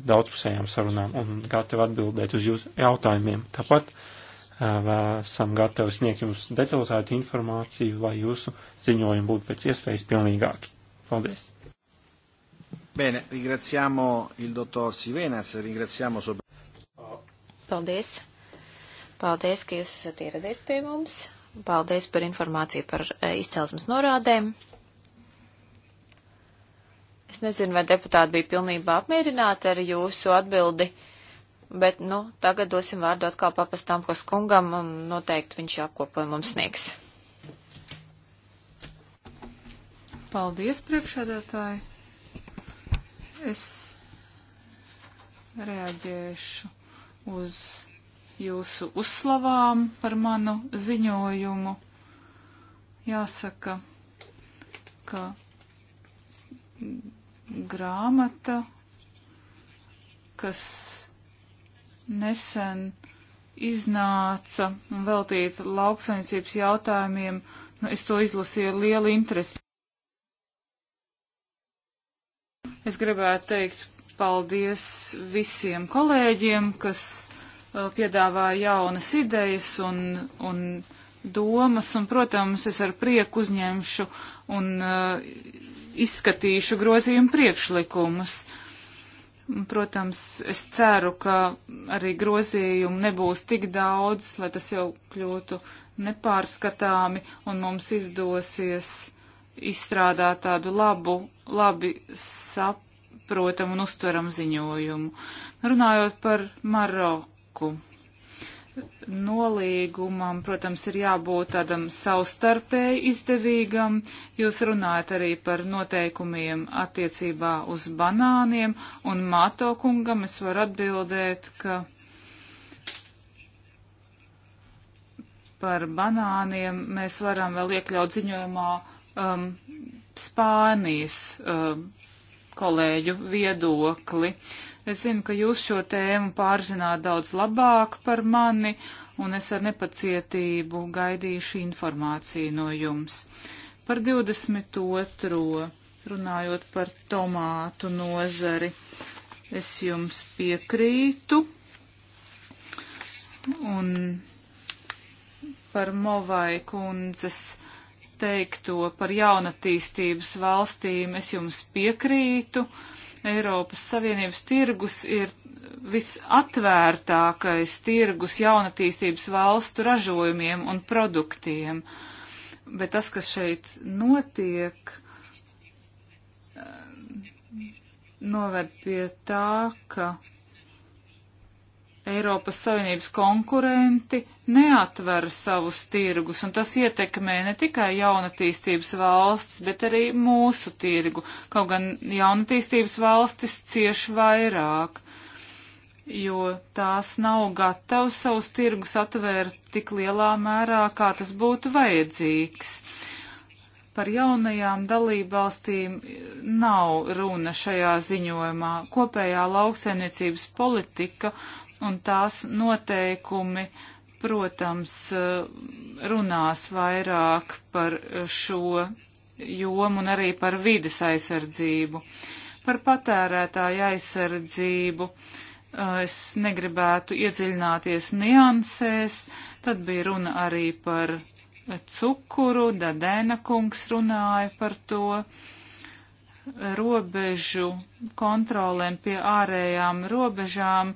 daudzpusējām sarunām un gatavi atbildēt uz jūsu jautājumiem. Tāpat esam gatavi sniegt jums detalizētu informāciju, lai jūsu ziņojumi būtu pēc iespējas pilnīgāki. Paldies! Bene, ringraziamo il dottor Sivenas, ringraziamo sopra. Paldies! Paldies, ka jūs esat ieradies pie mums. Paldies par informāciju par izcelsmes norādēm. Es nezinu, vai deputāti bija pilnībā apmierināti ar jūsu atbildi, bet, nu, tagad dosim vārdu atkal papastām, kas kungam, un noteikti viņš apkopojumu mums sniegs. Paldies, priekšsēdētāji. Es reaģēšu uz jūsu uzslavām par manu ziņojumu. Jāsaka, ka grāmata, kas nesen iznāca un veltīta lauksaimniecības jautājumiem. Nu, es to izlasīju ar lielu interesi. Es gribētu teikt paldies visiem kolēģiem, kas uh, piedāvāja jaunas idejas un, un domas, un, protams, es ar prieku uzņemšu un uh, izskatīšu grozījumu priekšlikumus. Protams, es ceru, ka arī grozījumu nebūs tik daudz, lai tas jau kļūtu nepārskatāmi un mums izdosies izstrādāt tādu labu, labi saprotamu un uztveramu ziņojumu. Runājot par Maroku nolīgumam, protams, ir jābūt tādam savstarpēji izdevīgam. Jūs runājat arī par noteikumiem attiecībā uz banāniem, un Māto kungam es varu atbildēt, ka par banāniem mēs varam vēl iekļaut ziņojumā um, Spānijas um, kolēģu viedokli. Uh, Es zinu, ka jūs šo tēmu pārzināt daudz labāk par mani, un es ar nepacietību gaidīšu informāciju no jums. Par 22. runājot par tomātu nozari, es jums piekrītu. Un par Movai kundzes teikto par jaunatīstības valstīm es jums piekrītu. Uh, Eiropas Savienības tirgus ir visatvērtākais tirgus jaunatīstības valstu ražojumiem un produktiem. Bet tas, kas šeit notiek, eh, noved pie tā, ka Eiropas Savienības konkurenti neatver savus tirgus, un tas ietekmē ne tikai jaunatīstības valsts, bet arī mūsu tirgu, kaut gan jaunatīstības valstis cieš vairāk, jo tās nav gatavas savus tirgus atvērt tik lielā mērā, kā tas būtu vajadzīgs. Par jaunajām dalībvalstīm nav runa šajā ziņojumā. Kopējā lauksainiecības politika un tās noteikumi, protams, runās vairāk par šo jomu un arī par vides aizsardzību. Par patērētāju aizsardzību uh, es negribētu iedziļināties niansēs, tad bija runa arī par cukuru, Dadēna kungs runāja par to, robežu kontrolēm pie ārējām robežām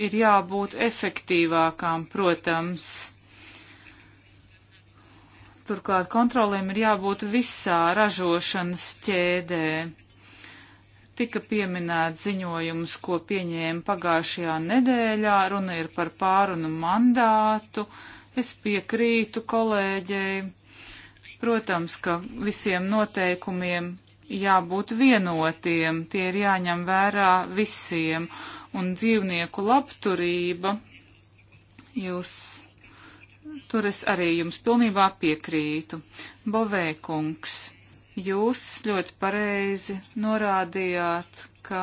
ir jābūt efektīvākām, protams. Turklāt kontrolēm ir jābūt visā ražošanas ķēdē. Tika pieminēts ziņojums, ko pieņēma pagājušajā nedēļā, runa ir par pārunu mandātu. Es piekrītu kolēģei. Protams, ka visiem noteikumiem jābūt vienotiem, tie ir jāņem vērā visiem, un dzīvnieku labturība, jūs, tur es arī jums pilnībā piekrītu. Bovēkungs, jūs ļoti pareizi norādījāt, ka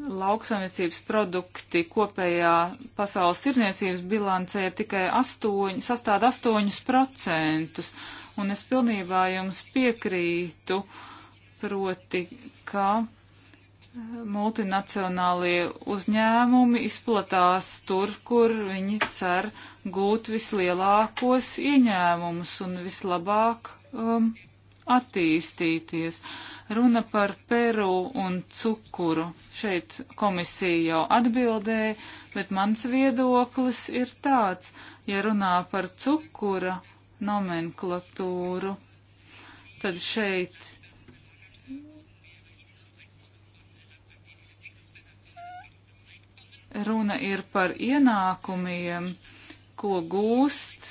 lauksaimniecības produkti kopējā pasaules tirniecības bilancē tikai 8, sastāda 8%. Un es pilnībā jums piekrītu, proti, ka eh, multinacionālie uzņēmumi izplatās tur, kur viņi cer gūt vislielākos ieņēmumus un vislabāk um, attīstīties. Runa par peru un cukuru. Šeit komisija jau atbildēja, bet mans viedoklis ir tāds, ja runā par cukura nomenklatūru, tad šeit runa ir par ienākumiem, ko gūst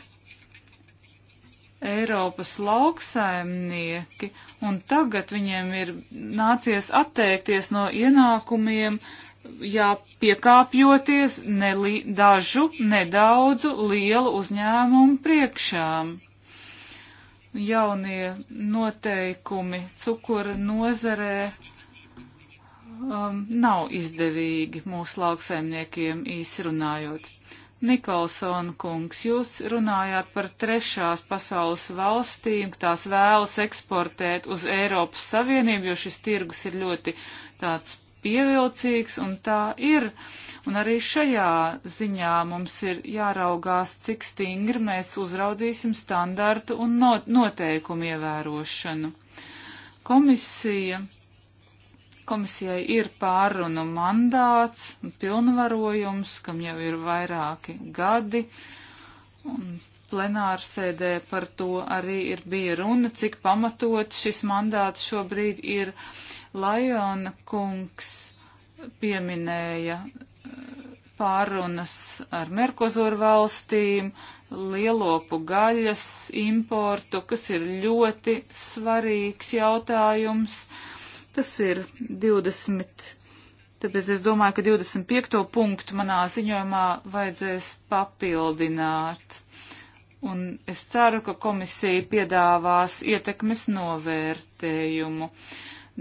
Eiropas lauksaimnieki, un tagad viņiem ir nācies atteikties no ienākumiem, uh, jāpiekāpjoties nelī, dažu nedaudzu lielu uzņēmumu priekšām. Jaunie noteikumi cukura nozarē um, nav izdevīgi mūsu lauksaimniekiem īsrunājot. Nikolson kungs, jūs runājāt par trešās pasaules valstīm, tās vēlas eksportēt uz Eiropas Savienību, jo šis tirgus ir ļoti tāds pievilcīgs, un tā ir. Un arī šajā ziņā mums ir jāraugās, cik stingri mēs uzraudzīsim standartu un noteikumu ievērošanu. Komisija, komisijai ir pārunu mandāts un pilnvarojums, kam jau ir vairāki gadi, un plenārsēdē par to arī ir bija runa, cik pamatot šis mandāts šobrīd ir. Lajona kungs pieminēja eh, pārunas ar Merkozoru valstīm, lielopu gaļas importu, kas ir ļoti svarīgs jautājums. Tas ir 20. Tāpēc es domāju, ka 25. punktu manā ziņojumā vajadzēs papildināt un es ceru, ka komisija piedāvās ietekmes novērtējumu.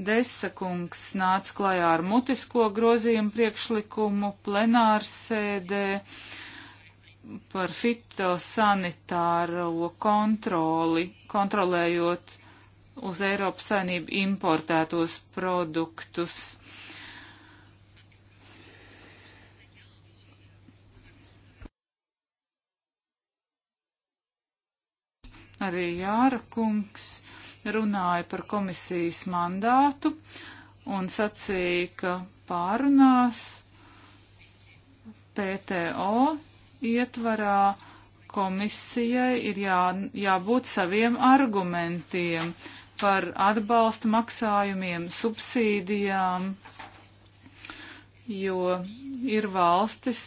Desakungs nāca klajā ar mutisko grozījumu priekšlikumu plenārsēdē par fitosanitāro kontroli, kontrolējot uz Eiropas saimnību importētos produktus. Arī Jāra kungs runāja par komisijas mandātu un sacīja, ka pārunās PTO ietvarā komisijai ir jā, jābūt saviem argumentiem par atbalsta maksājumiem, subsīdijām, jo ir valstis,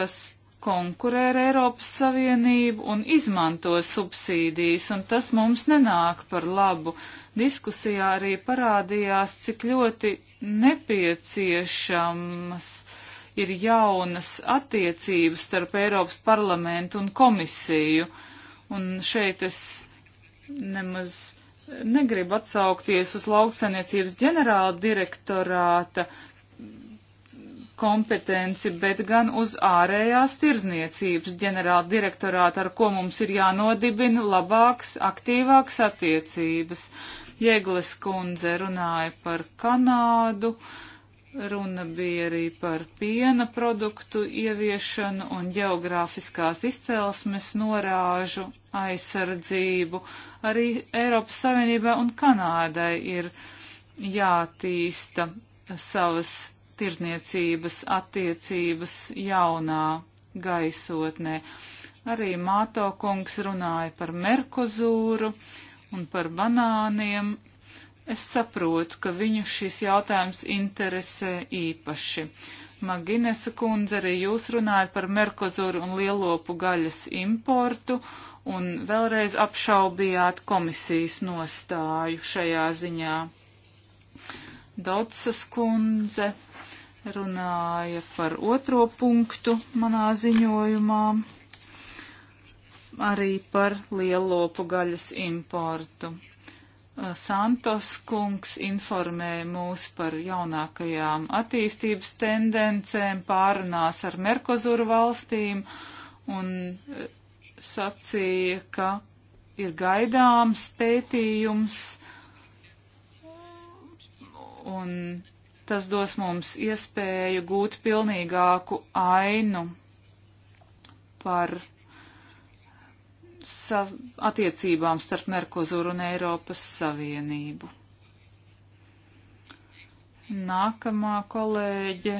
kas konkurē ar Eiropas Savienību un izmanto subsīdijas, un tas mums nenāk par labu. Diskusijā arī parādījās, cik ļoti nepieciešams ir jaunas attiecības starp Eiropas parlamentu un komisiju. Un šeit es nemaz negribu atsaukties uz lauksaniecības ģenerāla direktorāta kompetenci, bet gan uz ārējās tirzniecības ģenerāla direktorāta, ar ko mums ir jānodibina labāks, aktīvāks attiecības. Jēglis kundze runāja par Kanādu, runa bija arī par piena produktu ieviešanu un geogrāfiskās izcelsmes norāžu aizsardzību. Arī Eiropas Savienībā un Kanādai ir jātīsta savas tirzniecības attiecības jaunā gaisotnē. Arī Māto kungs runāja par Merkozūru un par banāniem. Es saprotu, ka viņu šis jautājums interesē īpaši. Maginesa kundze, arī jūs runājat par Merkozuru un lielopu gaļas importu un vēlreiz apšaubījāt komisijas nostāju šajā ziņā. Dotsas kundze runāja par otro punktu manā ziņojumā, arī par lielopu gaļas importu. Uh, Santos kungs informēja mūs par jaunākajām attīstības tendencēm, pārunās ar Merkozuru valstīm un uh, sacīja, ka ir gaidāms pētījums un Tas dos mums iespēju gūt pilnīgāku ainu par attiecībām starp Merkozuru un Eiropas Savienību. Nākamā kolēģe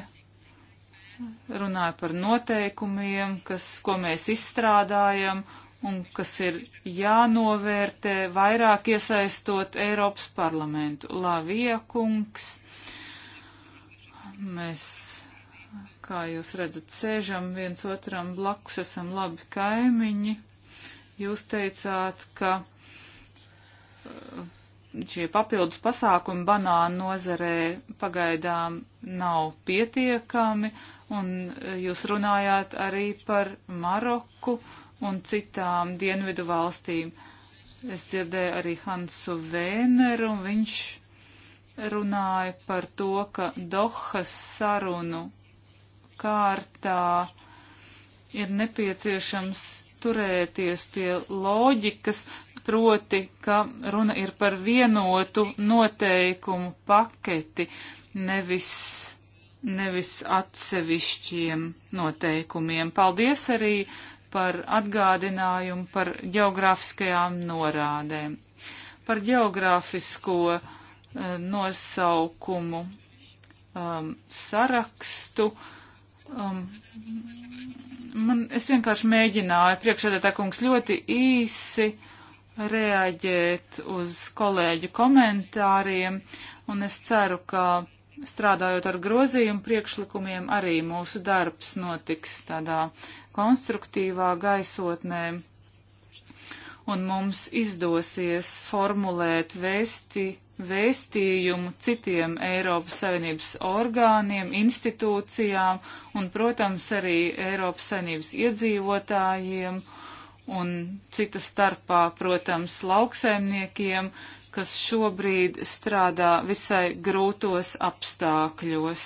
runāja par noteikumiem, kas, ko mēs izstrādājam un kas ir jānovērtē vairāk iesaistot Eiropas parlamentu. Lavija kungs mēs, kā jūs redzat, sēžam viens otram blakus, esam labi kaimiņi. Jūs teicāt, ka uh, šie papildus pasākumi banānu nozarē pagaidām nav pietiekami, un uh, jūs runājāt arī par Maroku un citām dienvidu valstīm. Es dzirdēju arī Hansu Vēneru, un viņš runāja par to, ka Dohas sarunu kārtā ir nepieciešams turēties pie loģikas, proti, ka runa ir par vienotu noteikumu paketi, nevis, nevis atsevišķiem noteikumiem. Paldies arī par atgādinājumu par geogrāfiskajām norādēm, par geogrāfisko uh, Eh, nosaukumu um, sarakstu. Um, man, es vienkārši mēģināju priekšēdētā kungs ļoti īsi reaģēt uz kolēģu komentāriem, un es ceru, ka strādājot ar grozījumu priekšlikumiem, arī mūsu darbs notiks tādā konstruktīvā gaisotnē. Un mums izdosies formulēt vēsti, vēstījumu citiem Eiropas Savienības orgāniem, institūcijām un, protams, arī Eiropas Savienības iedzīvotājiem un cita starpā, protams, lauksaimniekiem, kas šobrīd strādā visai grūtos apstākļos.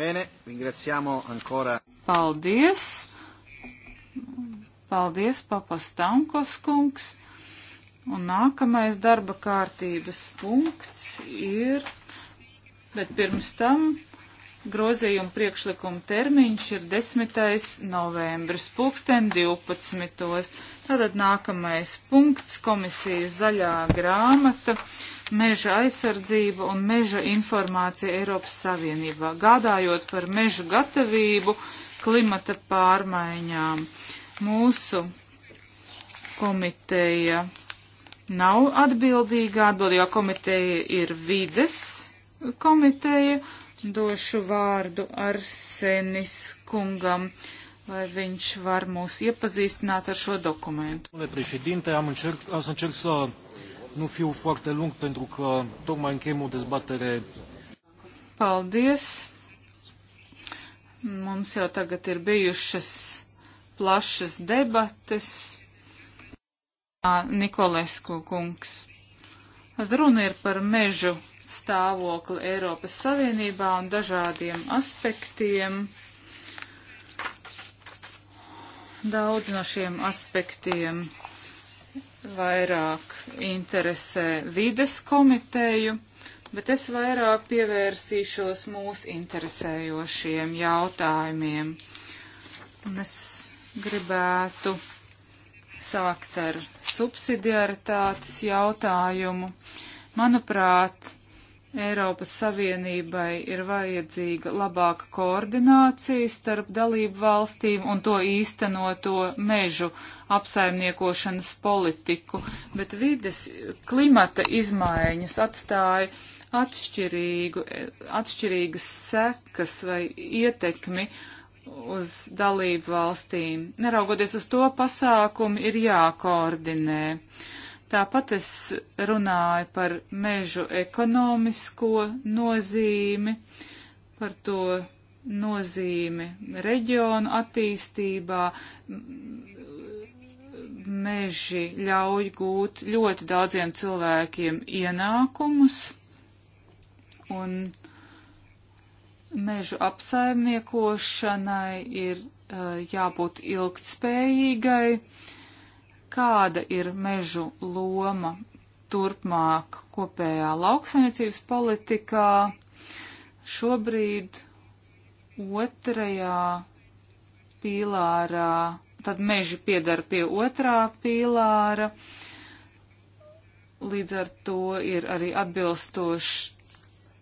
Bene, ringraziamo ancora. Paldies! Paldies, papastankos kungs! Un nākamais darba kārtības punkts ir, bet pirms tam grozījuma priekšlikuma termiņš ir 10. novembris, pulksten 12. Tātad nākamais punkts - komisijas zaļā grāmata - meža aizsardzība un meža informācija Eiropas Savienībā, gādājot par mežu gatavību klimata pārmaiņām. Mūsu komiteja nav atbildīga. Atbildīgā komiteja ir vides komiteja. Došu vārdu Arsenis kungam, lai viņš var mūs iepazīstināt ar šo dokumentu. Nu Paldies! Mums jau tagad ir bijušas plašas debates Nikolesku kungs. Tad runa ir par mežu stāvokli Eiropas Savienībā un dažādiem aspektiem. Daudz no šiem aspektiem vairāk interesē vides komiteju, bet es vairāk pievērsīšos mūs interesējošiem jautājumiem. Un es gribētu sākt ar subsidiaritātes jautājumu. Manuprāt, Eiropas Savienībai ir vajadzīga labāka koordinācija starp dalību valstīm un to īstenoto mežu apsaimniekošanas politiku, bet vides klimata izmaiņas atstāja atšķirīgu, atšķirīgas sekas vai ietekmi uz dalību valstīm. Neraugoties uz to, pasākumi ir jākoordinē. Tāpat es runāju par mežu ekonomisko nozīmi, par to nozīmi reģionu attīstībā. Meži ļauj gūt ļoti daudziem cilvēkiem ienākumus, un mežu apsaimniekošanai ir uh, jābūt ilgtspējīgai, kāda ir mežu loma turpmāk kopējā lauksaimniecības politikā. Šobrīd otrajā pīlārā, tad meži piedara pie otrā pīlāra, līdz ar to ir arī atbilstošs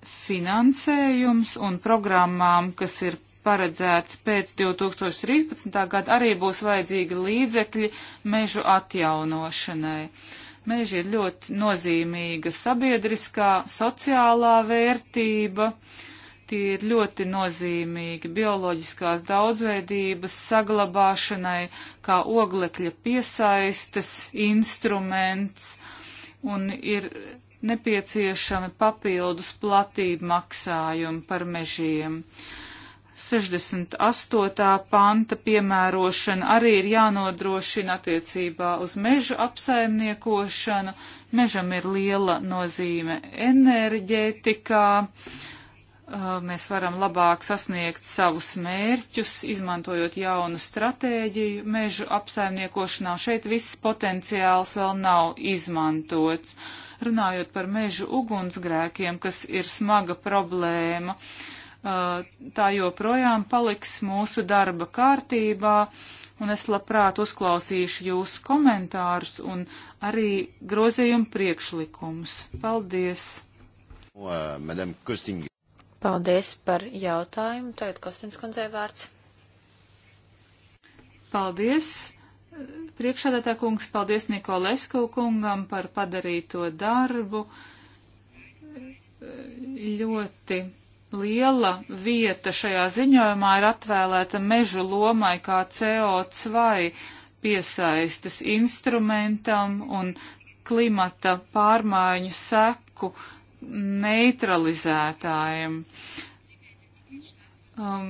finansējums un programmām, kas ir paredzēts pēc 2013. gada, arī būs vajadzīgi līdzekļi mežu atjaunošanai. Meži ir ļoti nozīmīga sabiedriskā, sociālā vērtība, tie ir ļoti nozīmīgi bioloģiskās daudzveidības saglabāšanai, kā oglekļa piesaistes instruments, un ir nepieciešami papildus platību maksājumi par mežiem. 68. panta piemērošana arī ir jānodrošina attiecībā uz mežu apsaimniekošanu. Mežam ir liela nozīme enerģētikā. Uh, mēs varam labāk sasniegt savus mērķus, izmantojot jaunu stratēģiju mežu apsaimniekošanā. Šeit viss potenciāls vēl nav izmantots Runājot par mežu ugunsgrēkiem, kas ir smaga problēma, tā joprojām paliks mūsu darba kārtībā, un es labprāt uzklausīšu jūsu komentārus un arī grozījumu priekšlikumus. Paldies! Paldies par jautājumu. Tagad Kostins kundzei vārds. Paldies! priekšādātā kungs, paldies Nikolesku kungam par padarīto darbu. Ļoti liela vieta šajā ziņojumā ir atvēlēta mežu lomai kā CO2 piesaistes instrumentam un klimata pārmaiņu seku neutralizētājiem. Uh, Um,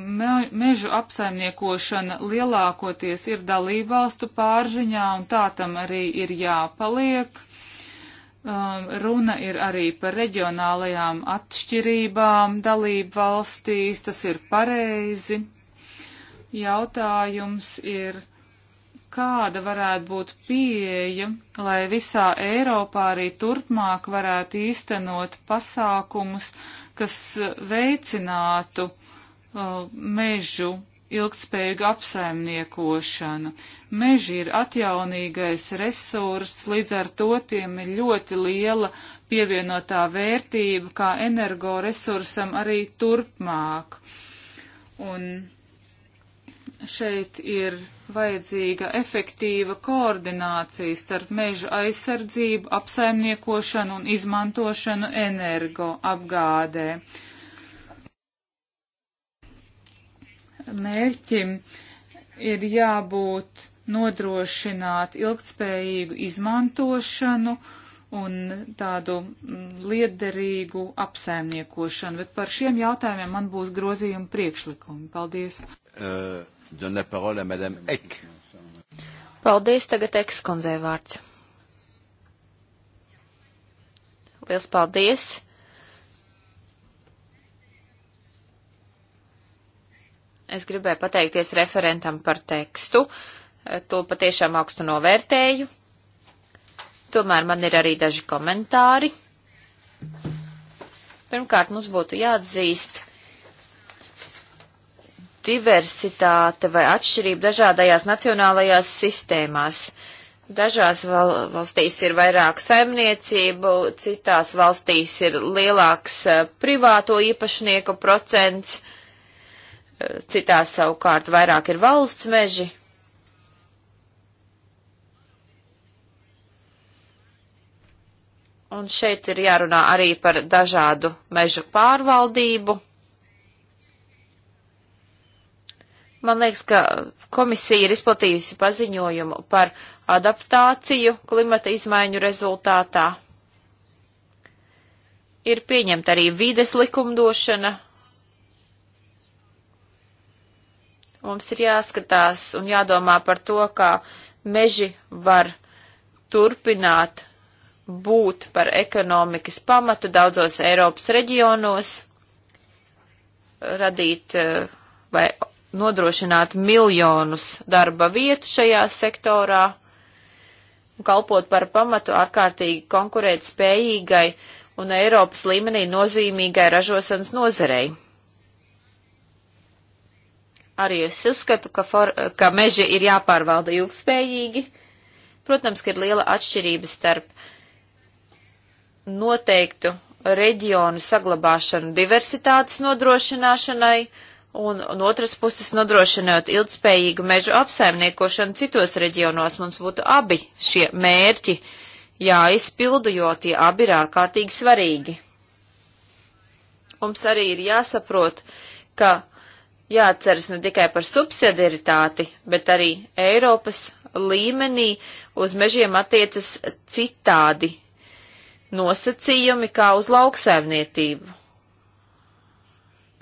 mežu apsaimniekošana lielākoties ir dalībvalstu pārziņā un tā tam arī ir jāpaliek. Um, runa ir arī par reģionālajām atšķirībām dalību valstīs, tas ir pareizi. Jautājums ir, kāda varētu būt pieeja, lai visā Eiropā arī turpmāk varētu īstenot pasākumus, kas veicinātu uh, Uh, mežu ilgtspējīgu apsaimniekošanu. Meži ir atjaunīgais resurs, līdz ar to tiem ir ļoti liela pievienotā vērtība kā energoresursam arī turpmāk. Un šeit ir vajadzīga efektīva koordinācija starp meža aizsardzību, apsaimniekošanu un izmantošanu energo apgādē. Uh, mērķim ir jābūt nodrošināt ilgtspējīgu izmantošanu un tādu mm, liederīgu apsaimniekošanu, bet par šiem jautājumiem man būs grozījuma priekšlikumi. Paldies. Uh, parole, Ek. Paldies, tagad Ekskundzei vārds. Liels paldies! Es gribēju pateikties referentam par tekstu. To patiešām augstu novērtēju. Tomēr man ir arī daži komentāri. Pirmkārt, mums būtu jāatzīst diversitāte vai atšķirība dažādajās nacionālajās sistēmās. Dažās val valstīs ir vairāk saimniecību, citās valstīs ir lielāks eh, privāto īpašnieku procents. Uh, citās savukārt vairāk ir valsts meži. Un šeit ir jārunā arī par dažādu mežu pārvaldību. Man liekas, ka komisija ir izplatījusi paziņojumu par adaptāciju klimata izmaiņu rezultātā. Ir pieņemta arī vides likumdošana, Mums ir jāskatās un jādomā par to, kā meži var turpināt būt par ekonomikas pamatu daudzos Eiropas reģionos, radīt eh, vai nodrošināt miljonus darba vietu šajā sektorā un kalpot par pamatu ārkārtīgi konkurēt spējīgai un Eiropas līmenī nozīmīgai ražošanas nozarei. Arī es uzskatu, ka, for, ka meži ir jāpārvalda ilgspējīgi. Protams, ka ir liela atšķirība starp noteiktu reģionu saglabāšanu diversitātes nodrošināšanai un, un otras puses nodrošinot ilgspējīgu mežu apsaimniekošanu citos reģionos. Mums būtu abi šie mērķi jāizpilda, jo tie abi ir ārkārtīgi svarīgi. Mums arī ir jāsaprot, ka jāatceras ne tikai par subsidiaritāti, bet arī Eiropas līmenī uz mežiem attiecas citādi nosacījumi kā uz lauksaimniecību.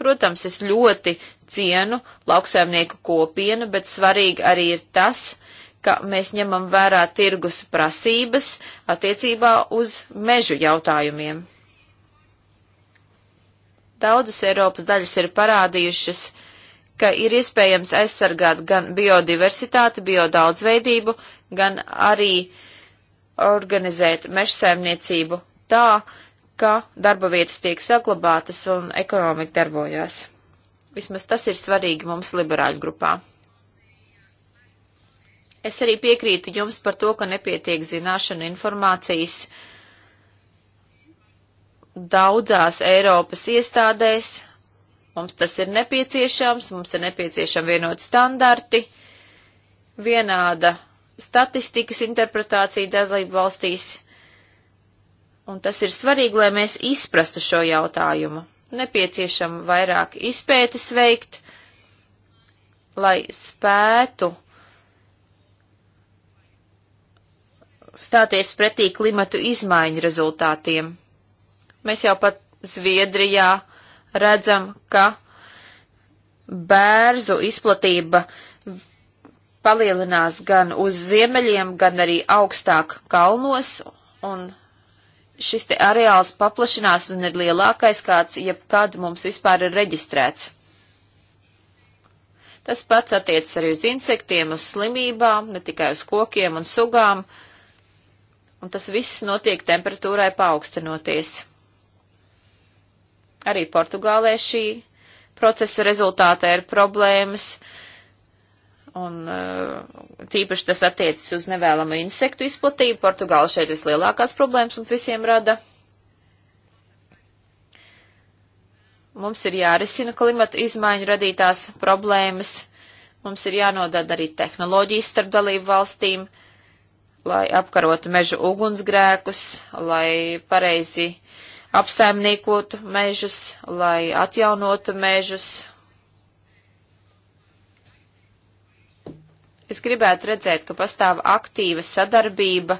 Protams, es ļoti cienu lauksaimnieku kopienu, bet svarīgi arī ir tas, ka mēs ņemam vērā tirgus prasības attiecībā uz mežu jautājumiem. Daudzas Eiropas daļas ir parādījušas, ka ir iespējams aizsargāt gan biodiversitāti, biodaudzveidību, gan arī organizēt mežsēmniecību tā, ka darba vietas tiek saglabātas un ekonomika darbojās. Vismaz tas ir svarīgi mums liberāļu grupā. Es arī piekrītu jums par to, ka nepietiek zināšanu informācijas daudzās Eiropas iestādēs, Mums tas ir nepieciešams, mums ir nepieciešami vienoti standarti, vienāda statistikas interpretācija dalību valstīs, un tas ir svarīgi, lai mēs izprastu šo jautājumu. Nepieciešama vairāk izpētes veikt, lai spētu stāties pretī klimatu izmaiņu rezultātiem. Mēs jau pat Zviedrijā redzam, ka bērzu izplatība palielinās gan uz ziemeļiem, gan arī augstāk kalnos, un šis te areāls paplašinās un ir lielākais, kāds jebkad mums vispār ir reģistrēts. Tas pats attiecas arī uz insektiem, uz slimībām, ne tikai uz kokiem un sugām, un tas viss notiek temperatūrai paaugstinoties. Arī Portugālē šī procesa rezultātā ir problēmas, un uh, tīpaši tas attiecas uz nevēlamu insektu izplatību. Portugāla šeit vislielākās problēmas un visiem rada. Mums ir jārisina klimata izmaiņu radītās problēmas, mums ir jānodada arī tehnoloģijas starp dalību valstīm, lai apkarotu mežu ugunsgrēkus, lai pareizi apsaimniekotu mežus, lai atjaunotu mežus. Es gribētu redzēt, ka pastāv aktīva sadarbība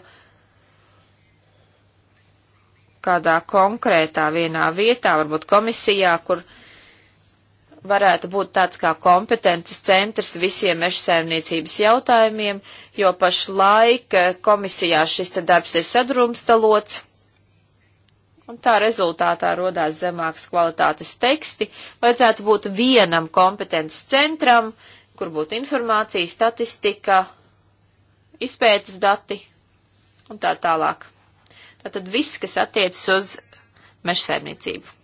kādā konkrētā vienā vietā, varbūt komisijā, kur varētu būt tāds kā kompetences centrs visiem mežsaimniecības jautājumiem, jo pašlaik eh, komisijā šis darbs ir sadrumstalots un tā rezultātā rodās zemākas kvalitātes teksti. Vajadzētu būt vienam kompetences centram, kur būtu informācija, statistika, izpētes dati un tā tālāk. Tātad viss, kas attiecas uz mežsaimniecību.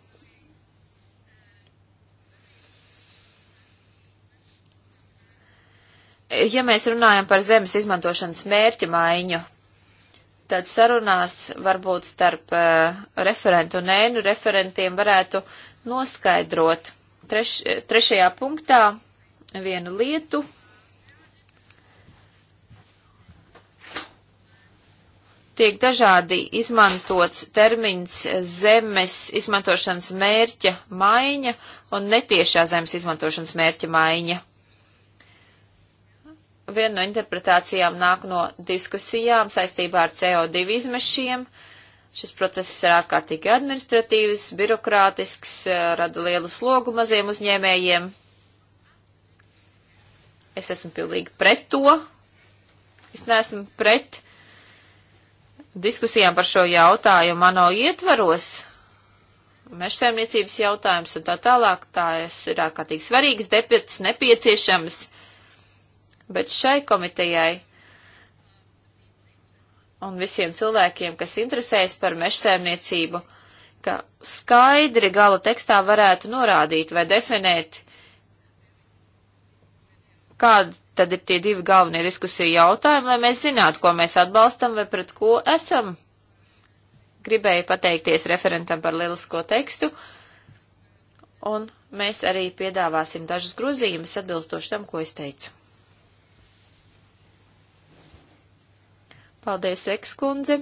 Ja mēs runājam par zemes izmantošanas mērķa maiņu, tad sarunās varbūt starp uh, referentu un ēnu referentiem varētu noskaidrot treš, trešajā punktā vienu lietu. Tiek dažādi izmantots termins zemes izmantošanas mērķa maiņa un netiešā zemes izmantošanas mērķa maiņa viena no interpretācijām nāk no diskusijām saistībā ar CO2 izmešiem. Šis process ir ārkārtīgi administratīvs, birokrātisks, eh, rada lielu slogu maziem uzņēmējiem. Es esmu pilnīgi pret to. Es neesmu pret diskusijām par šo jautājumu. Mano ietvaros mežsēmniecības jautājums un tā tālāk, tā ir ārkārtīgi svarīgs, depets nepieciešams bet šai komitejai un visiem cilvēkiem, kas interesējas par mežsēmniecību, ka skaidri gala tekstā varētu norādīt vai definēt, kādi tad ir tie divi galvenie diskusiju jautājumi, lai mēs zinātu, ko mēs atbalstam vai pret ko esam. Gribēju pateikties referentam par lielisko tekstu, un mēs arī piedāvāsim dažas grozījumus atbilstoši tam, ko es teicu. Paldies, ekskundze.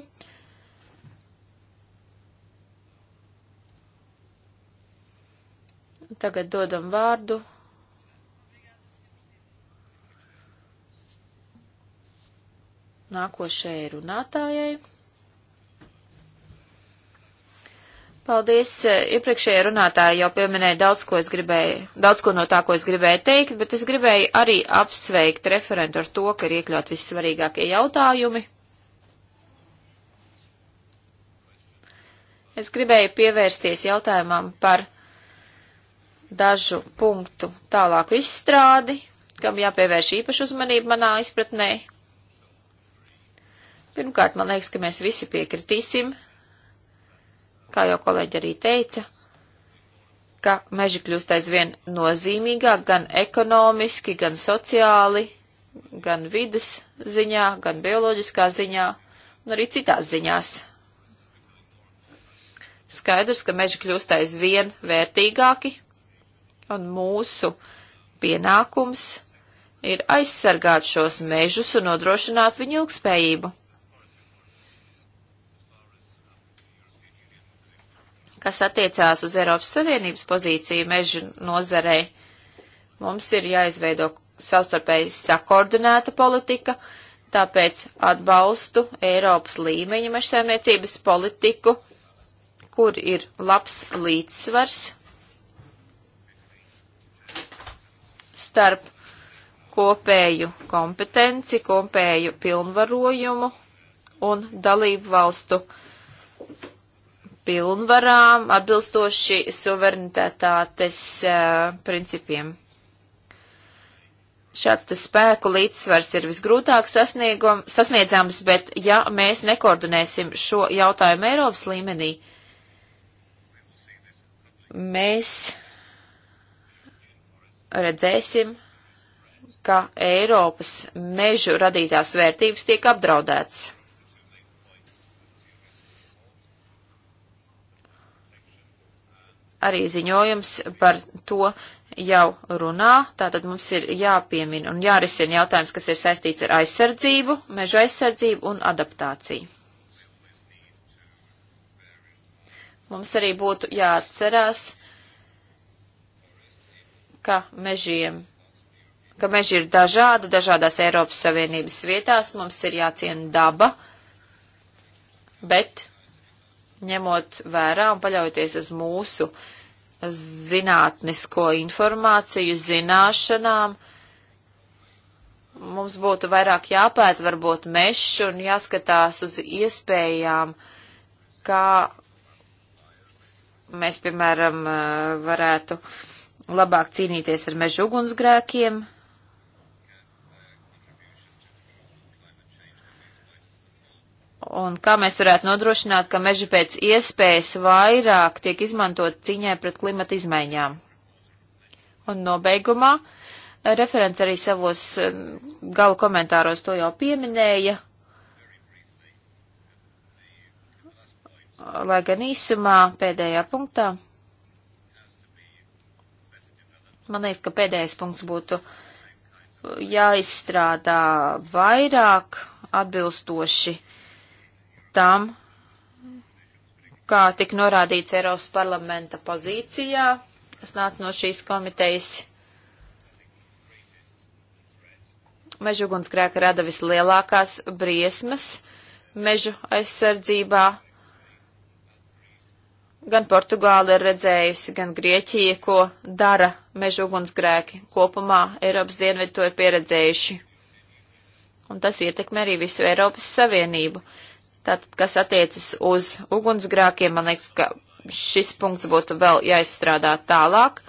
Tagad dodam vārdu. Nākošajai runātājai. Paldies. Iepriekšējā runātāja jau pieminēja daudz, ko es gribēju, daudz ko no tā, ko es gribēju teikt, bet es gribēju arī apsveikt referentu ar to, ka ir iekļaut vissvarīgākie jautājumi. Es gribēju pievērsties jautājumam par dažu punktu tālāku izstrādi, kam jāpievērš īpašu uzmanību manā izpratnē. Pirmkārt, man liekas, ka mēs visi piekritīsim, kā jau kolēģi arī teica, ka meži kļūst aizvien nozīmīgāk gan ekonomiski, gan sociāli, gan vidas ziņā, gan bioloģiskā ziņā un arī citās ziņās. Skaidrs, ka meži kļūst aizvien vērtīgāki, un mūsu pienākums ir aizsargāt šos mežus un nodrošināt viņu ilgspējību. Kas attiecās uz Eiropas Savienības pozīciju mežu nozarei, mums ir jāizveido savstarpēji sakoordinēta politika, tāpēc atbalstu Eiropas līmeņa mežsaimniecības politiku kur ir labs līdzsvars starp kopēju kompetenci, kopēju pilnvarojumu un dalību valstu pilnvarām atbilstoši suverenitātes uh, principiem. Šāds tas spēku līdzsvars ir visgrūtāk sasniegums, sasniedzams, bet ja mēs nekoordinēsim šo jautājumu Eiropas līmenī, Mēs redzēsim, ka Eiropas mežu radītās vērtības tiek apdraudētas. Arī ziņojums par to jau runā, tātad mums ir jāpiemina un jārisina jautājums, kas ir saistīts ar aizsardzību, mežu aizsardzību un adaptāciju. Mums arī būtu jāatcerās, ka mežiem, ka meži ir dažādi, dažādās Eiropas Savienības vietās, mums ir jāciena daba, bet ņemot vērā un paļaujoties uz mūsu zinātnisko informāciju, zināšanām, mums būtu vairāk jāpēta varbūt mežs un jāskatās uz iespējām, kā Mēs, piemēram, varētu labāk cīnīties ar mežu ugunsgrēkiem. Un kā mēs varētu nodrošināt, ka meži pēc iespējas vairāk tiek izmantot cīņai pret klimata izmaiņām. Un nobeigumā referents arī savos galu komentāros to jau pieminēja lai gan īsumā pēdējā punktā. Man liekas, ka pēdējais punkts būtu jāizstrādā vairāk atbilstoši tam, kā tik norādīts Eiropas parlamenta pozīcijā. Es nācu no šīs komitejas. Mežugunsgrēka rada vislielākās briesmas mežu aizsardzībā Gan Portugāla ir redzējusi, gan Grieķija, ko dara meža ugunsgrēki. Kopumā Eiropas dienvidi to ir pieredzējuši. Un tas ietekmē arī visu Eiropas Savienību. Tātad, kas attiecas uz ugunsgrākiem, man liekas, ka šis punkts būtu vēl jāizstrādā tālāk.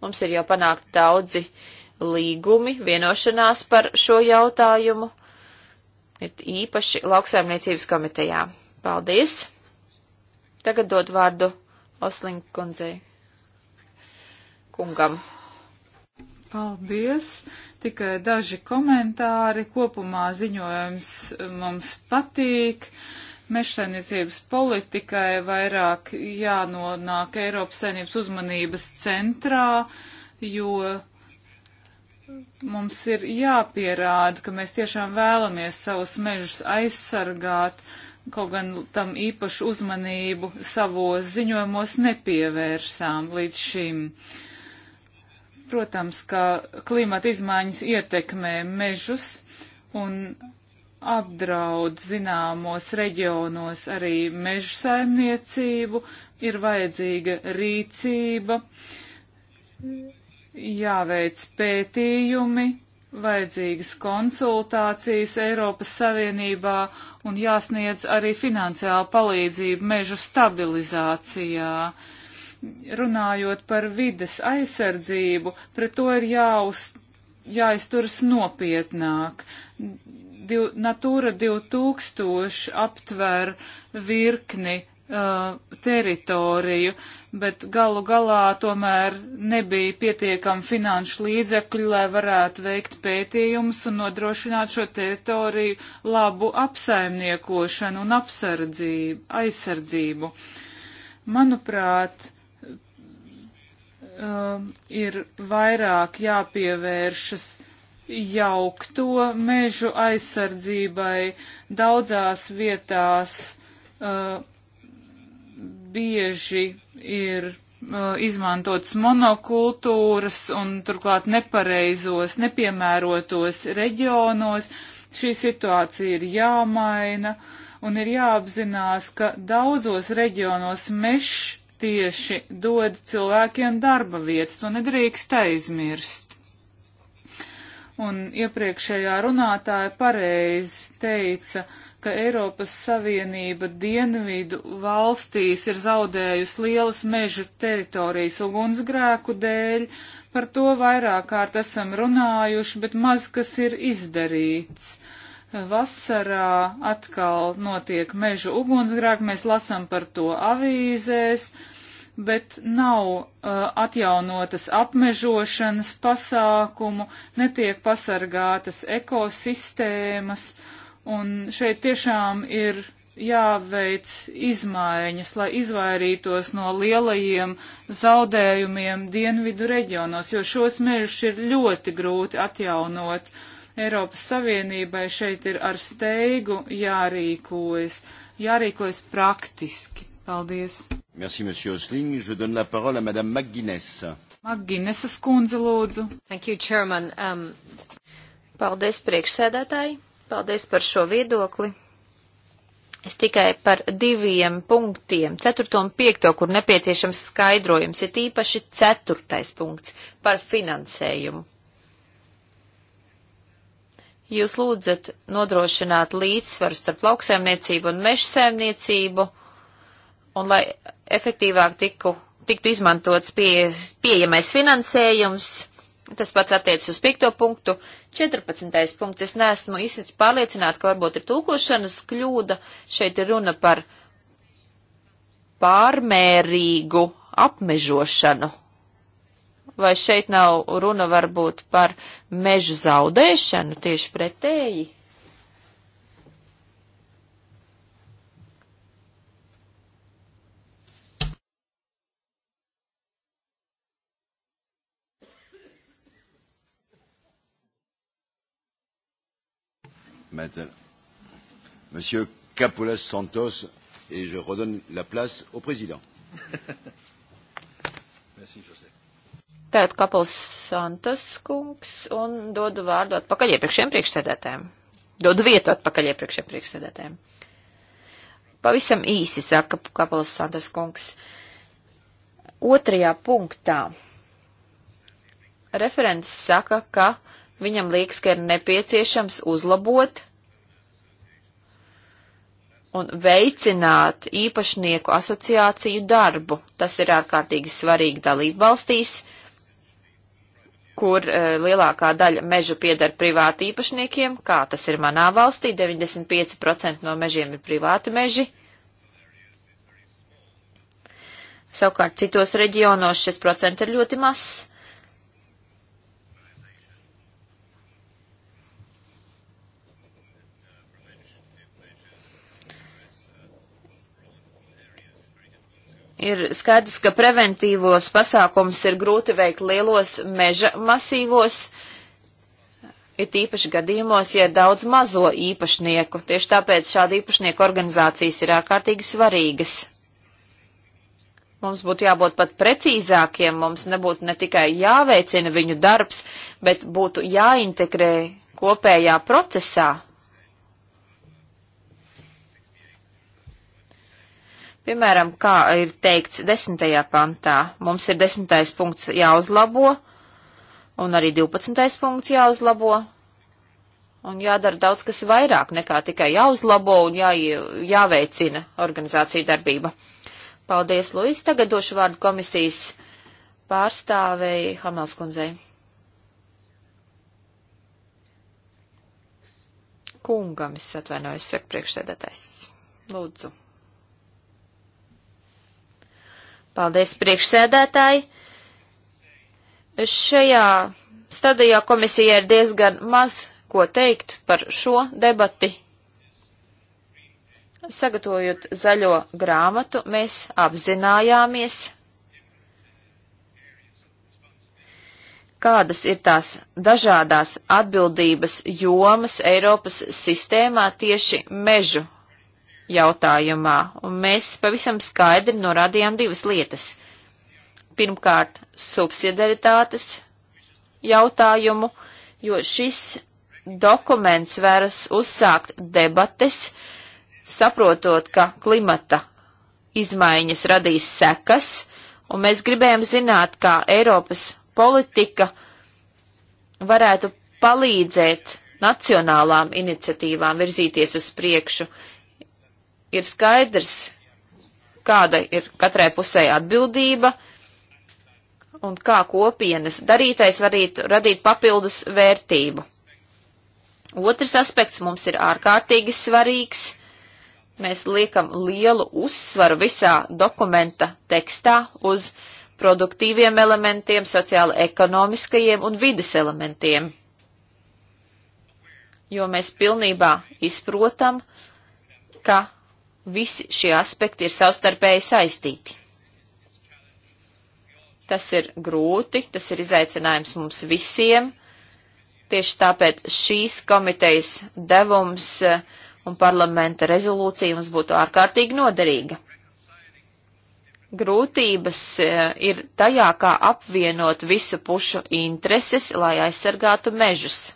Mums ir jau panākt daudzi līgumi, vienošanās par šo jautājumu, ir īpaši lauksaimniecības komitejā. Paldies! Tagad dod vārdu Oslinga kundzei. Kungam. Paldies! Tikai daži komentāri. Kopumā ziņojums mums patīk. Mešanizības politikai vairāk jānonāk Eiropas saimnības uzmanības centrā, jo mums ir jāpierāda, ka mēs tiešām vēlamies savus mežus aizsargāt. Uh, kaut gan tam īpašu uzmanību savos ziņojumos nepievērsām līdz šim. Protams, ka klimata izmaiņas ietekmē mežus un apdraud zināmos reģionos arī mežu saimniecību, ir vajadzīga rīcība, jāveic pētījumi, vajadzīgas konsultācijas Eiropas Savienībā un jāsniedz arī finansiāla palīdzība mežu stabilizācijā. Runājot par vides aizsardzību, pret to ir jāuz, jāizturas nopietnāk. Div, Natūra 2000 aptver virkni Uh, teritoriju, bet galu galā tomēr nebija pietiekami finanšu līdzekļi, lai varētu veikt pētījumus un nodrošināt šo teritoriju labu apsaimniekošanu un apsardzību, aizsardzību. Manuprāt, um, ir vairāk jāpievēršas jaukto mežu aizsardzībai daudzās vietās. Uh, bieži ir uh, izmantotas monokultūras un turklāt nepareizos, nepiemērotos reģionos. Šī situācija ir jāmaina un ir jāapzinās, ka daudzos reģionos mešs tieši dod cilvēkiem darba vietas, to nedrīkst aizmirst. Un iepriekšējā runātāja pareizi teica, uh, ka Eiropas Savienība dienvidu valstīs ir zaudējusi lielas meža teritorijas ugunsgrēku dēļ. Par to vairāk kārt esam runājuši, bet maz kas ir izdarīts. Vasarā atkal notiek meža ugunsgrēki, mēs lasam par to avīzēs, bet nav uh, atjaunotas apmežošanas pasākumu, netiek pasargātas ekosistēmas. Uh, Un šeit tiešām ir jāveic izmaiņas, lai izvairītos no lielajiem zaudējumiem dienvidu reģionos, jo šos mežus ir ļoti grūti atjaunot. Eiropas Savienībai šeit ir ar steigu jārīkojas, jārīkojas praktiski. Paldies. Merci, monsieur Osling. Je donne la parole à madame McGuinness. McGuinness skundze, lūdzu. Thank you, chairman. Um, paldies, priekšsēdētāji. Paldies par šo viedokli. Es tikai par diviem punktiem, 4 un 5, kur nepieciešams skaidrojums, ir īpaši 4. punkts par finansējumu. Jūs lūdzat nodrošināt līdzsvaru starp lauksaimniecību un mežsaimniecību, un lai efektīvāk tiku, tiktu izmantots pie, pieejamais finansējums, tas pats attiec uz 5. punktu, 14. punkts. Es neesmu īsti pārliecināta, ka varbūt ir tulkošanas kļūda. Šeit ir runa par pārmērīgu apmežošanu. Vai šeit nav runa varbūt par mežu zaudēšanu tieši pretēji? matin. Monsieur Capolas Santos, et je redonne la place au président. <laughs> Merci, José. Tātad Kapols Santos kungs un dodu vārdu atpakaļ iepriekšējiem priekšsēdētājiem. Dodu vietu atpakaļ iepriekšējiem priekšsēdētājiem. Pavisam īsi saka Kapols Santos kungs. Otrajā punktā referents saka, ka Viņam liekas, ka ir nepieciešams uzlabot un veicināt īpašnieku asociāciju darbu. Tas ir ārkārtīgi svarīgi dalību valstīs, kur e, lielākā daļa mežu piedara privāti īpašniekiem, kā tas ir manā valstī, 95% no mežiem ir privāti meži. Savukārt citos reģionos šis procents ir ļoti mazs. Ir skaidrs, ka preventīvos pasākums ir grūti veikt lielos meža masīvos, ir tīpaši gadījumos, ja ir daudz mazo īpašnieku. Tieši tāpēc šāda īpašnieku organizācijas ir ārkārtīgi svarīgas. Mums būtu jābūt pat precīzākiem, mums nebūtu ne tikai jāveicina viņu darbs, bet būtu jāintegrē kopējā procesā, Piemēram, kā ir teikts desmitajā pantā, mums ir desmitais punkts jāuzlabo, un arī divpadsmitais punkts jāuzlabo, un jādara daudz kas vairāk nekā tikai jāuzlabo un jā, jāveicina organizācija darbība. Paldies, Luis. Tagad došu vārdu komisijas pārstāvēji Hamelskundzei. Kungam es atvainojos, saka priekšsēdētājs. Lūdzu. Paldies, priekšsēdētāji. Šajā stadijā komisija ir diezgan maz ko teikt par šo debati. Sagatavojot zaļo grāmatu, mēs apzinājāmies, kādas ir tās dažādās atbildības jomas Eiropas sistēmā tieši mežu jautājumā, un mēs pavisam skaidri norādījām divas lietas. Pirmkārt, subsidiaritātes jautājumu, jo šis dokuments vēras uzsākt debates, saprotot, ka klimata izmaiņas radīs sekas, un mēs gribējām zināt, kā Eiropas politika varētu palīdzēt nacionālām iniciatīvām virzīties uz priekšu ir skaidrs, kāda ir katrai pusē atbildība un kā kopienas darītais varīt radīt papildus vērtību. Otrs aspekts mums ir ārkārtīgi svarīgs. Mēs liekam lielu uzsvaru visā dokumenta tekstā uz produktīviem elementiem, sociāli ekonomiskajiem un vides elementiem. Jo mēs pilnībā izprotam, ka visi šie aspekti ir savstarpēji saistīti. Tas ir grūti, tas ir izaicinājums mums visiem. Tieši tāpēc šīs komitejas devums eh, un parlamenta rezolūcija mums būtu ārkārtīgi noderīga. Grūtības eh, ir tajā, kā apvienot visu pušu intereses, lai aizsargātu mežus.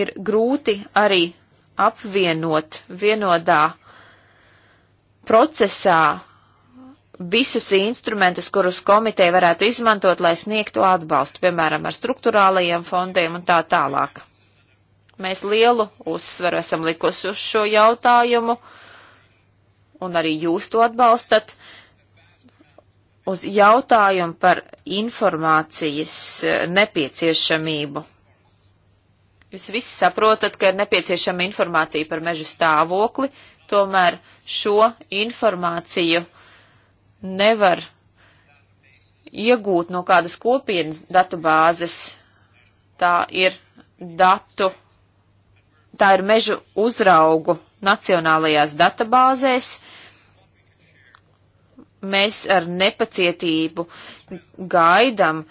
ir grūti arī apvienot vienodā procesā visus instrumentus, kurus komiteja varētu izmantot, lai sniegtu atbalstu, piemēram, ar struktūrālajiem fondiem un tā tālāk. Mēs lielu uzsveru esam likusi uz šo jautājumu, un arī jūs to atbalstat, uz jautājumu par informācijas nepieciešamību Jūs visi saprotat, ka ir nepieciešama informācija par meža stāvokli, tomēr šo informāciju nevar iegūt no kādas kopienas datubāzes. Tā ir datu, tā ir mežu uzraugu nacionālajās datubāzēs. Mēs ar nepacietību gaidam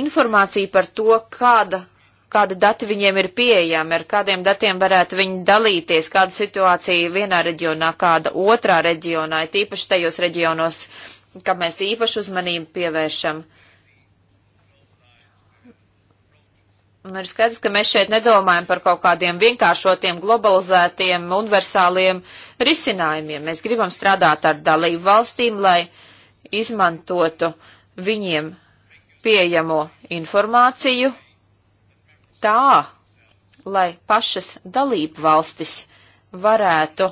informāciju par to, kāda kāda dati viņiem ir pieejami, ar kādiem datiem varētu viņi dalīties, kāda situācija vienā reģionā, kāda otrā reģionā, ir tīpaši tajos reģionos, kam mēs īpašu uzmanību pievēršam. Un ir skaidrs, ka mēs šeit nedomājam par kaut kādiem vienkāršotiem, globalizētiem, universāliem risinājumiem. Mēs gribam strādāt ar dalību valstīm, lai izmantotu viņiem pieejamo informāciju tā, lai pašas dalību valstis varētu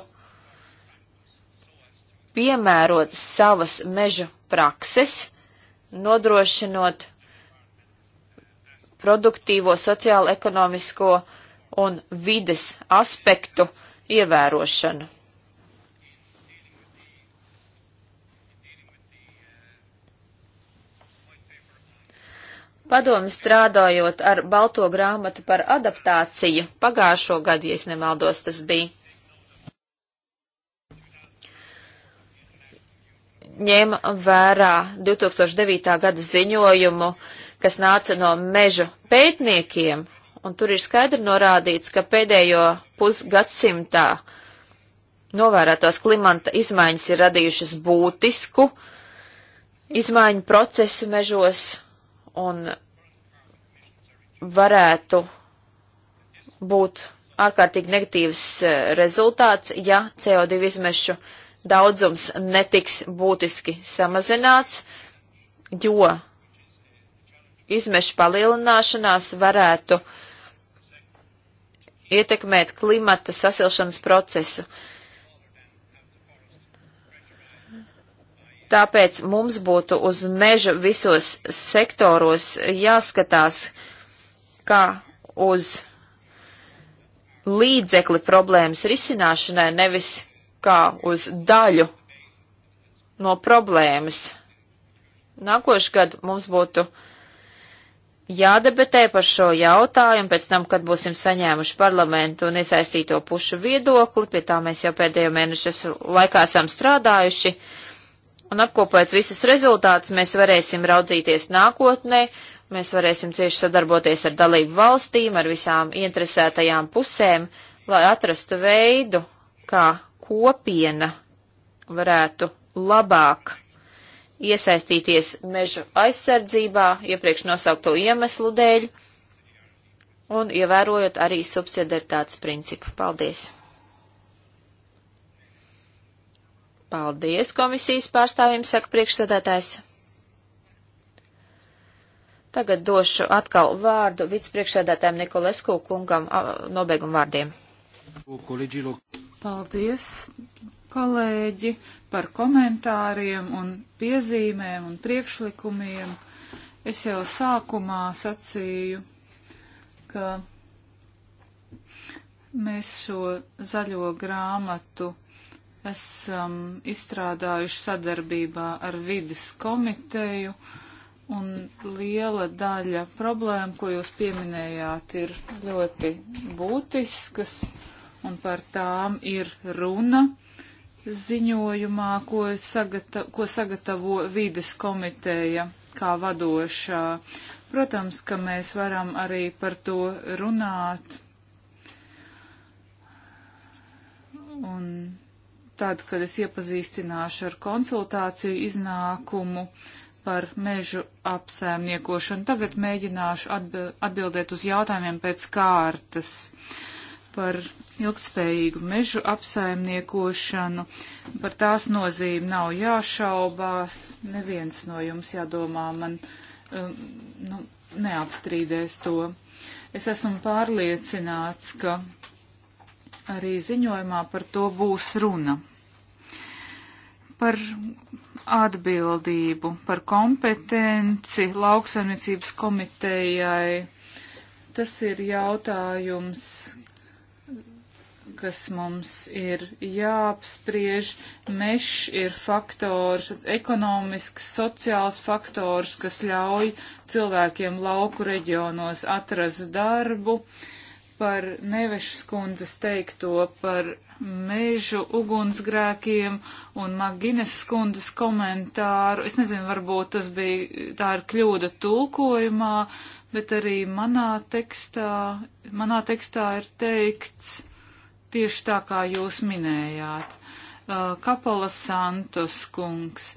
piemērot savas mežu prakses, nodrošinot produktīvo, sociālo, ekonomisko un vides aspektu ievērošanu. Padomi strādājot ar balto grāmatu par adaptāciju, pagājušo gadu, ja es nemaldos, tas bija. ņēma vērā 2009. gada ziņojumu, kas nāca no mežu pētniekiem, un tur ir skaidri norādīts, ka pēdējo pusgadsimtā novērētās klimata izmaiņas ir radījušas būtisku izmaiņu procesu mežos, un varētu būt ārkārtīgi negatīvs eh, rezultāts, ja CO2 izmešu daudzums netiks būtiski samazināts, jo izmešu palielināšanās varētu ietekmēt klimata sasilšanas procesu. Uh, Tāpēc mums būtu uz meža visos sektoros jāskatās kā uz līdzekli problēmas risināšanai, nevis kā uz daļu no problēmas. Nākošu gadu mums būtu jādebetē par šo jautājumu, pēc tam, kad būsim saņēmuši parlamentu un iesaistīto pušu viedokli, pie tā mēs jau pēdējo mēnešu laikā esam strādājuši. Un apkopot visus rezultātus, mēs varēsim raudzīties nākotnē, mēs varēsim cieši sadarboties ar dalību valstīm, ar visām interesētajām pusēm, lai atrastu veidu, kā kopiena varētu labāk iesaistīties mežu aizsardzībā, iepriekš nosaukto iemeslu dēļ, un ievērojot arī subsidiaritātes principu. Paldies! Paldies komisijas pārstāvjiem, saka priekšsēdētājs. Tagad došu atkal vārdu vicepriekšsēdētājiem Nikolesku kungam nobeiguma vārdiem. Paldies, kolēģi, par komentāriem un piezīmēm un priekšlikumiem. Es jau sākumā sacīju, ka mēs šo zaļo grāmatu esam izstrādājuši sadarbībā ar vidas komiteju, un liela daļa problēma, ko jūs pieminējāt, ir ļoti būtiskas, un par tām ir runa ziņojumā, ko, sagata ko sagatavo vides komiteja kā vadošā. Protams, ka mēs varam arī par to runāt. Un tad, kad es iepazīstināšu ar konsultāciju iznākumu par mežu apsaimniekošanu. Tagad mēģināšu atbildēt uz jautājumiem pēc kārtas par ilgtspējīgu mežu apsaimniekošanu. Par tās nozīmi nav jāšaubās. Neviens no jums jādomā man um, nu, neapstrīdēs to. Es esmu pārliecināts, ka arī ziņojumā par to būs runa par atbildību, par kompetenci lauksaimniecības komitejai. Tas ir jautājums, kas mums ir jāapspriež. Mešs ir faktors, ekonomisks, sociāls faktors, kas ļauj cilvēkiem lauku reģionos atrast darbu. Par Nevešas kundzes teikto par mežu ugunsgrēkiem un Magines skundas komentāru. Es nezinu, varbūt tas bija tā ir kļūda tulkojumā, bet arī manā tekstā, manā tekstā ir teikts tieši tā, kā jūs minējāt. Uh, Kapala Santos kungs,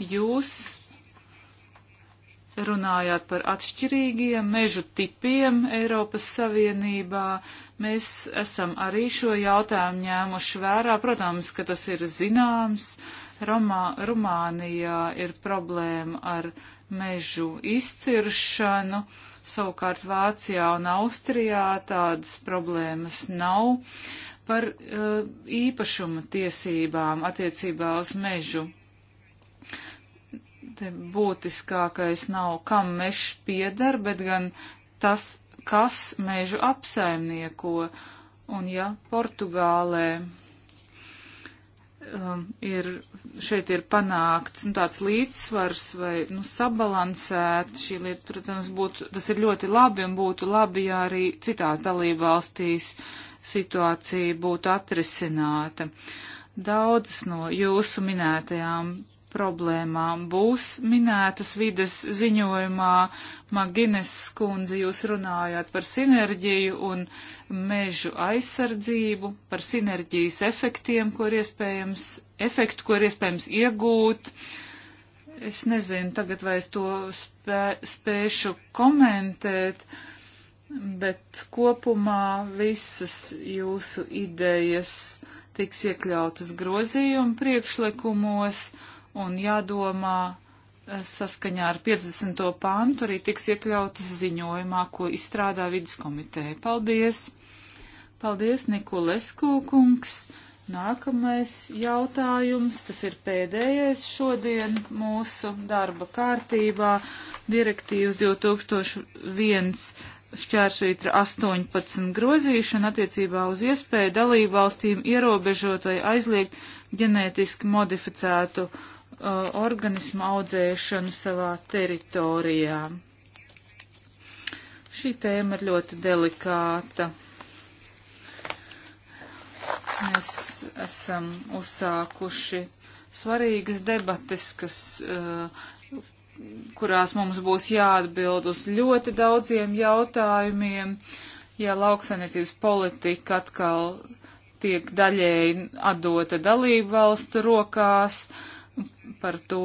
jūs runājāt par atšķirīgiem mežu tipiem Eiropas Savienībā. Mēs esam arī šo jautājumu ņēmuši vērā. Protams, ka tas ir zināms. Romā, Rumānijā ir problēma ar mežu izciršanu, savukārt Vācijā un Austrijā tādas problēmas nav par uh, īpašuma tiesībām attiecībā uz mežu Te būtiskākais nav, kam mežs pieder, bet gan tas, kas mežu apsaimnieko. Un ja Portugālē um, ir, šeit ir panākts nu, tāds līdzsvars vai nu, sabalansēt, šī lieta, protams, būtu, tas ir ļoti labi un būtu labi, ja arī citās dalībvalstīs situācija būtu atrisināta. Daudzas no jūsu minētajām problēmām būs minētas vides ziņojumā. Magines skundze, jūs runājāt par sinerģiju un mežu aizsardzību, par sinerģijas efektiem, ko ir iespējams, efektu, ko ir iespējams iegūt. Es nezinu tagad, vai es to spē, spēšu komentēt, bet kopumā visas jūsu idejas tiks iekļautas grozījuma priekšlikumos un jādomā eh, saskaņā ar 50. pāntu arī tiks iekļautas ziņojumā, ko izstrādā vidaskomiteja. Paldies! Paldies, Nikolesku kungs! Nākamais jautājums, tas ir pēdējais šodien mūsu darba kārtībā, direktīvas 2001 šķēršvītra 18 grozīšana attiecībā uz iespēju dalību valstīm ierobežot vai aizliegt ģenētiski modificētu uh, Uh, organismu audzēšanu savā teritorijā. Šī tēma ir ļoti delikāta. Mēs esam uzsākuši svarīgas debates, kas, uh, kurās mums būs jāatbild uz ļoti daudziem jautājumiem, ja lauksainiecības politika atkal tiek daļēji atdota dalību valstu rokās. Uh, par to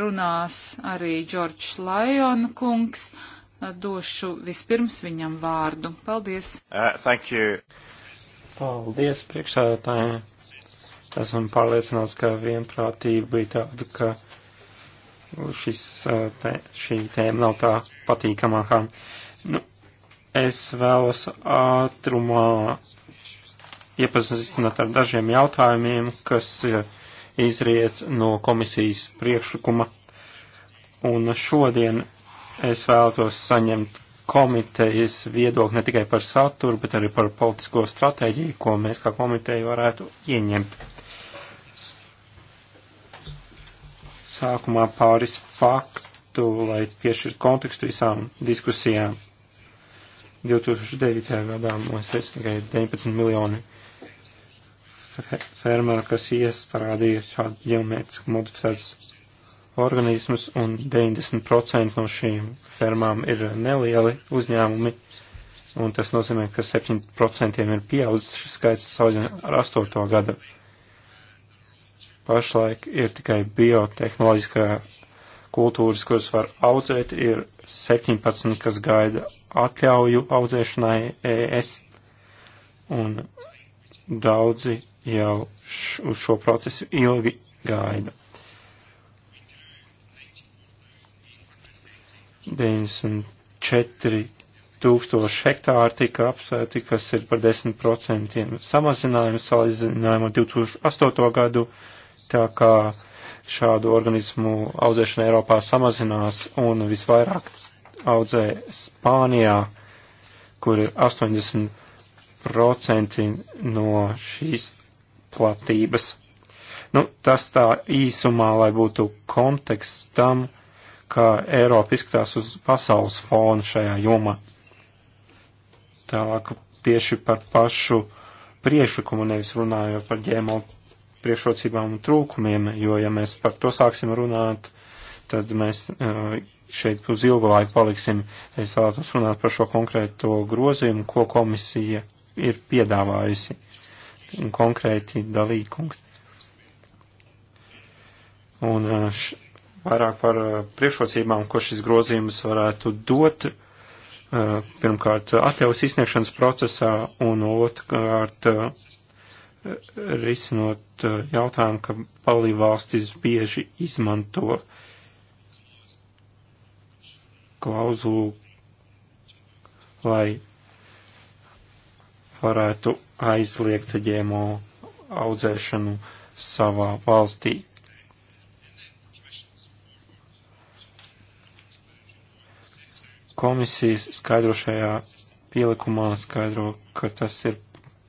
runās arī Džordžs Lajona kungs. Došu vispirms viņam vārdu. Paldies! Uh, thank you! Paldies, priekšsādātāji! Esmu pārliecināts, ka vienprātība bija tāda, ka šis, uh, te, šī tēma nav tā patīkamākā. Nu, es vēlos ātrumā iepazīstināt ar dažiem jautājumiem, kas uh, izriet no komisijas priekšlikuma. Un šodien es vēlētos saņemt komitejas viedokli ne tikai par saturu, bet arī par politisko stratēģiju, ko mēs kā komiteja varētu ieņemt. Sākumā pāris faktu, lai piešķirtu kontekstu visām diskusijām. 2009. gadā mums ir tikai 19 miljoni fermeri, kas iestrādīja šādu ģeomētiski modificētus organismus, un 90% no šīm fermām ir nelieli uzņēmumi, un tas nozīmē, ka 7% ir pieaudzis šis skaits salīdzinot ar 8. gadu. Pašlaik ir tikai biotehnoloģiskā kultūras, kuras var audzēt, ir 17, kas gaida atļauju audzēšanai ES, un daudzi jau uz šo procesu ilgi gaida. 94 tūkstoši hektāri tika apsvērti, kas ir par 10% samazinājums salīdzinājumu ar 2008. gadu, tā kā šādu organismu audzēšana Eiropā samazinās un visvairāk audzē Spānijā, kur ir 80% no šīs platības. Nu, tas tā īsumā, lai būtu konteksts tam, kā Eiropa izskatās uz pasaules fona šajā jomā. Tālāk tieši par pašu priešlikumu nevis runājot par ģēmo priešrocībām un trūkumiem, jo ja mēs par to sāksim runāt, tad mēs eh, šeit uz ilgu laiku paliksim. Es vēlētos runāt par šo konkrēto grozījumu, ko komisija ir piedāvājusi un konkrēti dalīkungs. Un uh, š, vairāk par uh, priekšrocībām, ko šis grozījums varētu dot, uh, pirmkārt, atļaus izsniegšanas procesā un otrkārt, risinot jautājumu, ka palīvalstis bieži izmanto klauzulu, lai varētu aizliegt ģēmo audzēšanu savā valstī. Komisijas skaidrošajā pielikumā skaidro, ka tas ir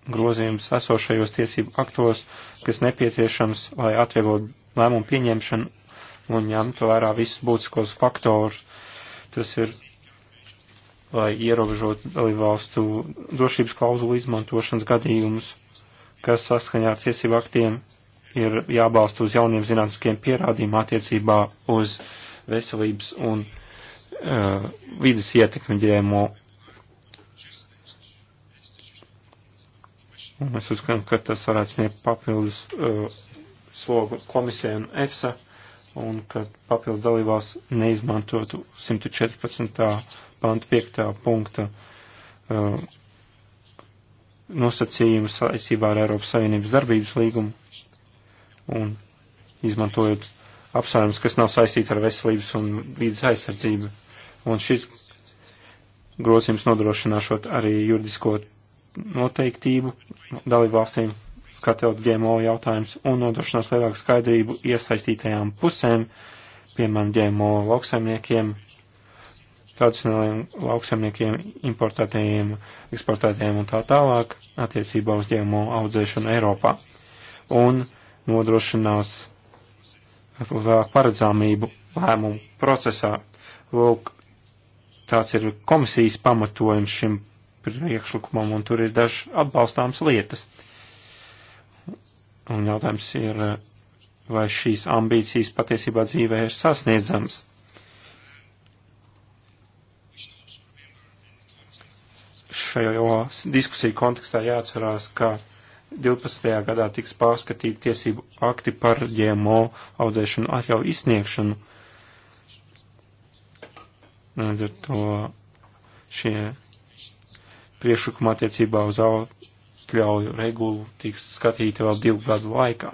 grozījums esošajos tiesību aktos, kas nepieciešams, lai atvieglotu lēmumu pieņemšanu un ņemtu vērā visus būtiskos faktorus. Tas ir lai ierobežotu dalībvalstu drošības klauzulu izmantošanas gadījumus, kas saskaņā ar tiesību aktiem ir jābalsta uz jauniem zinātniskiem pierādījumiem attiecībā uz veselības un uh, vidas ietekmi ģēmo. Un mēs uzskatām, ka tas varētu sniegt papildus uh, slogu komisijai un EFSA, un ka papildus dalībās neizmantotu 114 panta 5. punkta uh, nosacījumus saistībā ar Eiropas Savienības darbības līgumu un izmantojot apsvērums, kas nav saistīti ar veselības un vīdas aizsardzību. Un šis grozījums nodrošināšot arī juridisko noteiktību dalību valstīm, skatot GMO jautājumus un nodrošinās lielāku skaidrību iesaistītajām pusēm, piemēram, GMO lauksaimniekiem, tradicionāliem lauksaimniekiem, importētējiem, eksportētējiem un tā tālāk attiecībā uz ģēmo audzēšanu Eiropā un nodrošinās paredzāmību lēmumu procesā. Lūk, tāds ir komisijas pamatojums šim priekšlikumam, un tur ir dažs atbalstāms lietas. Un jautājums ir, vai šīs ambīcijas patiesībā dzīvē ir sasniedzams. Šajā diskusiju kontekstā jāatcerās, ka 12. gadā tiks pārskatīti tiesību akti par GMO audzēšanu atļauju izsniegšanu. Līdz ar to šie priekšlikuma attiecībā uz atļauju regulu tiks skatīti vēl divu gadu laikā.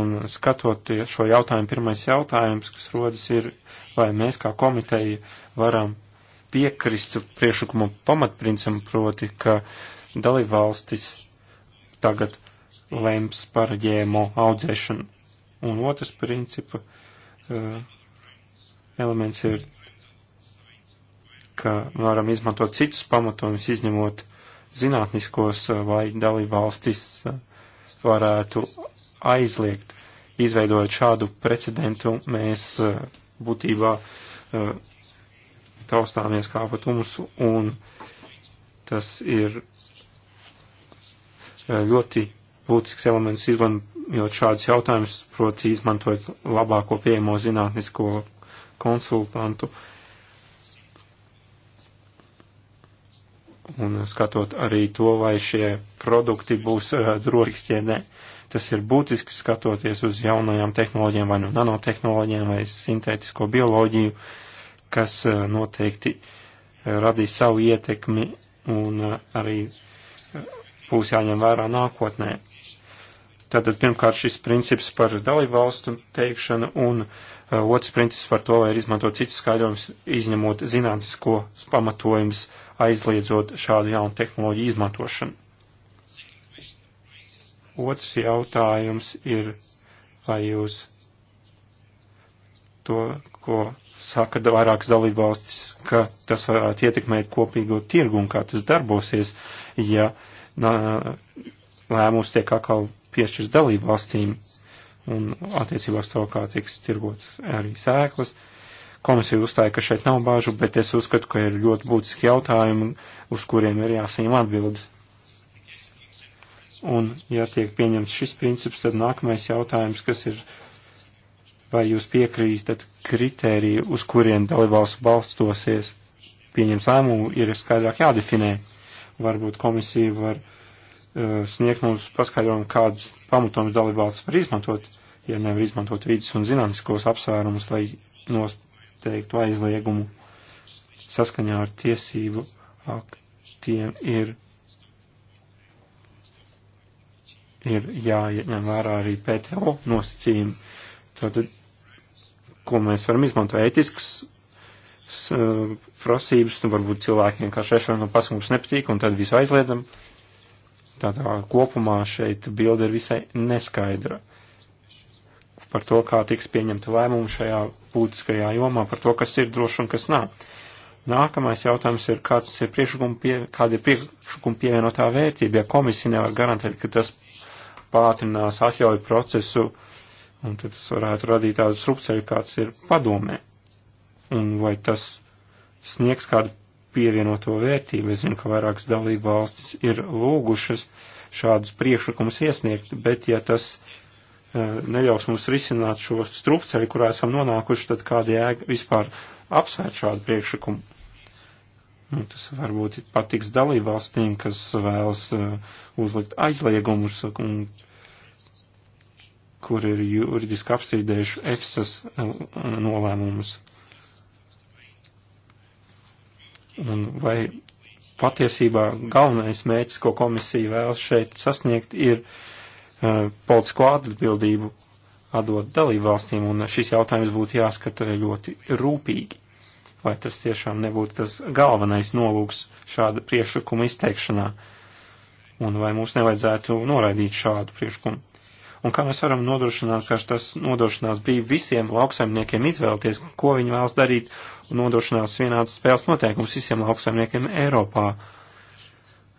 Un skatot šo jautājumu, pirmais jautājums, kas rodas, ir, vai mēs kā komiteja varam piekristu priešlikumu pamatprincam, proti, ka dalībvalstis tagad lems par ģēmo audzēšanu. Un otrs principa uh, elements ir, ka varam izmantot citus pamatojumus, izņemot zinātniskos, lai eh, dalībvalstis eh, varētu aizliegt. Izveidojot šādu precedentu, mēs būtībā uh, taustāmies kā pa tumsu, un tas ir eh, ļoti būtisks elements izlemjot šādus jautājumus, proti izmantojot labāko pieejamo zinātnisko konsultantu un skatot arī to, vai šie produkti būs eh, droši, ja ne. Tas ir būtiski skatoties uz jaunajām tehnoloģijām, vai nu nanotehnoloģijām, vai sintētisko bioloģiju, uh, kas eh, noteikti eh, radīs savu ietekmi un eh, arī būs jāņem vērā nākotnē. Tātad pirmkārt šis princips par dalību valstu teikšanu un uh, otrs princips par to, vai ir izmantot citas skaidrojums, izņemot zinātnisko pamatojums, aizliedzot šādu jaunu tehnoloģiju izmantošanu. Otrs jautājums ir, vai jūs to, ko saka vairākas dalībvalstis, ka tas varētu ietekmēt kopīgo tirgu un kā tas darbosies, ja lēmums tiek atkal piešķirs dalībvalstīm un attiecībās to, kā tiks tirgots arī sēklas. Komisija uzstāja, ka šeit nav bāžu, bet es uzskatu, ka ir ļoti būtiski jautājumi, uz kuriem ir jāsaņem atbildes. Un, ja tiek pieņemts šis princips, tad nākamais jautājums, kas ir uh, Vai jūs piekrīstat kritēriju, uz kuriem dalībvalsts balstosies, pieņems lēmumu, ir skaidrāk jādefinē? Varbūt komisija var uh, sniegt mums paskaidrojumu, kādus pamatojumus dalībvalsts var izmantot, ja nevar izmantot vidus un zinātniskos apsvērumus, lai noteiktu aizliegumu saskaņā ar tiesību aktiem ir ir jāņem vērā arī PTO nosacījumi. Tātad ko mēs varam izmantot ētiskas prasības, nu varbūt cilvēki vienkārši ešam, nu pats mums nepatīk un tad visu aizliedzam. Tādā kopumā šeit bilde ir visai neskaidra par to, kā tiks pieņemta lēmuma šajā būtiskajā jomā, par to, kas ir droši un kas nav. Nākamais jautājums ir, kāds ir priekšlikuma pie, kāda ir priekšlikuma pievienotā vērtība, ja komisija nevar garantēt, ka tas pātrinās atļauju procesu uh, Un tad tas varētu radīt tādu strupceļu, kāds ir padomē. Un vai tas sniegs kādu pievienoto vērtību? Es zinu, ka vairākas dalība valstis ir lūgušas šādus priekšlikumus iesniegt, bet ja tas eh, neļaus mums risināt šo strupceļu, kurā esam nonākuši, tad kāda jēga vispār apsvērt šādu priekšlikumu? Nu, tas varbūt patiks dalībvalstīm, kas vēlas uh, uzlikt aizliegumus un kur ir juridiski apstrīdējuši EFSAS um, um, nolēmumus. Un vai patiesībā galvenais mērķis, ko komisija vēlas šeit sasniegt, ir uh, politisko atbildību atdot dalību valstīm, un šis jautājums būtu jāskata ļoti rūpīgi. Vai tas tiešām nebūtu tas galvenais nolūks šāda priekšlikuma izteikšanā, un vai mums nevajadzētu noraidīt šādu priekšlikumu? un kā mēs varam nodrošināt, ka tas nodrošinās brīvi visiem lauksaimniekiem izvēlties, ko viņi vēlas darīt, un nodrošinās vienādas spēles noteikumus visiem lauksaimniekiem Eiropā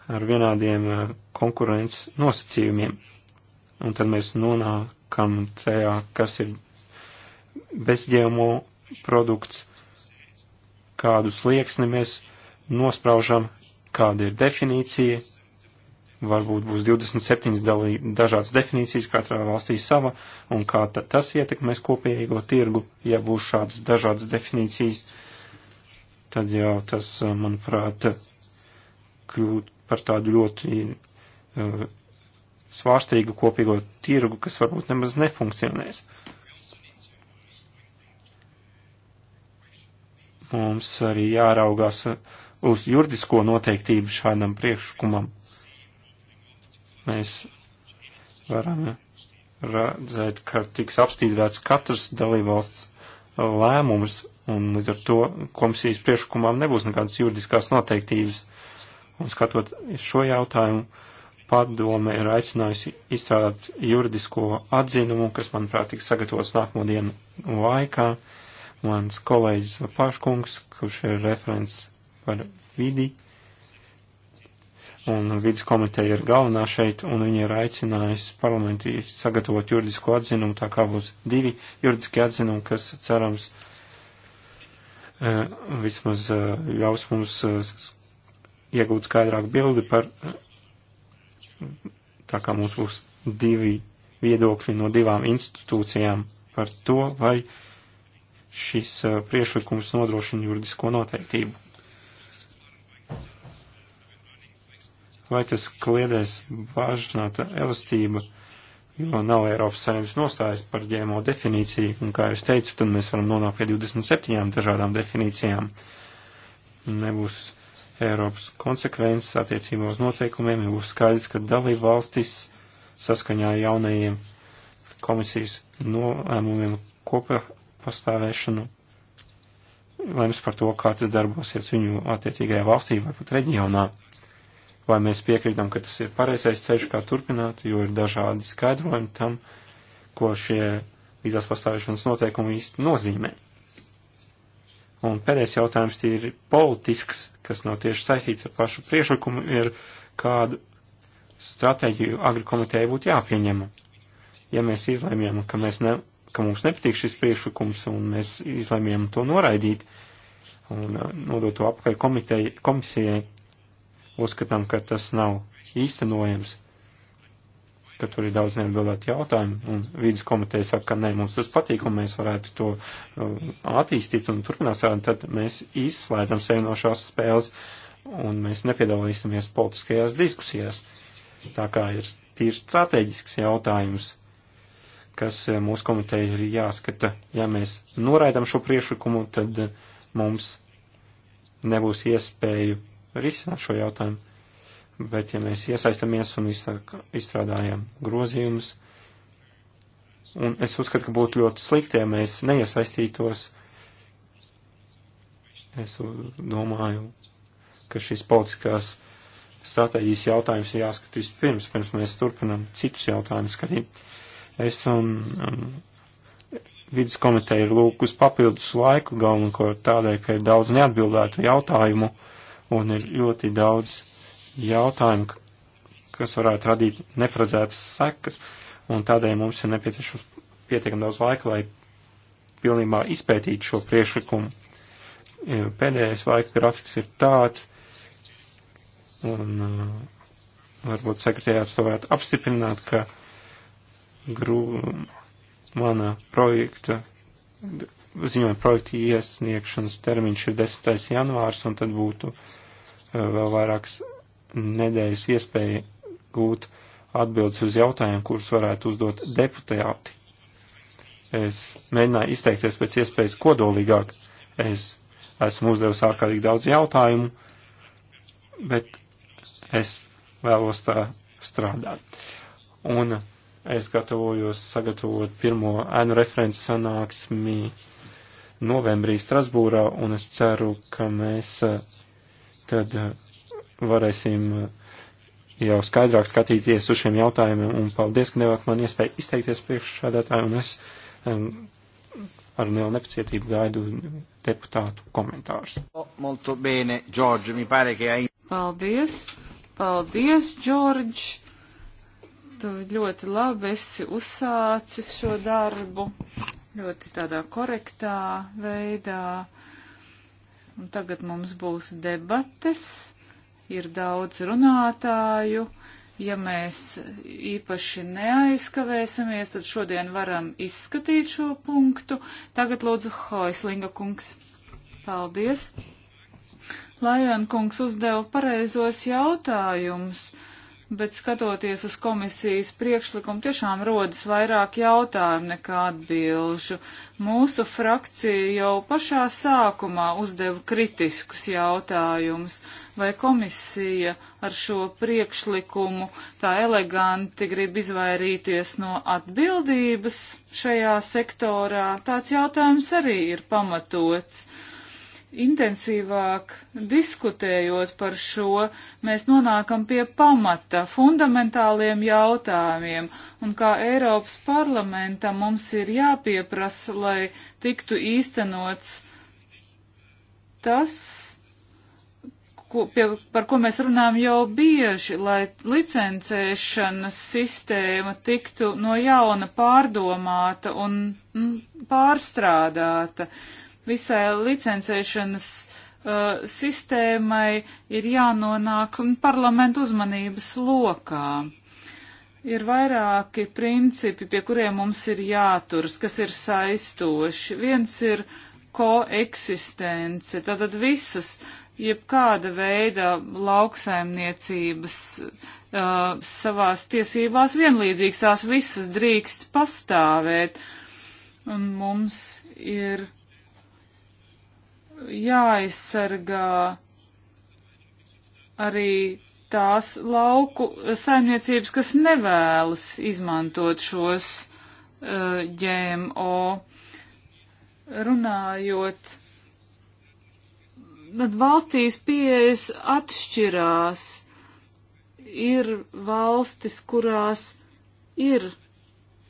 ar vienādiem eh, konkurences nosacījumiem. Un tad mēs nonākam tajā, kas ir bezģēmo produkts, kādu slieksni mēs nospraužam, kāda ir definīcija, varbūt būs 27 dalī, dažādas definīcijas, katrā valstī sava, un kā tad tas ietekmēs kopējo tirgu, ja būs šādas dažādas definīcijas, tad jau tas, eh, manuprāt, kļūt par tādu ļoti uh, svārstīgu kopīgo tirgu, kas varbūt nemaz nefunkcionēs. Mums arī jāraugās eh, uz juridisko noteiktību šādam priekšlikumam. Uh, Mēs varam redzēt, ka tiks apstīdināts katrs dalībvalsts lēmums, un līdz ar to komisijas priekšlikumām nebūs nekādas juridiskās noteiktības. Un skatot šo jautājumu, padome ir aicinājusi izstrādāt juridisko atzinumu, kas, manuprāt, tiks sagatavots nākamo dienu laikā. Mans kolēģis Paškungs, kurš ir referents par vidi, un vidas komiteja ir galvenā šeit, un viņi ir aicinājusi parlamentu sagatavot juridisku atzinumu, tā kā būs divi juridiski atzinumi, kas cerams eh, vismaz eh, ļaus mums eh, iegūt skaidrāku bildi par, tā kā mums būs divi viedokļi no divām institūcijām par to, vai šis priešlikums nodrošina juridisko noteiktību. vai tas kliedēs bāžināta elastība, jo nav Eiropas saimnes nostājas par ģēmo definīciju, un kā jūs teicu, tad mēs varam nonākt pie 27 dažādām definīcijām. Nebūs Eiropas konsekvences attiecībā uz noteikumiem, jo būs skaidrs, ka dalība valstis saskaņā jaunajiem komisijas nolēmumiem kopā pastāvēšanu lems par to, kā tas darbosies viņu attiecīgajā valstī vai pat reģionā vai mēs piekrītam, ka tas ir pareizais ceļš, kā turpināt, jo ir dažādi skaidrojumi tam, ko šie līdzās pastāvēšanas noteikumi īsti nozīmē. Un pēdējais jautājums ir politisks, kas nav tieši saistīts ar pašu priešlikumu, ir kādu stratēģiju agrikomitēji būtu jāpieņem. Ja mēs izlēmjam, ka, mēs ne, ka mums nepatīk šis priešlikums un mēs izlēmjam to noraidīt un nodot to apakaļ komitei, komisijai, uzskatām, ka tas nav īstenojams, ka tur ir daudz neatbildētu jautājumu, un vīdas komiteja saka, ka nē, mums tas patīk, un mēs varētu to uh, attīstīt un turpināt strādāt, tad mēs izslēdzam sevi no šās spēles, un mēs nepiedalīsimies politiskajās diskusijās. Tā kā ir tīri strateģisks jautājums, kas uh, mūsu komiteja ir jāskata. Ja mēs noraidam šo priešlikumu, tad uh, mums nebūs iespēju risināt šo jautājumu, bet ja mēs iesaistamies un izstrādājam grozījumus, un es uzskatu, ka būtu ļoti slikti, ja mēs neiesaistītos, es domāju, ka šīs politiskās stratēģijas jautājums ir jāskata vispirms, pirms mēs turpinam citus jautājumus skatīt. Es un um, vidas komiteja ir lūkus papildus laiku galvenokārt tādēļ, ka ir daudz neatbildētu jautājumu. Uh, un ir ļoti daudz jautājumu, kas varētu radīt neparedzētas sekas, un tādēļ mums ir nepieciešams pietiekami daudz laika, lai pilnībā izpētītu šo priešlikumu. E, pēdējais laika grafiks ir tāds, un uh, varbūt sekretējāts to varētu apstiprināt, ka grū, mana projekta ziņojuma projekta iesniegšanas termiņš ir 10. janvārs, un tad būtu eh, vēl vairākas nedēļas iespēja gūt atbildes uz jautājumiem, kurus varētu uzdot deputāti. Es mēģināju izteikties pēc iespējas kodolīgāk. Es esmu uzdevusi ārkārtīgi daudz jautājumu, bet es vēlos tā strādāt. Un es gatavojos sagatavot pirmo ēnu referents sanāksmi novembrī Strasbūrā, un es ceru, ka mēs eh, tad eh, varēsim eh, jau skaidrāk skatīties uz šiem jautājumiem, un paldies, ka devāt man iespēju izteikties priekšsēdētāju, un es um, ar lielu nepacietību gaidu deputātu komentārus. Oh, molto bene, George, mi pare, ka hai... Paldies, paldies, George! Tu ļoti labi esi uzsācis šo darbu ļoti tādā korektā veidā. Un tagad mums būs debates, ir daudz runātāju. Ja mēs īpaši neaizkavēsimies, tad šodien varam izskatīt šo punktu. Tagad lūdzu Hoislinga kungs. Paldies! Lajon kungs uzdeva pareizos jautājumus bet skatoties uz komisijas priekšlikumu, tiešām rodas vairāk jautājumu nekā atbilžu. Mūsu frakcija jau pašā sākumā uzdeva kritiskus jautājumus, vai komisija ar šo priekšlikumu tā eleganti grib izvairīties no atbildības šajā sektorā. Tāds jautājums arī ir pamatots intensīvāk diskutējot par šo, mēs nonākam pie pamata, fundamentāliem jautājumiem, un kā Eiropas parlamenta mums ir jāpieprasa, lai tiktu īstenots tas, ko, pie, par ko mēs runājam jau bieži, lai licencēšanas sistēma tiktu no jauna pārdomāta un mm, pārstrādāta visai licencēšanas uh, sistēmai ir jānonāk parlamentu uzmanības lokā. Ir vairāki principi, pie kuriem mums ir jāturas, kas ir saistoši. Viens ir koeksistence, tātad visas, jebkāda veida lauksaimniecības uh, savās tiesībās vienlīdzīgs, tās visas drīkst pastāvēt. Un mums ir jāaizsargā arī tās lauku saimniecības, kas nevēlas izmantot šos uh, eh, GMO. Runājot, tad valstīs pieejas atšķirās. Ir valstis, kurās ir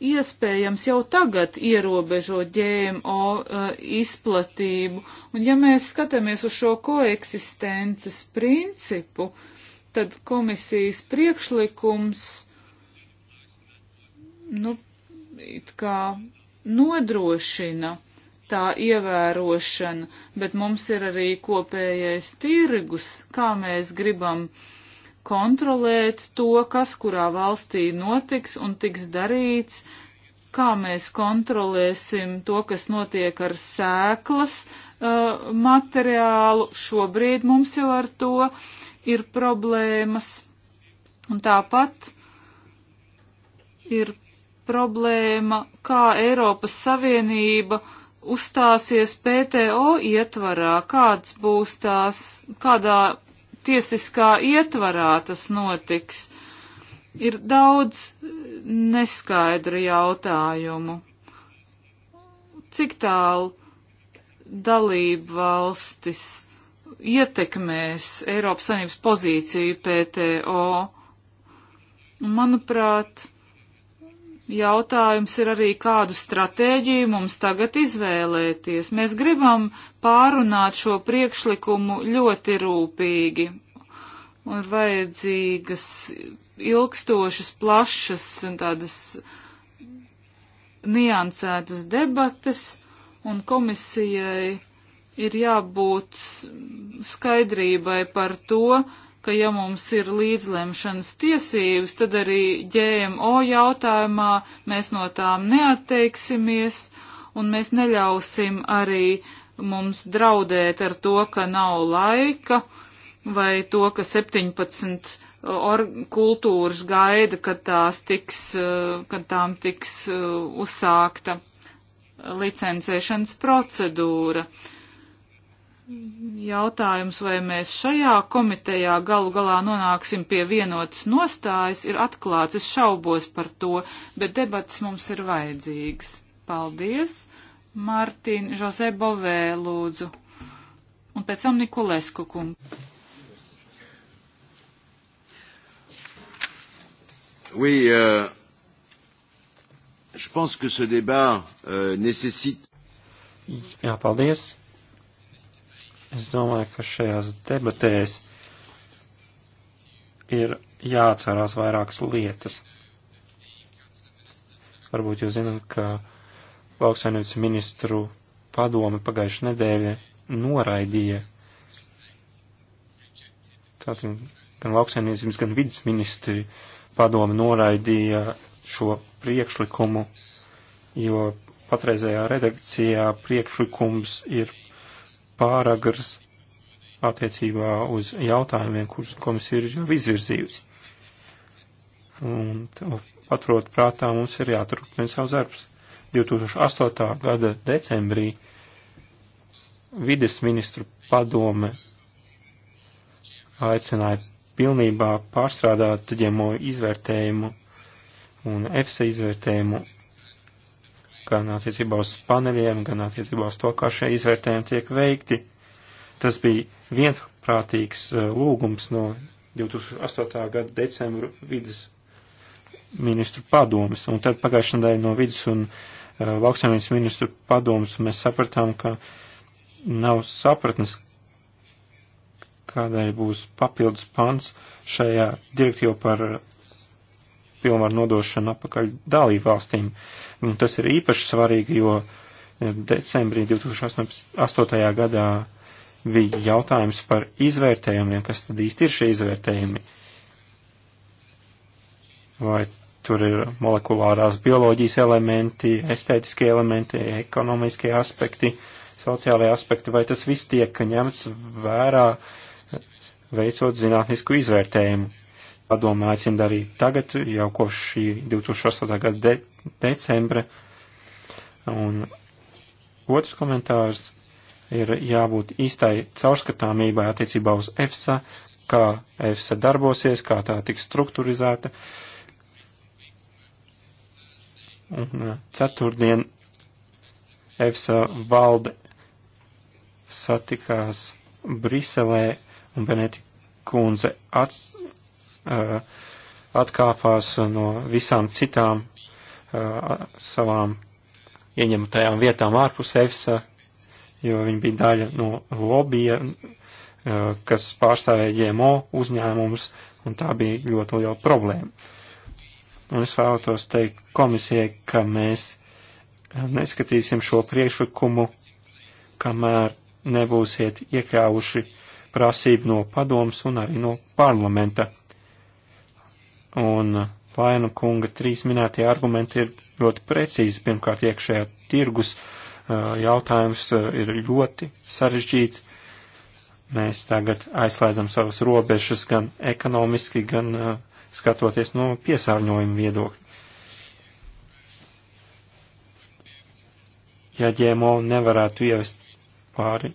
iespējams jau tagad ierobežot ģēmo uh, izplatību. Un ja mēs skatāmies uz šo koeksistences principu, tad komisijas priekšlikums, nu, it kā nodrošina tā ievērošana, bet mums ir arī kopējais tirgus, kā mēs gribam uh, kontrolēt to, kas kurā valstī notiks un tiks darīts, kā mēs kontrolēsim to, kas notiek ar sēklas uh, materiālu. Šobrīd mums jau ar to ir problēmas. Un tāpat ir problēma, kā Eiropas Savienība uzstāsies PTO ietvarā, kāds būs tās, kādā tiesiskā ietvarā tas notiks. Ir daudz neskaidru jautājumu. Cik tālu dalību valstis ietekmēs Eiropas Savienības pozīciju PTO? Manuprāt, Jautājums ir arī, kādu stratēģiju mums tagad izvēlēties. Mēs gribam pārunāt šo priekšlikumu ļoti rūpīgi. Un vajadzīgas ilgstošas, plašas un tādas niansētas debates, un komisijai ir jābūt skaidrībai par to, ka ja mums ir līdzlemšanas tiesības, tad arī GMO jautājumā mēs no tām neatteiksimies un mēs neļausim arī mums draudēt ar to, ka nav laika vai to, ka 17 uh, or, kultūras gaida, kad tās tiks, uh, kad tām tiks uh, uzsākta licencēšanas procedūra. Uh, jautājums, vai mēs šajā komitejā galu galā nonāksim pie vienotas nostājas, ir atklāts. Es šaubos par to, bet debats mums ir vajadzīgs. Paldies, Mārtiņ, Žozē Bovē, lūdzu. Un pēc tam Nikolesku kungu. Oui, euh, je pense que ce débat euh, nécessite. Jā, paldies. Es domāju, ka šajās debatēs ir jāatcerās vairākas lietas. Varbūt jūs zināt, ka lauksainības ministru padome pagājušajā nedēļa noraidīja tātad gan lauksainības, gan vidas ministri padome noraidīja šo priekšlikumu, jo patreizējā redakcijā priekšlikums ir pāragrs attiecībā uz jautājumiem, kurus komisija ir jau izvirzījusi. Un paturot prātā mums ir jāturpina savs darbs. 2008. gada decembrī vides ministru padome aicināja pilnībā pārstrādāt ģemo izvērtējumu un EFSA izvērtējumu gan attiecībā uz paneļiem, gan attiecībā uz to, kā šie izvērtējumi tiek veikti. Tas bija vienprātīgs eh, lūgums no 2008. gada decembra vidas ministru padomas, un tad pagājušajā nedēļā no vidas un uh, lauksaimniecības ministru padomas mēs sapratām, ka nav sapratnes, kādai būs papildus pants šajā direktīvā par pilnvaru nodošanu apakaļ dalību valstīm. Un tas ir īpaši svarīgi, jo e, decembrī 2008. gadā bija jautājums par izvērtējumiem, kas tad īsti ir šie izvērtējumi. Vai tur ir molekulārās bioloģijas elementi, estētiskie elementi, ekonomiskie aspekti, sociālajie aspekti, vai tas viss tiek ņemts vērā veicot zinātnisku izvērtējumu. Padomē aicina darīt tagad, jau kopš šī 2008. gada de decembra. Un otrs komentārs ir jābūt īstai caurskatāmībai attiecībā uz EFSA, kā EFSA darbosies, kā tā tiks strukturizēta. Un uh, ceturtdien EFSA valde satikās Briselē un Beneti kundze ats, Uh, atkāpās no visām citām uh, savām ieņemtajām vietām ārpus EFSA, jo viņi bija daļa no lobija, uh, kas pārstāvēja GMO uzņēmumus, un tā bija ļoti liela problēma. Un es vēlētos teikt komisijai, ka mēs neskatīsim šo priekšlikumu, kamēr nebūsiet iekļāvuši prasību no padomas un arī no parlamenta un Lainu kunga trīs minētie argumenti ir ļoti precīzi. Pirmkārt, iekšējā tirgus jautājums ir ļoti sarežģīts. Mēs tagad aizslēdzam savas robežas gan ekonomiski, gan skatoties no piesārņojuma viedokļa. Ja ģēmo nevarētu ievest pāri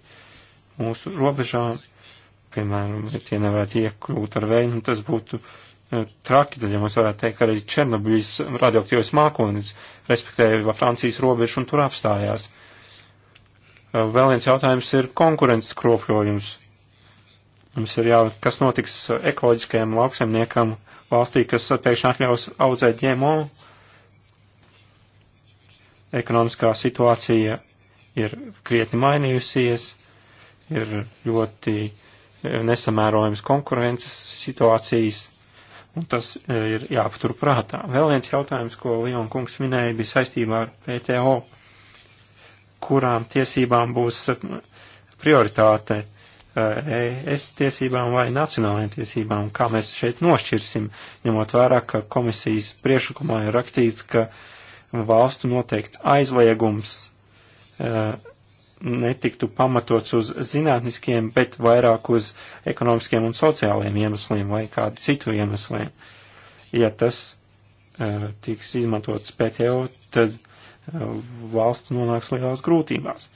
mūsu robežām, piemēram, ja tie nevarētu iekļūt ar veidu, tas būtu uh, traki, tad, ja mums varētu teikt, arī Černobiļas radioaktīvas mākonis, respektīvi, va Francijas robežu un tur apstājās. Vēl viens jautājums ir konkurences kropļojums. Mums ir jāvērk, kas notiks ekoloģiskajam lauksemniekam valstī, kas pēkšņi atļaus audzēt ģēmo. Ekonomiskā situācija ir krietni mainījusies, ir ļoti nesamērojams konkurences situācijas Un tas e, ir jāaptur prātā. Vēl viens jautājums, ko Lion kungs minēja, bija saistībā ar PTO, kurām tiesībām būs e, prioritāte e, ES tiesībām vai nacionālajām tiesībām, kā mēs šeit nošķirsim, ņemot vērā, ka komisijas priešakumā ir rakstīts, ka valstu noteikts aizliegums netiktu pamatots uz zinātniskiem, bet vairāk uz ekonomiskiem un sociāliem iemesliem vai kādu citu iemesliem. Ja tas uh, tiks izmantots PTO, tad uh, valsts nonāks lielās grūtībās.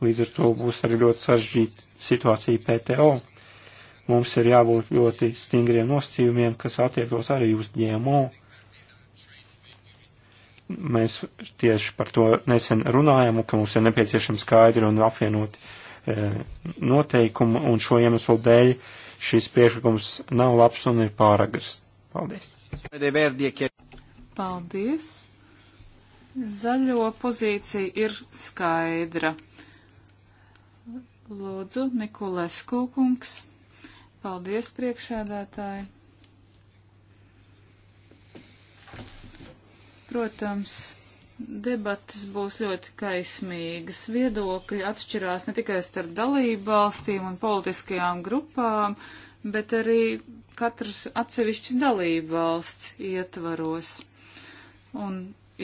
Līdz ar to būs arī ļoti saržģīta situācija PTO. Mums ir jābūt ļoti stingriem nosacījumiem, kas attiektos arī uz GMO. Mēs tieši par to nesen runājam, ka mums ir nepieciešams skaidri un apvienot e, noteikumu, un šo iemeslu dēļ šis priekšlikums nav labs un ir pāragrs. Paldies! Paldies! Zaļo pozīcija ir skaidra. Lūdzu, Nikolēs Kūkungs. Paldies, priekšēdētāji. Protams, debatas būs ļoti kaismīgas. Viedokļi atšķirās ne tikai starp dalību valstīm un politiskajām grupām, bet arī katrs atsevišķs dalību valsts ietvaros. Un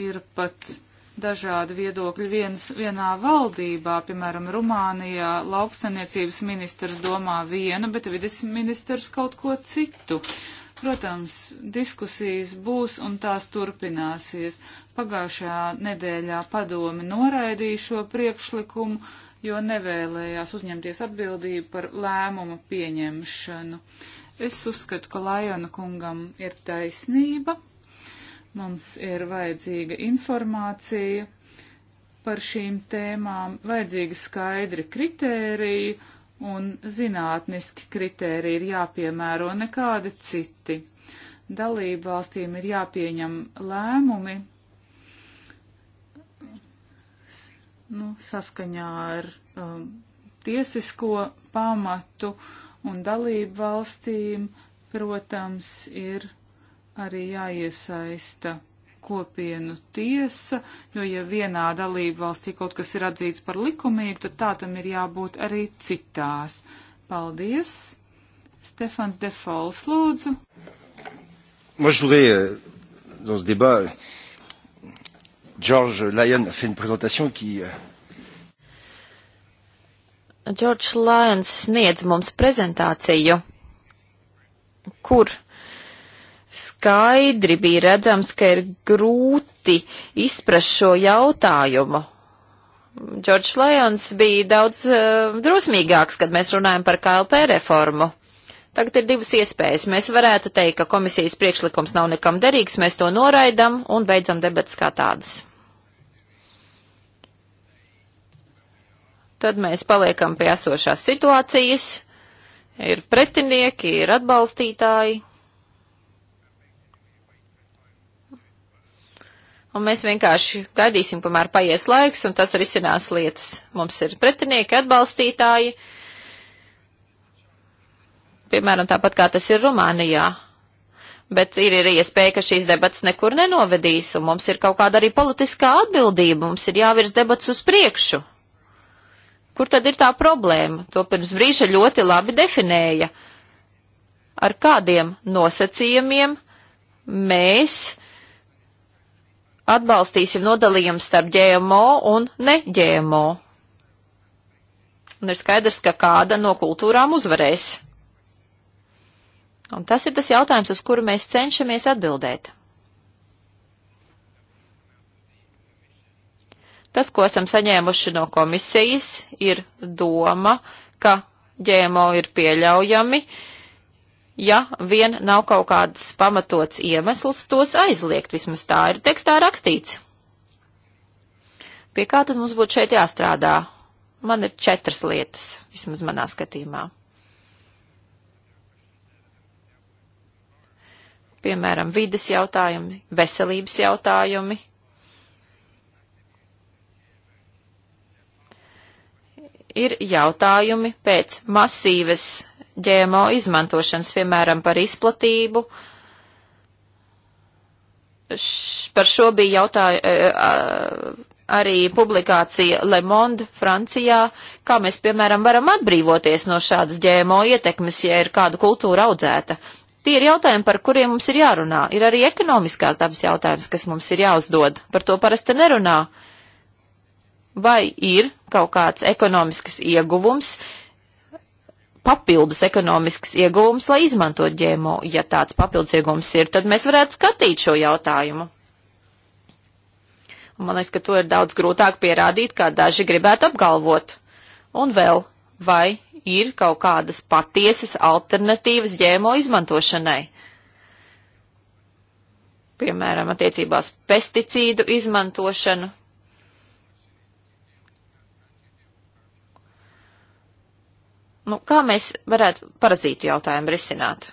ir pat dažādi viedokļi viens, vienā valdībā. Piemēram, Rumānijā lauksaniecības ministrs domā vienu, bet vides ministrs kaut ko citu. Protams, diskusijas būs un tās turpināsies. Pagājušajā nedēļā padomi noraidīja šo priekšlikumu, jo nevēlējās uzņemties atbildību par lēmumu pieņemšanu. Es uzskatu, ka Lajona kungam ir taisnība. Mums ir vajadzīga informācija par šīm tēmām, vajadzīgi skaidri kritēriji un zinātniski kritēriji ir jāpiemēro nekādi citi. Dalību valstīm ir jāpieņem lēmumi nu, saskaņā ar um, tiesisko pamatu un dalību valstīm, protams, ir arī jāiesaista kopienu tiesa, jo ja vienā dalību valstī kaut kas ir atzīts par likumīgu, tad tā tam ir jābūt arī citās. Paldies! Stefans Defols, lūdzu. Moi, je voudrais, euh, dans ce débat, euh, George Lyon a fait une présentation qui. Euh, George Lyons sniedz mums prezentāciju, kur skaidri bija redzams, ka ir grūti izprast šo jautājumu. Džordžs Lejons bija daudz uh, eh, drusmīgāks, kad mēs runājam par KLP reformu. Tagad ir divas iespējas. Mēs varētu teikt, ka komisijas priekšlikums nav nekam derīgs, mēs to noraidam un beidzam debats kā tādas. Tad mēs paliekam pie esošās situācijas. Ir pretinieki, ir atbalstītāji. Un mēs vienkārši gaidīsim, kamēr paies laiks, un tas risinās lietas. Mums ir pretinieki, atbalstītāji. Piemēram, tāpat kā tas ir Rumānijā. Bet ir arī iespēja, ka šīs debats nekur nenovedīs, un mums ir kaut kāda arī politiskā atbildība, mums ir jāvirs debats uz priekšu. Kur tad ir tā problēma? To pirms brīža ļoti labi definēja. Ar kādiem nosacījumiem mēs atbalstīsim nodalījumu starp ģēmo un neģēmo. Un ir skaidrs, ka kāda no kultūrām uzvarēs. Un tas ir tas jautājums, uz kuru mēs cenšamies atbildēt. Tas, ko esam saņēmuši no komisijas, ir doma, ka ģēmo ir pieļaujami, uh, ja vien nav kaut kāds pamatots iemesls tos aizliegt, vismaz tā ir tekstā rakstīts. Pie kā tad mums būtu šeit jāstrādā? Man ir četras lietas, vismaz manā skatījumā. Piemēram, vides jautājumi, veselības jautājumi, ir jautājumi pēc masīvas ģēmo izmantošanas, piemēram, par izplatību. Š, par šo bija jautāja e, arī publikācija Le Monde Francijā, kā mēs, piemēram, varam atbrīvoties no šādas ģēmo ietekmes, ja ir kāda kultūra audzēta. Tie ir jautājumi, par kuriem mums ir jārunā. Ir arī ekonomiskās dabas jautājums, kas mums ir jāuzdod. Par to parasti nerunā vai ir kaut kāds ekonomisks ieguvums, papildus ekonomisks ieguvums, lai izmantot ģēmo. Ja tāds papildus ieguvums ir, tad mēs varētu skatīt šo jautājumu. Un man liekas, ka to ir daudz grūtāk pierādīt, kā daži gribētu apgalvot. Un vēl, vai ir kaut kādas patiesas alternatīvas ģēmo izmantošanai? Piemēram, attiecībās pesticīdu izmantošanu, Nu, kā mēs varētu parazītu jautājumu risināt?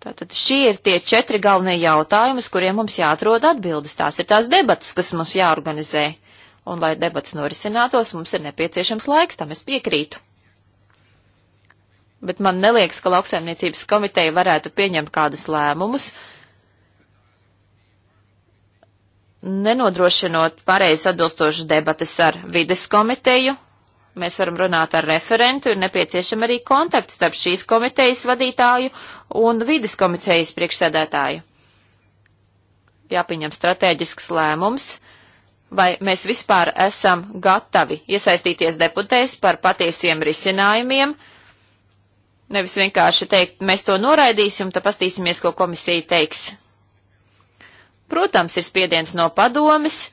Tātad šie ir tie četri galvenie jautājumi, uz kuriem mums jāatrod atbildes. Tās ir tās debatas, kas mums jāorganizē. Un, lai debats norisinātos, mums ir nepieciešams laiks, tam es piekrītu. Bet man neliekas, ka lauksaimniecības komiteja varētu pieņemt kādus lēmumus, nenodrošinot pareizi atbilstošas debates ar vides komiteju, mēs varam runāt ar referentu, ir nepieciešama arī kontakts starp šīs komitejas vadītāju un vides komitejas priekšsēdētāju. Jāpieņem strateģisks lēmums, vai mēs vispār esam gatavi iesaistīties deputēs par patiesiem risinājumiem, nevis vienkārši teikt, mēs to noraidīsim, tad pastīsimies, ko komisija teiks. Protams, ir spiediens no padomis,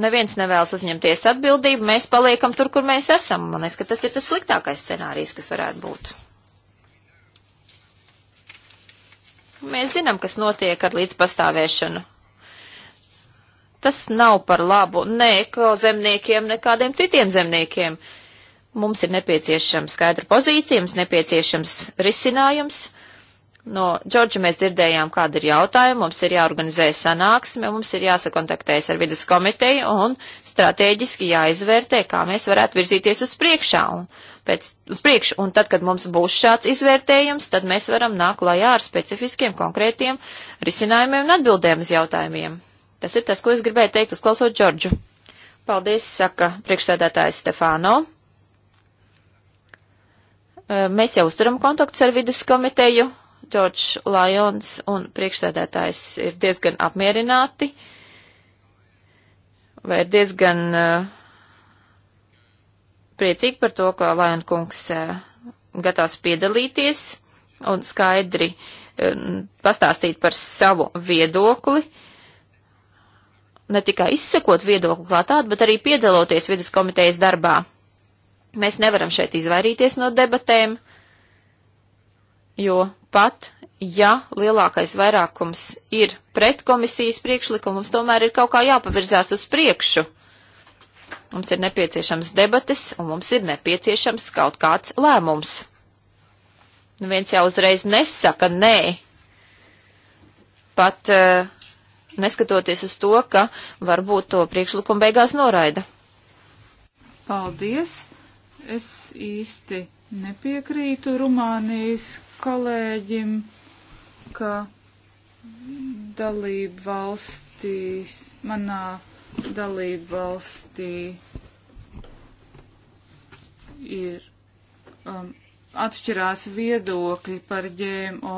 neviens nevēlas uzņemties atbildību, mēs paliekam tur, kur mēs esam. Man liekas, ka tas ir tas sliktākais scenārijs, kas varētu būt. Mēs zinām, kas notiek ar līdzpastāvēšanu. Tas nav par labu ne zemniekiem, ne kādiem citiem zemniekiem. Mums ir nepieciešama skaidra pozīcija, mums nepieciešams risinājums. No Džordža mēs dzirdējām, kāda ir jautājuma, mums ir jāorganizē sanāksme, mums ir jāsakontaktējas ar vidus komiteju un strateģiski jāizvērtē, kā mēs varētu virzīties uz priekšā. Un, pēc, uz priekšu, un tad, kad mums būs šāds izvērtējums, tad mēs varam nākt lajā ar specifiskiem konkrētiem risinājumiem un atbildēm uz jautājumiem. Tas ir tas, ko es gribēju teikt, uzklausot Džordžu. Paldies, saka priekšstādātājs Stefāno. Mēs jau uzturam kontaktus ar vidas komiteju, Džordžs Lajons un priekšsēdētājs ir diezgan apmierināti vai ir diezgan uh, priecīgi par to, ka Lajona kungs uh, gatavs piedalīties un skaidri uh, pastāstīt par savu viedokli. Ne tikai izsakot viedokli kā tādu, bet arī piedaloties vidus komitejas darbā. Mēs nevaram šeit izvairīties no debatēm jo pat, ja lielākais vairākums ir pret komisijas priekšlikumu, mums tomēr ir kaut kā jāpavirzās uz priekšu. Mums ir nepieciešams debates, un mums ir nepieciešams kaut kāds lēmums. Nu, viens jau uzreiz nesaka nē. Pat uh, neskatoties uz to, ka varbūt to priekšlikumu beigās noraida. Paldies! Es īsti nepiekrītu Rumānijas kolēģim, ka dalību valstīs, manā dalību valstī ir um, atšķirās viedokļi par ģēmo.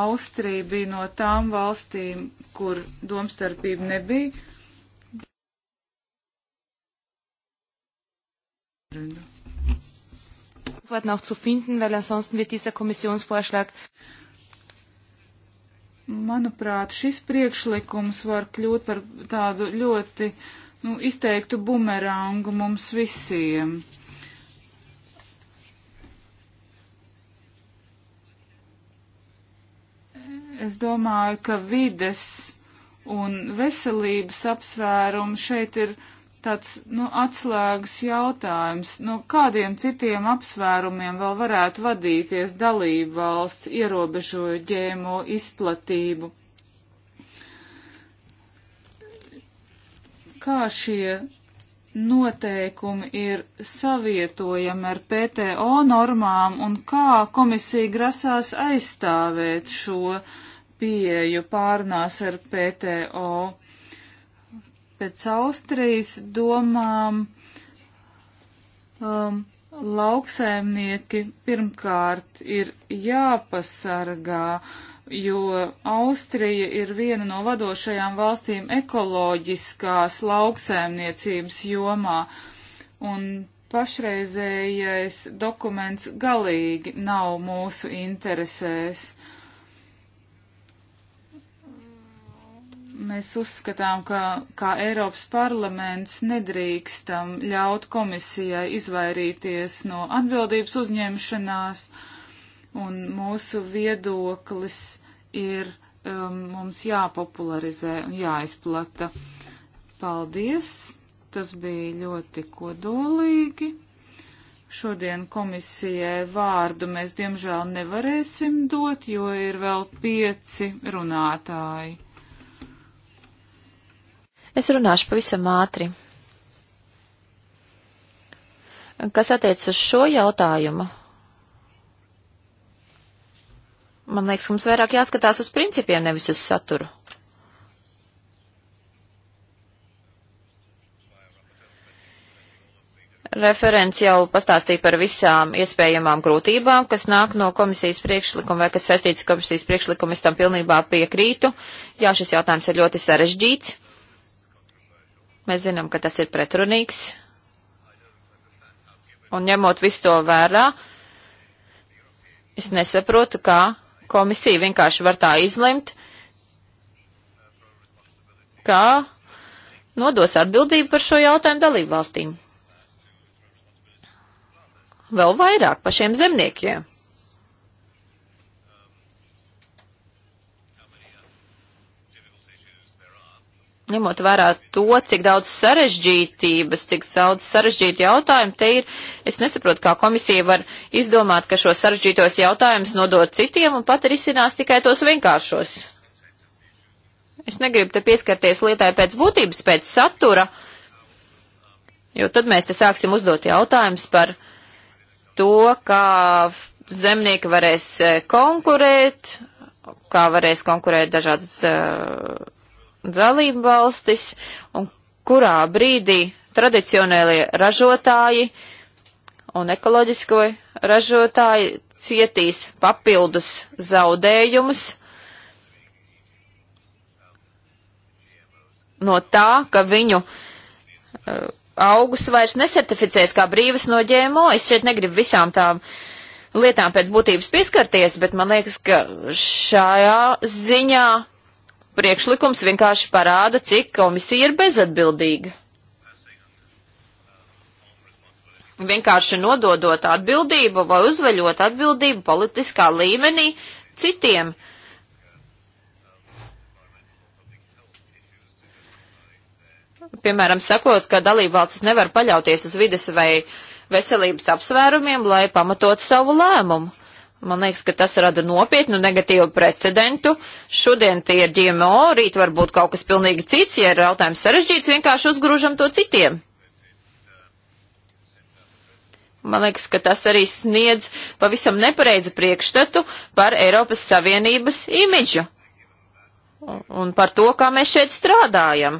Austrija bija no tām valstīm, kur domstarpība nebija. Rindu. Antworten auch zu finden, weil ansonsten wird dieser Kommissionsvorschlag. Manuprāt, šis priekšlikums var kļūt par tādu ļoti nu, izteiktu bumerangu mums visiem. Es domāju, ka vides un veselības apsvērumi šeit ir tāds, nu, atslēgas jautājums, no nu, kādiem citiem apsvērumiem vēl varētu vadīties dalību valsts ierobežoju ģēmo izplatību? Kā šie noteikumi ir savietojami ar PTO normām un kā komisija grasās aizstāvēt šo pieju pārnās ar PTO? pēc Austrijas domām um, lauksaimnieki pirmkārt ir jāpasargā, jo Austrija ir viena no vadošajām valstīm ekoloģiskās lauksaimniecības jomā. Un pašreizējais dokuments galīgi nav mūsu interesēs. Uh, Mēs uzskatām, ka kā Eiropas parlaments nedrīkstam ļaut komisijai izvairīties no atbildības uzņemšanās, un mūsu viedoklis ir um, mums jāpopularizē un jāizplata. Paldies! Tas bija ļoti kodolīgi. Šodien komisijai vārdu mēs diemžēl nevarēsim dot, jo ir vēl pieci runātāji. Es runāšu pavisam ātri. Kas attiec uz šo jautājumu, man liekas, mums vairāk jāskatās uz principiem, nevis uz saturu. Referents jau pastāstīja par visām iespējamām grūtībām, kas nāk no komisijas priekšlikuma vai kas saistīts komisijas priekšlikuma, es tam pilnībā piekrītu. Jā, šis jautājums ir ļoti sarežģīts. Mēs zinām, ka tas ir pretrunīgs. Un ņemot visu to vērā, es nesaprotu, kā komisija vienkārši var tā izlemt, kā nodos atbildību par šo jautājumu dalību valstīm. Vēl vairāk pašiem zemniekiem. ņemot vērā to, cik daudz sarežģītības, cik daudz sarežģītu jautājumu te ir, es nesaprotu, kā komisija var izdomāt, ka šo sarežģītos jautājumus nodot citiem un pat risinās tikai tos vienkāršos. Es negribu te pieskarties lietai pēc būtības, pēc satura, jo tad mēs te sāksim uzdot jautājumus par to, kā zemnieki varēs eh, konkurēt, kā varēs konkurēt dažādas uh, dalību valstis un kurā brīdī tradicionālie ražotāji un ekoloģisko ražotāji cietīs papildus zaudējumus no tā, ka viņu uh, augus vairs nesertificēs kā brīvas no ģēmo. Es šeit negribu visām tām lietām pēc būtības pieskarties, bet man liekas, ka šajā ziņā priekšlikums vienkārši parāda, cik komisija ir bezatbildīga. Vienkārši nododot atbildību vai uzveļot atbildību politiskā līmenī citiem. Piemēram, sakot, ka dalībvalstis nevar paļauties uz vides vai veselības apsvērumiem, lai pamatotu savu lēmumu. Man liekas, ka tas rada nopietnu negatīvu precedentu. Šodien tie ir GMO, rīt varbūt kaut kas pilnīgi cits, ja ir jautājums sarežģīts, vienkārši uzgrūžam to citiem. Man liekas, ka tas arī sniedz pavisam nepareizu priekšstatu par Eiropas Savienības imidžu un, un par to, kā mēs šeit strādājam.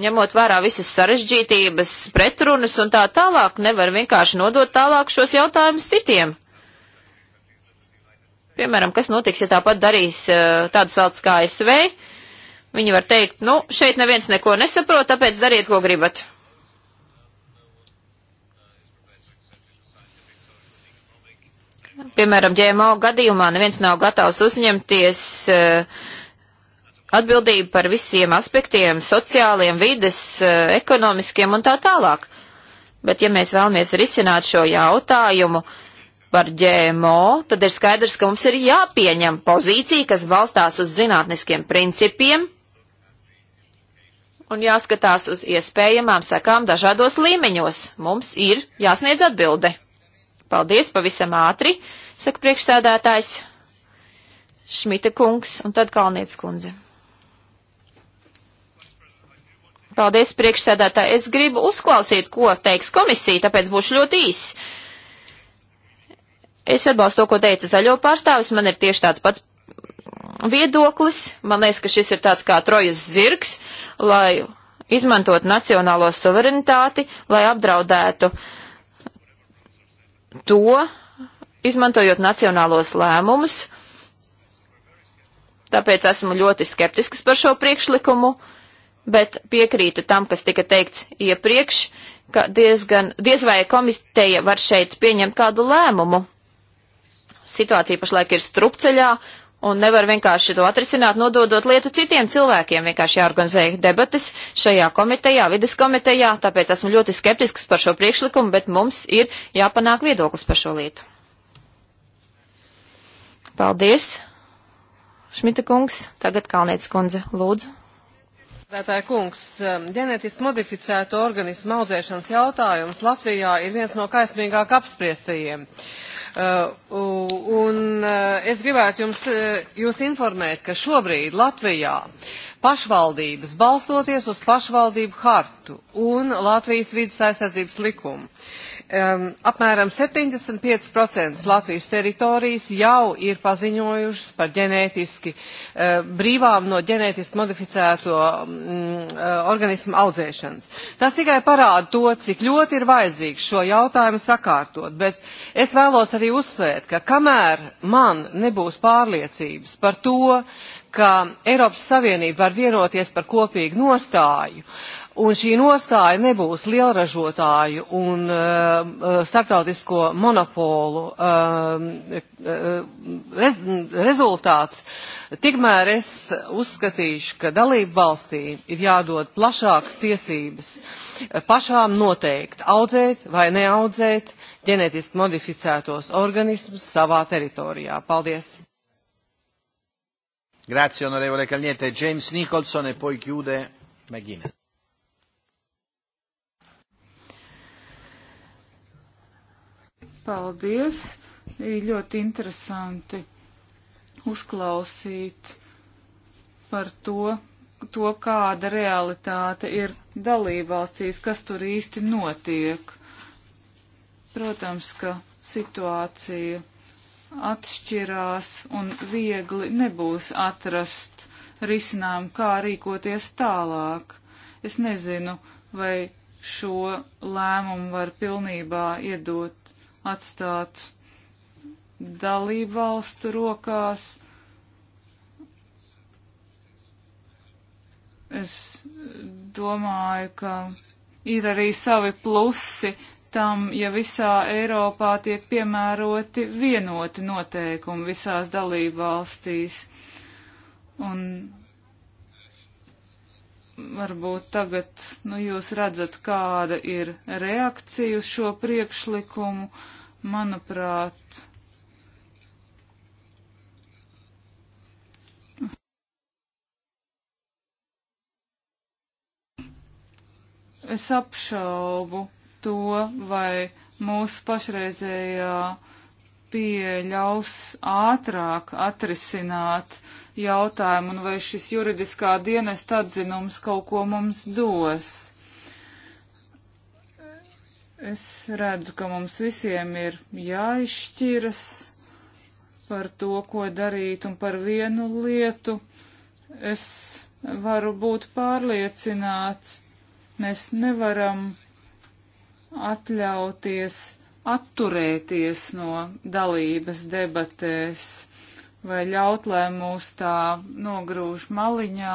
Ņemot vērā visas sarežģītības, pretrunas un tā tālāk, nevar vienkārši nodot tālāk šos jautājumus citiem. Piemēram, kas notiks, ja tāpat darīs eh, tādas valsts kā ASV? Viņi var teikt, nu, šeit neviens neko nesaprot, tāpēc dariet, ko gribat. Piemēram, ģēmo gadījumā neviens nav gatavs uzņemties eh, atbildību par visiem aspektiem, sociāliem, vides, eh, ekonomiskiem un tā tālāk. Bet ja mēs vēlamies risināt šo jautājumu, uh, par ģēmo, tad ir skaidrs, ka mums ir jāpieņem pozīcija, kas balstās uz zinātniskiem principiem un jāskatās uz iespējamām sekām dažādos līmeņos. Mums ir jāsniedz atbilde. Paldies pavisam ātri, saka priekšsēdētājs Šmita kungs un tad Kalniec kundze. Paldies priekšsēdētāji. Es gribu uzklausīt, ko teiks komisija, tāpēc būšu ļoti īss. Es atbalstu to, ko teica zaļo pārstāvis, man ir tieši tāds pats viedoklis. Man liekas, ka šis ir tāds kā trojas zirgs, lai izmantot nacionālo suverenitāti, lai apdraudētu to, izmantojot nacionālos lēmumus. Tāpēc esmu ļoti skeptisks par šo priekšlikumu, bet piekrītu tam, kas tika teikts iepriekš, ka diezgan, diez vai komiteja var šeit pieņemt kādu lēmumu situācija pašlaik ir strupceļā un nevar vienkārši to atrisināt, nododot lietu citiem cilvēkiem. Vienkārši jāorganizē debatas šajā komitejā, vidas komitejā, tāpēc esmu ļoti skeptisks par šo priekšlikumu, bet mums ir jāpanāk viedoklis par šo lietu. Paldies, Šmita kungs. Tagad Kalnietis kundze, lūdzu. Vētāja kungs, um, ģenetiski modificēto organismu audzēšanas jautājums Latvijā ir viens no kaismīgāk apspriestajiem. Uh, un uh, es gribētu jums, uh, jūs informēt, ka šobrīd Latvijā pašvaldības, balstoties uz pašvaldību hartu un Latvijas vidas aizsardzības likumu, Um, apmēram 75% Latvijas teritorijas jau ir paziņojušas par ģenētiski uh, brīvām no ģenētiski modificēto um, uh, organismu audzēšanas. Tas tikai parāda to, cik ļoti ir vajadzīgs šo jautājumu sakārtot, bet es vēlos arī uzsvērt, ka kamēr man nebūs pārliecības par to, ka Eiropas Savienība var vienoties par kopīgu nostāju, uh, Un šī nostāja nebūs lielražotāju un uh, eh, eh, startautisko monopolu uh, rez, rezultāts. Tikmēr es uzskatīšu, ka dalību valstīm ir jādod plašākas tiesības pašām noteikt, audzēt vai neaudzēt ģenētiski modificētos organismus savā teritorijā. Paldies! Grazie onorevole Cagliete. James Nicholson e poi chiude McGuinness. Paldies! Ir ļoti interesanti uzklausīt par to, to, kāda realitāte ir dalībvalstīs, kas tur īsti notiek. Protams, ka situācija atšķirās un viegli nebūs atrast risinājumu, kā rīkoties tālāk. Es nezinu, vai šo lēmumu var pilnībā iedot atstāt dalību valstu rokās. Es domāju, ka ir arī savi plusi tam, ja visā Eiropā tiek piemēroti vienoti noteikumi visās dalību valstīs. Un varbūt tagad nu, jūs redzat, kāda ir reakcija uz šo priekšlikumu. Manuprāt, es apšaubu to, vai mūsu pašreizējā pieļaus ātrāk atrisināt uh, jautājumu un vai šis juridiskā dienesta atzinums kaut ko mums dos. Es redzu, ka mums visiem ir jāizšķiras par to, ko darīt un par vienu lietu. Es varu būt pārliecināts, mēs nevaram atļauties atturēties no dalības debatēs vai ļaut, lai mūs tā nogrūž maliņā,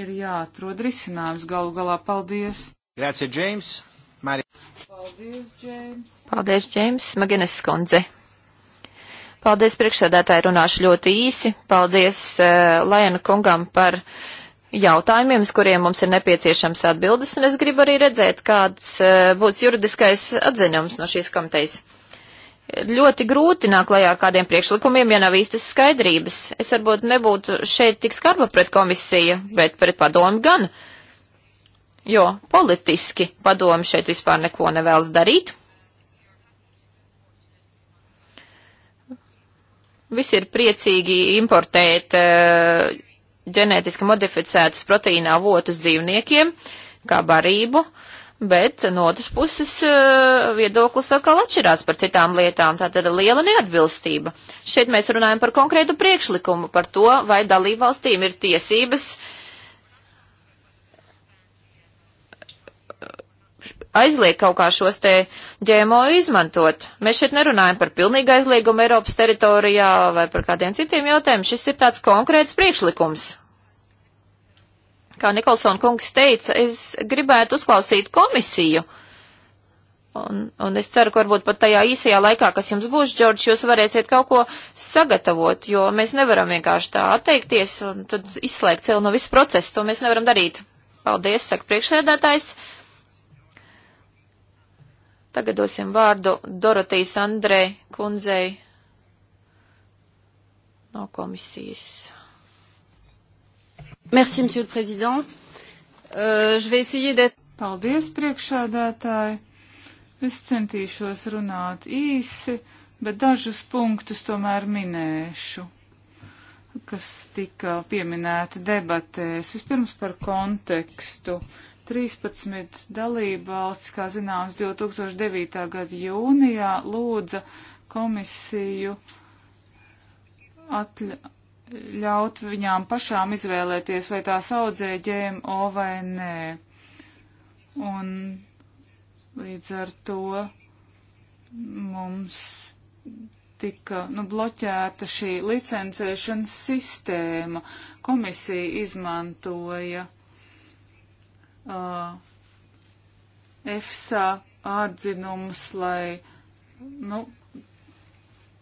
ir jāatrod risinājums galu galā. Paldies! Grazie, Džeims! Mari... Paldies, Džeims! Paldies, Džeims! Magines skundze! Paldies, priekšsēdētāji, runāšu ļoti īsi. Paldies uh, Lajana kungam par jautājumiem, uz kuriem mums ir nepieciešams atbildes, un es gribu arī redzēt, kāds uh, būs juridiskais atziņums no šīs komitejas ļoti grūti nāk klajā ar kādiem priekšlikumiem, ja nav īstas skaidrības. Es varbūt nebūtu šeit tik skarba pret komisiju, bet pret padomu gan. Jo politiski padomu šeit vispār neko nevēlas darīt. Visi ir priecīgi importēt eh, ģenētiski modificētus proteīna avotus dzīvniekiem kā barību. Uh, bet no otras puses eh, viedoklis atkal atšķirās par citām lietām. Tā tad liela neatbilstība. Šeit mēs runājam par konkrētu priekšlikumu, par to, vai dalībvalstīm ir tiesības eh, aizliegt kaut kā šos te ģēmo izmantot. Mēs šeit nerunājam par pilnīgu aizliegumu Eiropas teritorijā vai par kādiem citiem jautājumiem. Šis ir tāds konkrēts priekšlikums. Kā Nikolsona kungs teica, es gribētu uzklausīt komisiju. Un, un es ceru, ka varbūt pat tajā īsajā laikā, kas jums būs, Džordž, jūs varēsiet kaut ko sagatavot, jo mēs nevaram vienkārši tā atteikties un tad izslēgt sev no visu procesu. To mēs nevaram darīt. Paldies, saka priekšsēdētājs. Tagad dosim vārdu Dorotīs Andrē kundzei no komisijas. Merci, monsieur le président. Uh, je vais essayer d'être. Paldies, priekšādātāji. Es centīšos runāt īsi, bet dažus punktus tomēr minēšu, kas tika pieminēti debatēs. Vispirms par kontekstu. 13 dalībvalsts, kā zināms, 2009. gada jūnijā lūdza komisiju atļa, ļaut viņām pašām izvēlēties, vai tās audzē ģēmo vai nē. Un līdz ar to mums tika nu, bloķēta šī licencēšanas sistēma. Komisija izmantoja uh, EFSA atzinumus, lai nu,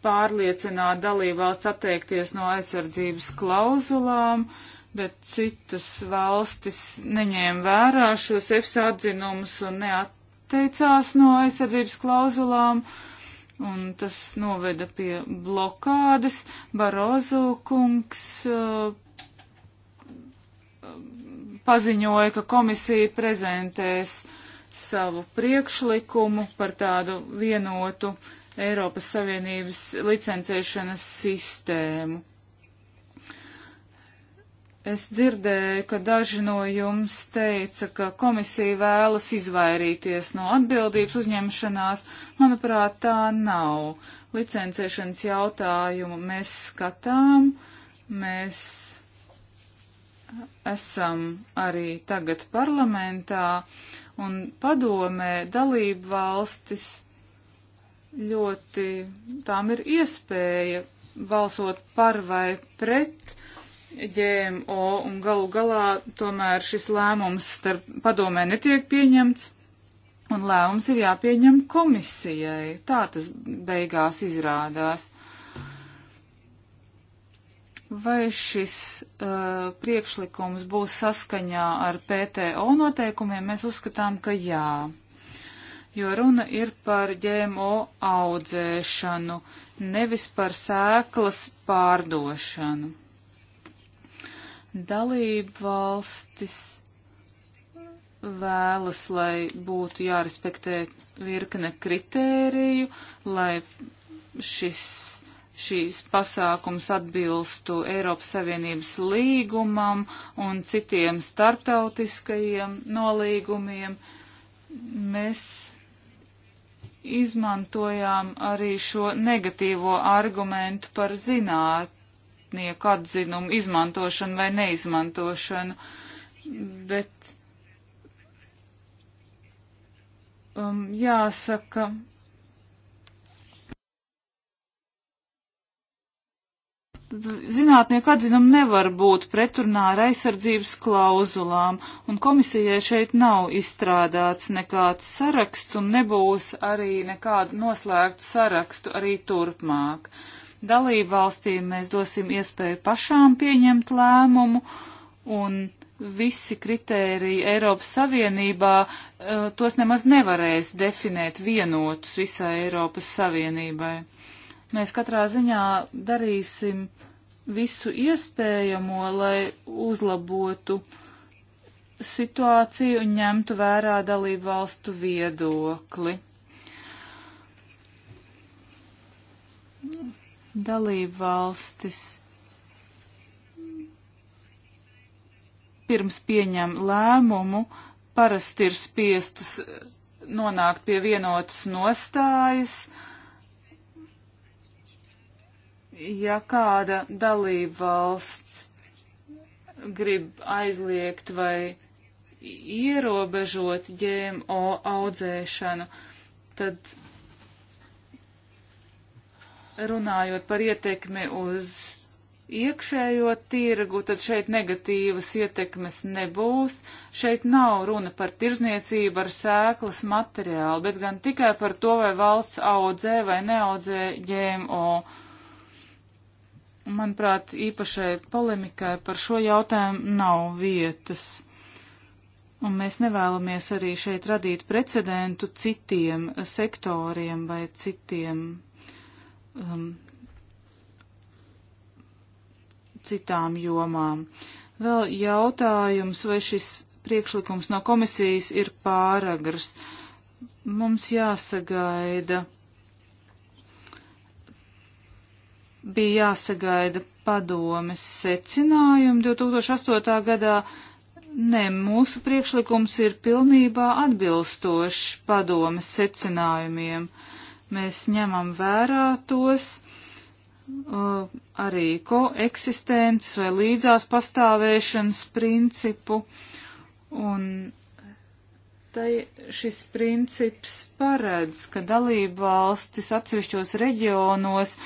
pārliecināt dalībvalsts atteikties no aizsardzības klauzulām, bet citas valstis neņēma vērā šos EFSA atzinumus un neatteicās no aizsardzības klauzulām, un tas noveda pie blokādes. Barozu kungs uh, paziņoja, ka komisija prezentēs savu priekšlikumu par tādu vienotu uh, Eiropas Savienības licencēšanas sistēmu. Es dzirdēju, ka daži no jums teica, ka komisija vēlas izvairīties no atbildības uzņemšanās. Manuprāt, tā nav. Licencēšanas jautājumu mēs skatām, mēs esam arī tagad parlamentā un padomē dalību valstis ļoti, tām ir iespēja balsot par vai pret ģēmo, un galu galā tomēr šis lēmums starp padomē netiek pieņemts, un lēmums ir jāpieņem komisijai. Tā tas beigās izrādās. Vai šis uh, priekšlikums būs saskaņā ar PTO noteikumiem? Mēs uzskatām, ka jā jo runa ir par ģēmo audzēšanu, nevis par sēklas pārdošanu. Dalību valstis vēlas, lai būtu jārespektē virkne kritēriju, lai šis, šīs pasākums atbilstu Eiropas Savienības līgumam un citiem starptautiskajiem nolīgumiem. Mēs izmantojām arī šo negatīvo argumentu par zinātnieku atzinumu izmantošanu vai neizmantošanu, bet um, jāsaka, Zinātnieku atzinumu nevar būt pretrunā ar aizsardzības klauzulām, un komisijai šeit nav izstrādāts nekāds saraksts un nebūs arī nekādu noslēgtu sarakstu arī turpmāk. Dalību valstīm mēs dosim iespēju pašām pieņemt lēmumu, un visi kritēriji Eiropas Savienībā eh, tos nemaz nevarēs definēt vienotus visai Eiropas Savienībai. Mēs katrā ziņā darīsim visu iespējamo, lai uzlabotu situāciju un ņemtu vērā dalību valstu viedokli. Dalību valstis pirms pieņem lēmumu parasti ir spiestas nonākt pie vienotas nostājas, uh, ja kāda dalībvalsts grib aizliegt vai ierobežot ģēmo audzēšanu, tad runājot par ietekmi uz iekšējo tirgu, tad šeit negatīvas ietekmes nebūs. Šeit nav runa par tirzniecību ar sēklas materiālu, bet gan tikai par to, vai valsts audzē vai neaudzē ģēmo. Uh, manuprāt, īpašai polemikai par šo jautājumu nav vietas. Un mēs nevēlamies arī šeit radīt precedentu citiem sektoriem vai citiem, um, citām jomām. Vēl jautājums, vai šis priekšlikums no komisijas ir pāragrs. Mums jāsagaida bija jāsagaida padomes secinājumi 2008. gadā. Nē, mūsu priekšlikums ir pilnībā atbilstošs padomes secinājumiem. Mēs ņemam vērā tos uh, arī koeksistences vai līdzās pastāvēšanas principu, un tai šis princips paredz, ka dalība valstis atsevišķos reģionos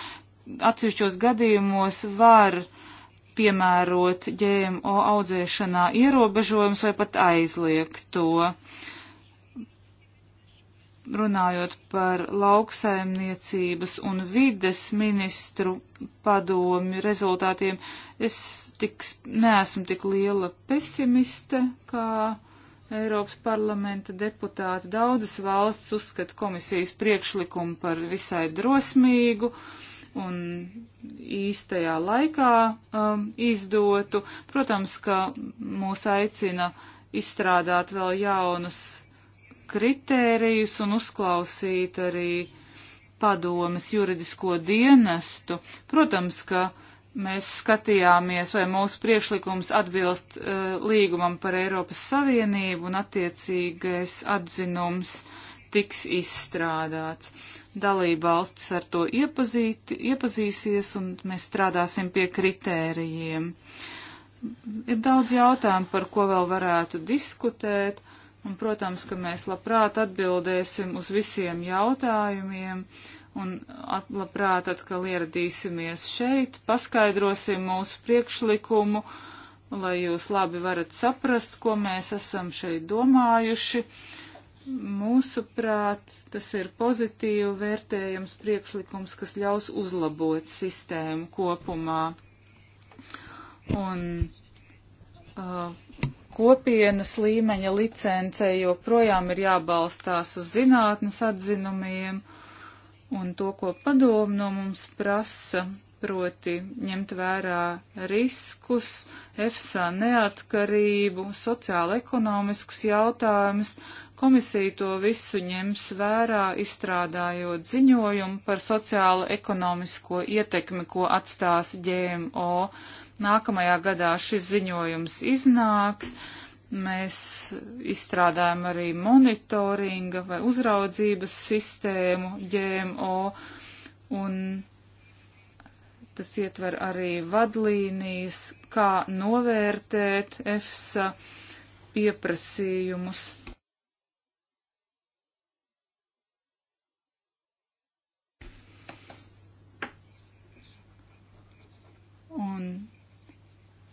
atsevišķos gadījumos var piemērot ģēmo audzēšanā ierobežojums vai pat aizliegt to. Runājot par lauksaimniecības un vides ministru padomi rezultātiem, es tik, neesmu tik liela pesimiste kā Eiropas parlamenta deputāti. Daudzas valsts uzskata komisijas priekšlikumu par visai drosmīgu. Uh, un īstajā laikā um, izdotu. Protams, ka mūs aicina izstrādāt vēl jaunus kritērijus un uzklausīt arī padomas juridisko dienestu. Protams, ka mēs skatījāmies, vai mūsu priekšlikums atbilst uh, līgumam par Eiropas Savienību un attiecīgais atzinums tiks izstrādāts dalībvalsts ar to iepazīt, iepazīsies un mēs strādāsim pie kritērijiem. Ir daudz jautājumu, par ko vēl varētu diskutēt, un, protams, ka mēs labprāt atbildēsim uz visiem jautājumiem, un at, labprāt atkal ieradīsimies šeit, paskaidrosim mūsu priekšlikumu, lai jūs labi varat saprast, ko mēs esam šeit domājuši. Uh, Mūsuprāt, tas ir pozitīvi vērtējams priekšlikums, kas ļaus uzlabot sistēmu kopumā. Un uh, kopienas līmeņa licencē joprojām ir jābalstās uz zinātnes atzinumiem un to, ko padomu no mums prasa, proti ņemt vērā riskus, EFSA neatkarību, sociāla-ekonomiskus jautājumus, Komisija to visu ņems vērā, izstrādājot ziņojumu par sociālo-ekonomisko ietekmi, ko atstās GMO. Nākamajā gadā šis ziņojums iznāks. Mēs izstrādājam arī monitoringa vai uzraudzības sistēmu GMO, un tas ietver arī vadlīnijas, kā novērtēt EFSA pieprasījumus Un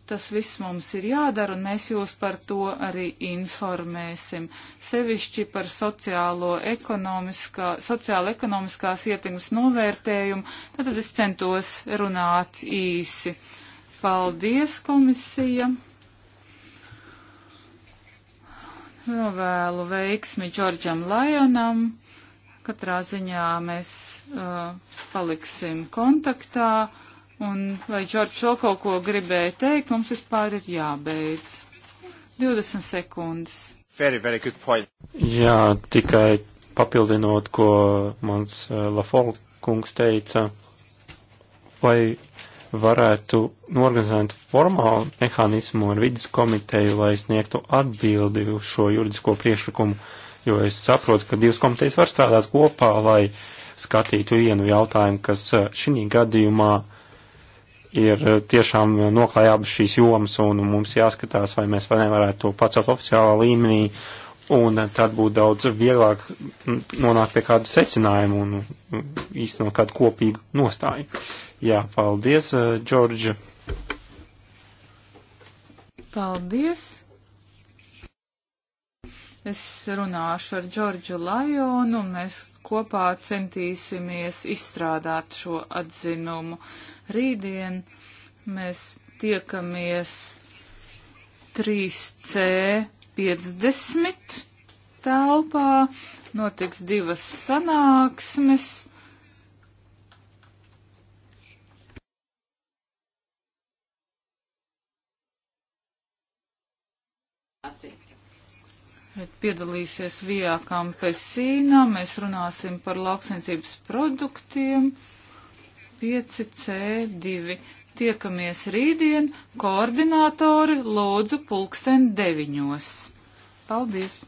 tas viss mums ir jādara, un mēs jūs par to arī informēsim. Sevišķi par sociālo ekonomiskā, sociāla ekonomiskās ietekmes novērtējumu, tad, tad es centos runāt īsi. Paldies, komisija! Novēlu veiksmi Džordžam Lajonam. Katrā ziņā mēs uh, paliksim kontaktā Un vai Džordžs vēl kaut ko gribēja teikt, mums vispār ir jābeidz. 20 sekundes. Very, very good point. Jā, tikai papildinot, ko mans eh, Lafol kungs teica, vai varētu norganizēt formālu mehānismu ar vidas komiteju, lai sniegtu atbildi uz šo juridisko priekšlikumu, jo es saprotu, ka divas komitejas var strādāt kopā, lai skatītu vienu jautājumu, kas eh, šī gadījumā ir eh, tiešām eh, noklājā abas šīs jomas, un mums jāskatās, vai mēs nevarētu to pacelt oficiālā līmenī, un eh, tad būtu daudz vieglāk mm, nonākt pie kāda secinājuma un mm, īstenot kādu kopīgu nostāju. Jā, paldies, Džordža. Paldies. Es runāšu ar Džordžu Lajonu, un mēs kopā centīsimies izstrādāt šo atzinumu. Uh, Rītdien mēs tiekamies 3C50 telpā, notiks divas sanāksmes. Bet piedalīsies Vijā Kampesīnā, mēs runāsim par lauksensības produktiem. 5C2. Tiekamies rītdien, koordinātori lūdzu pulksten deviņos. Paldies!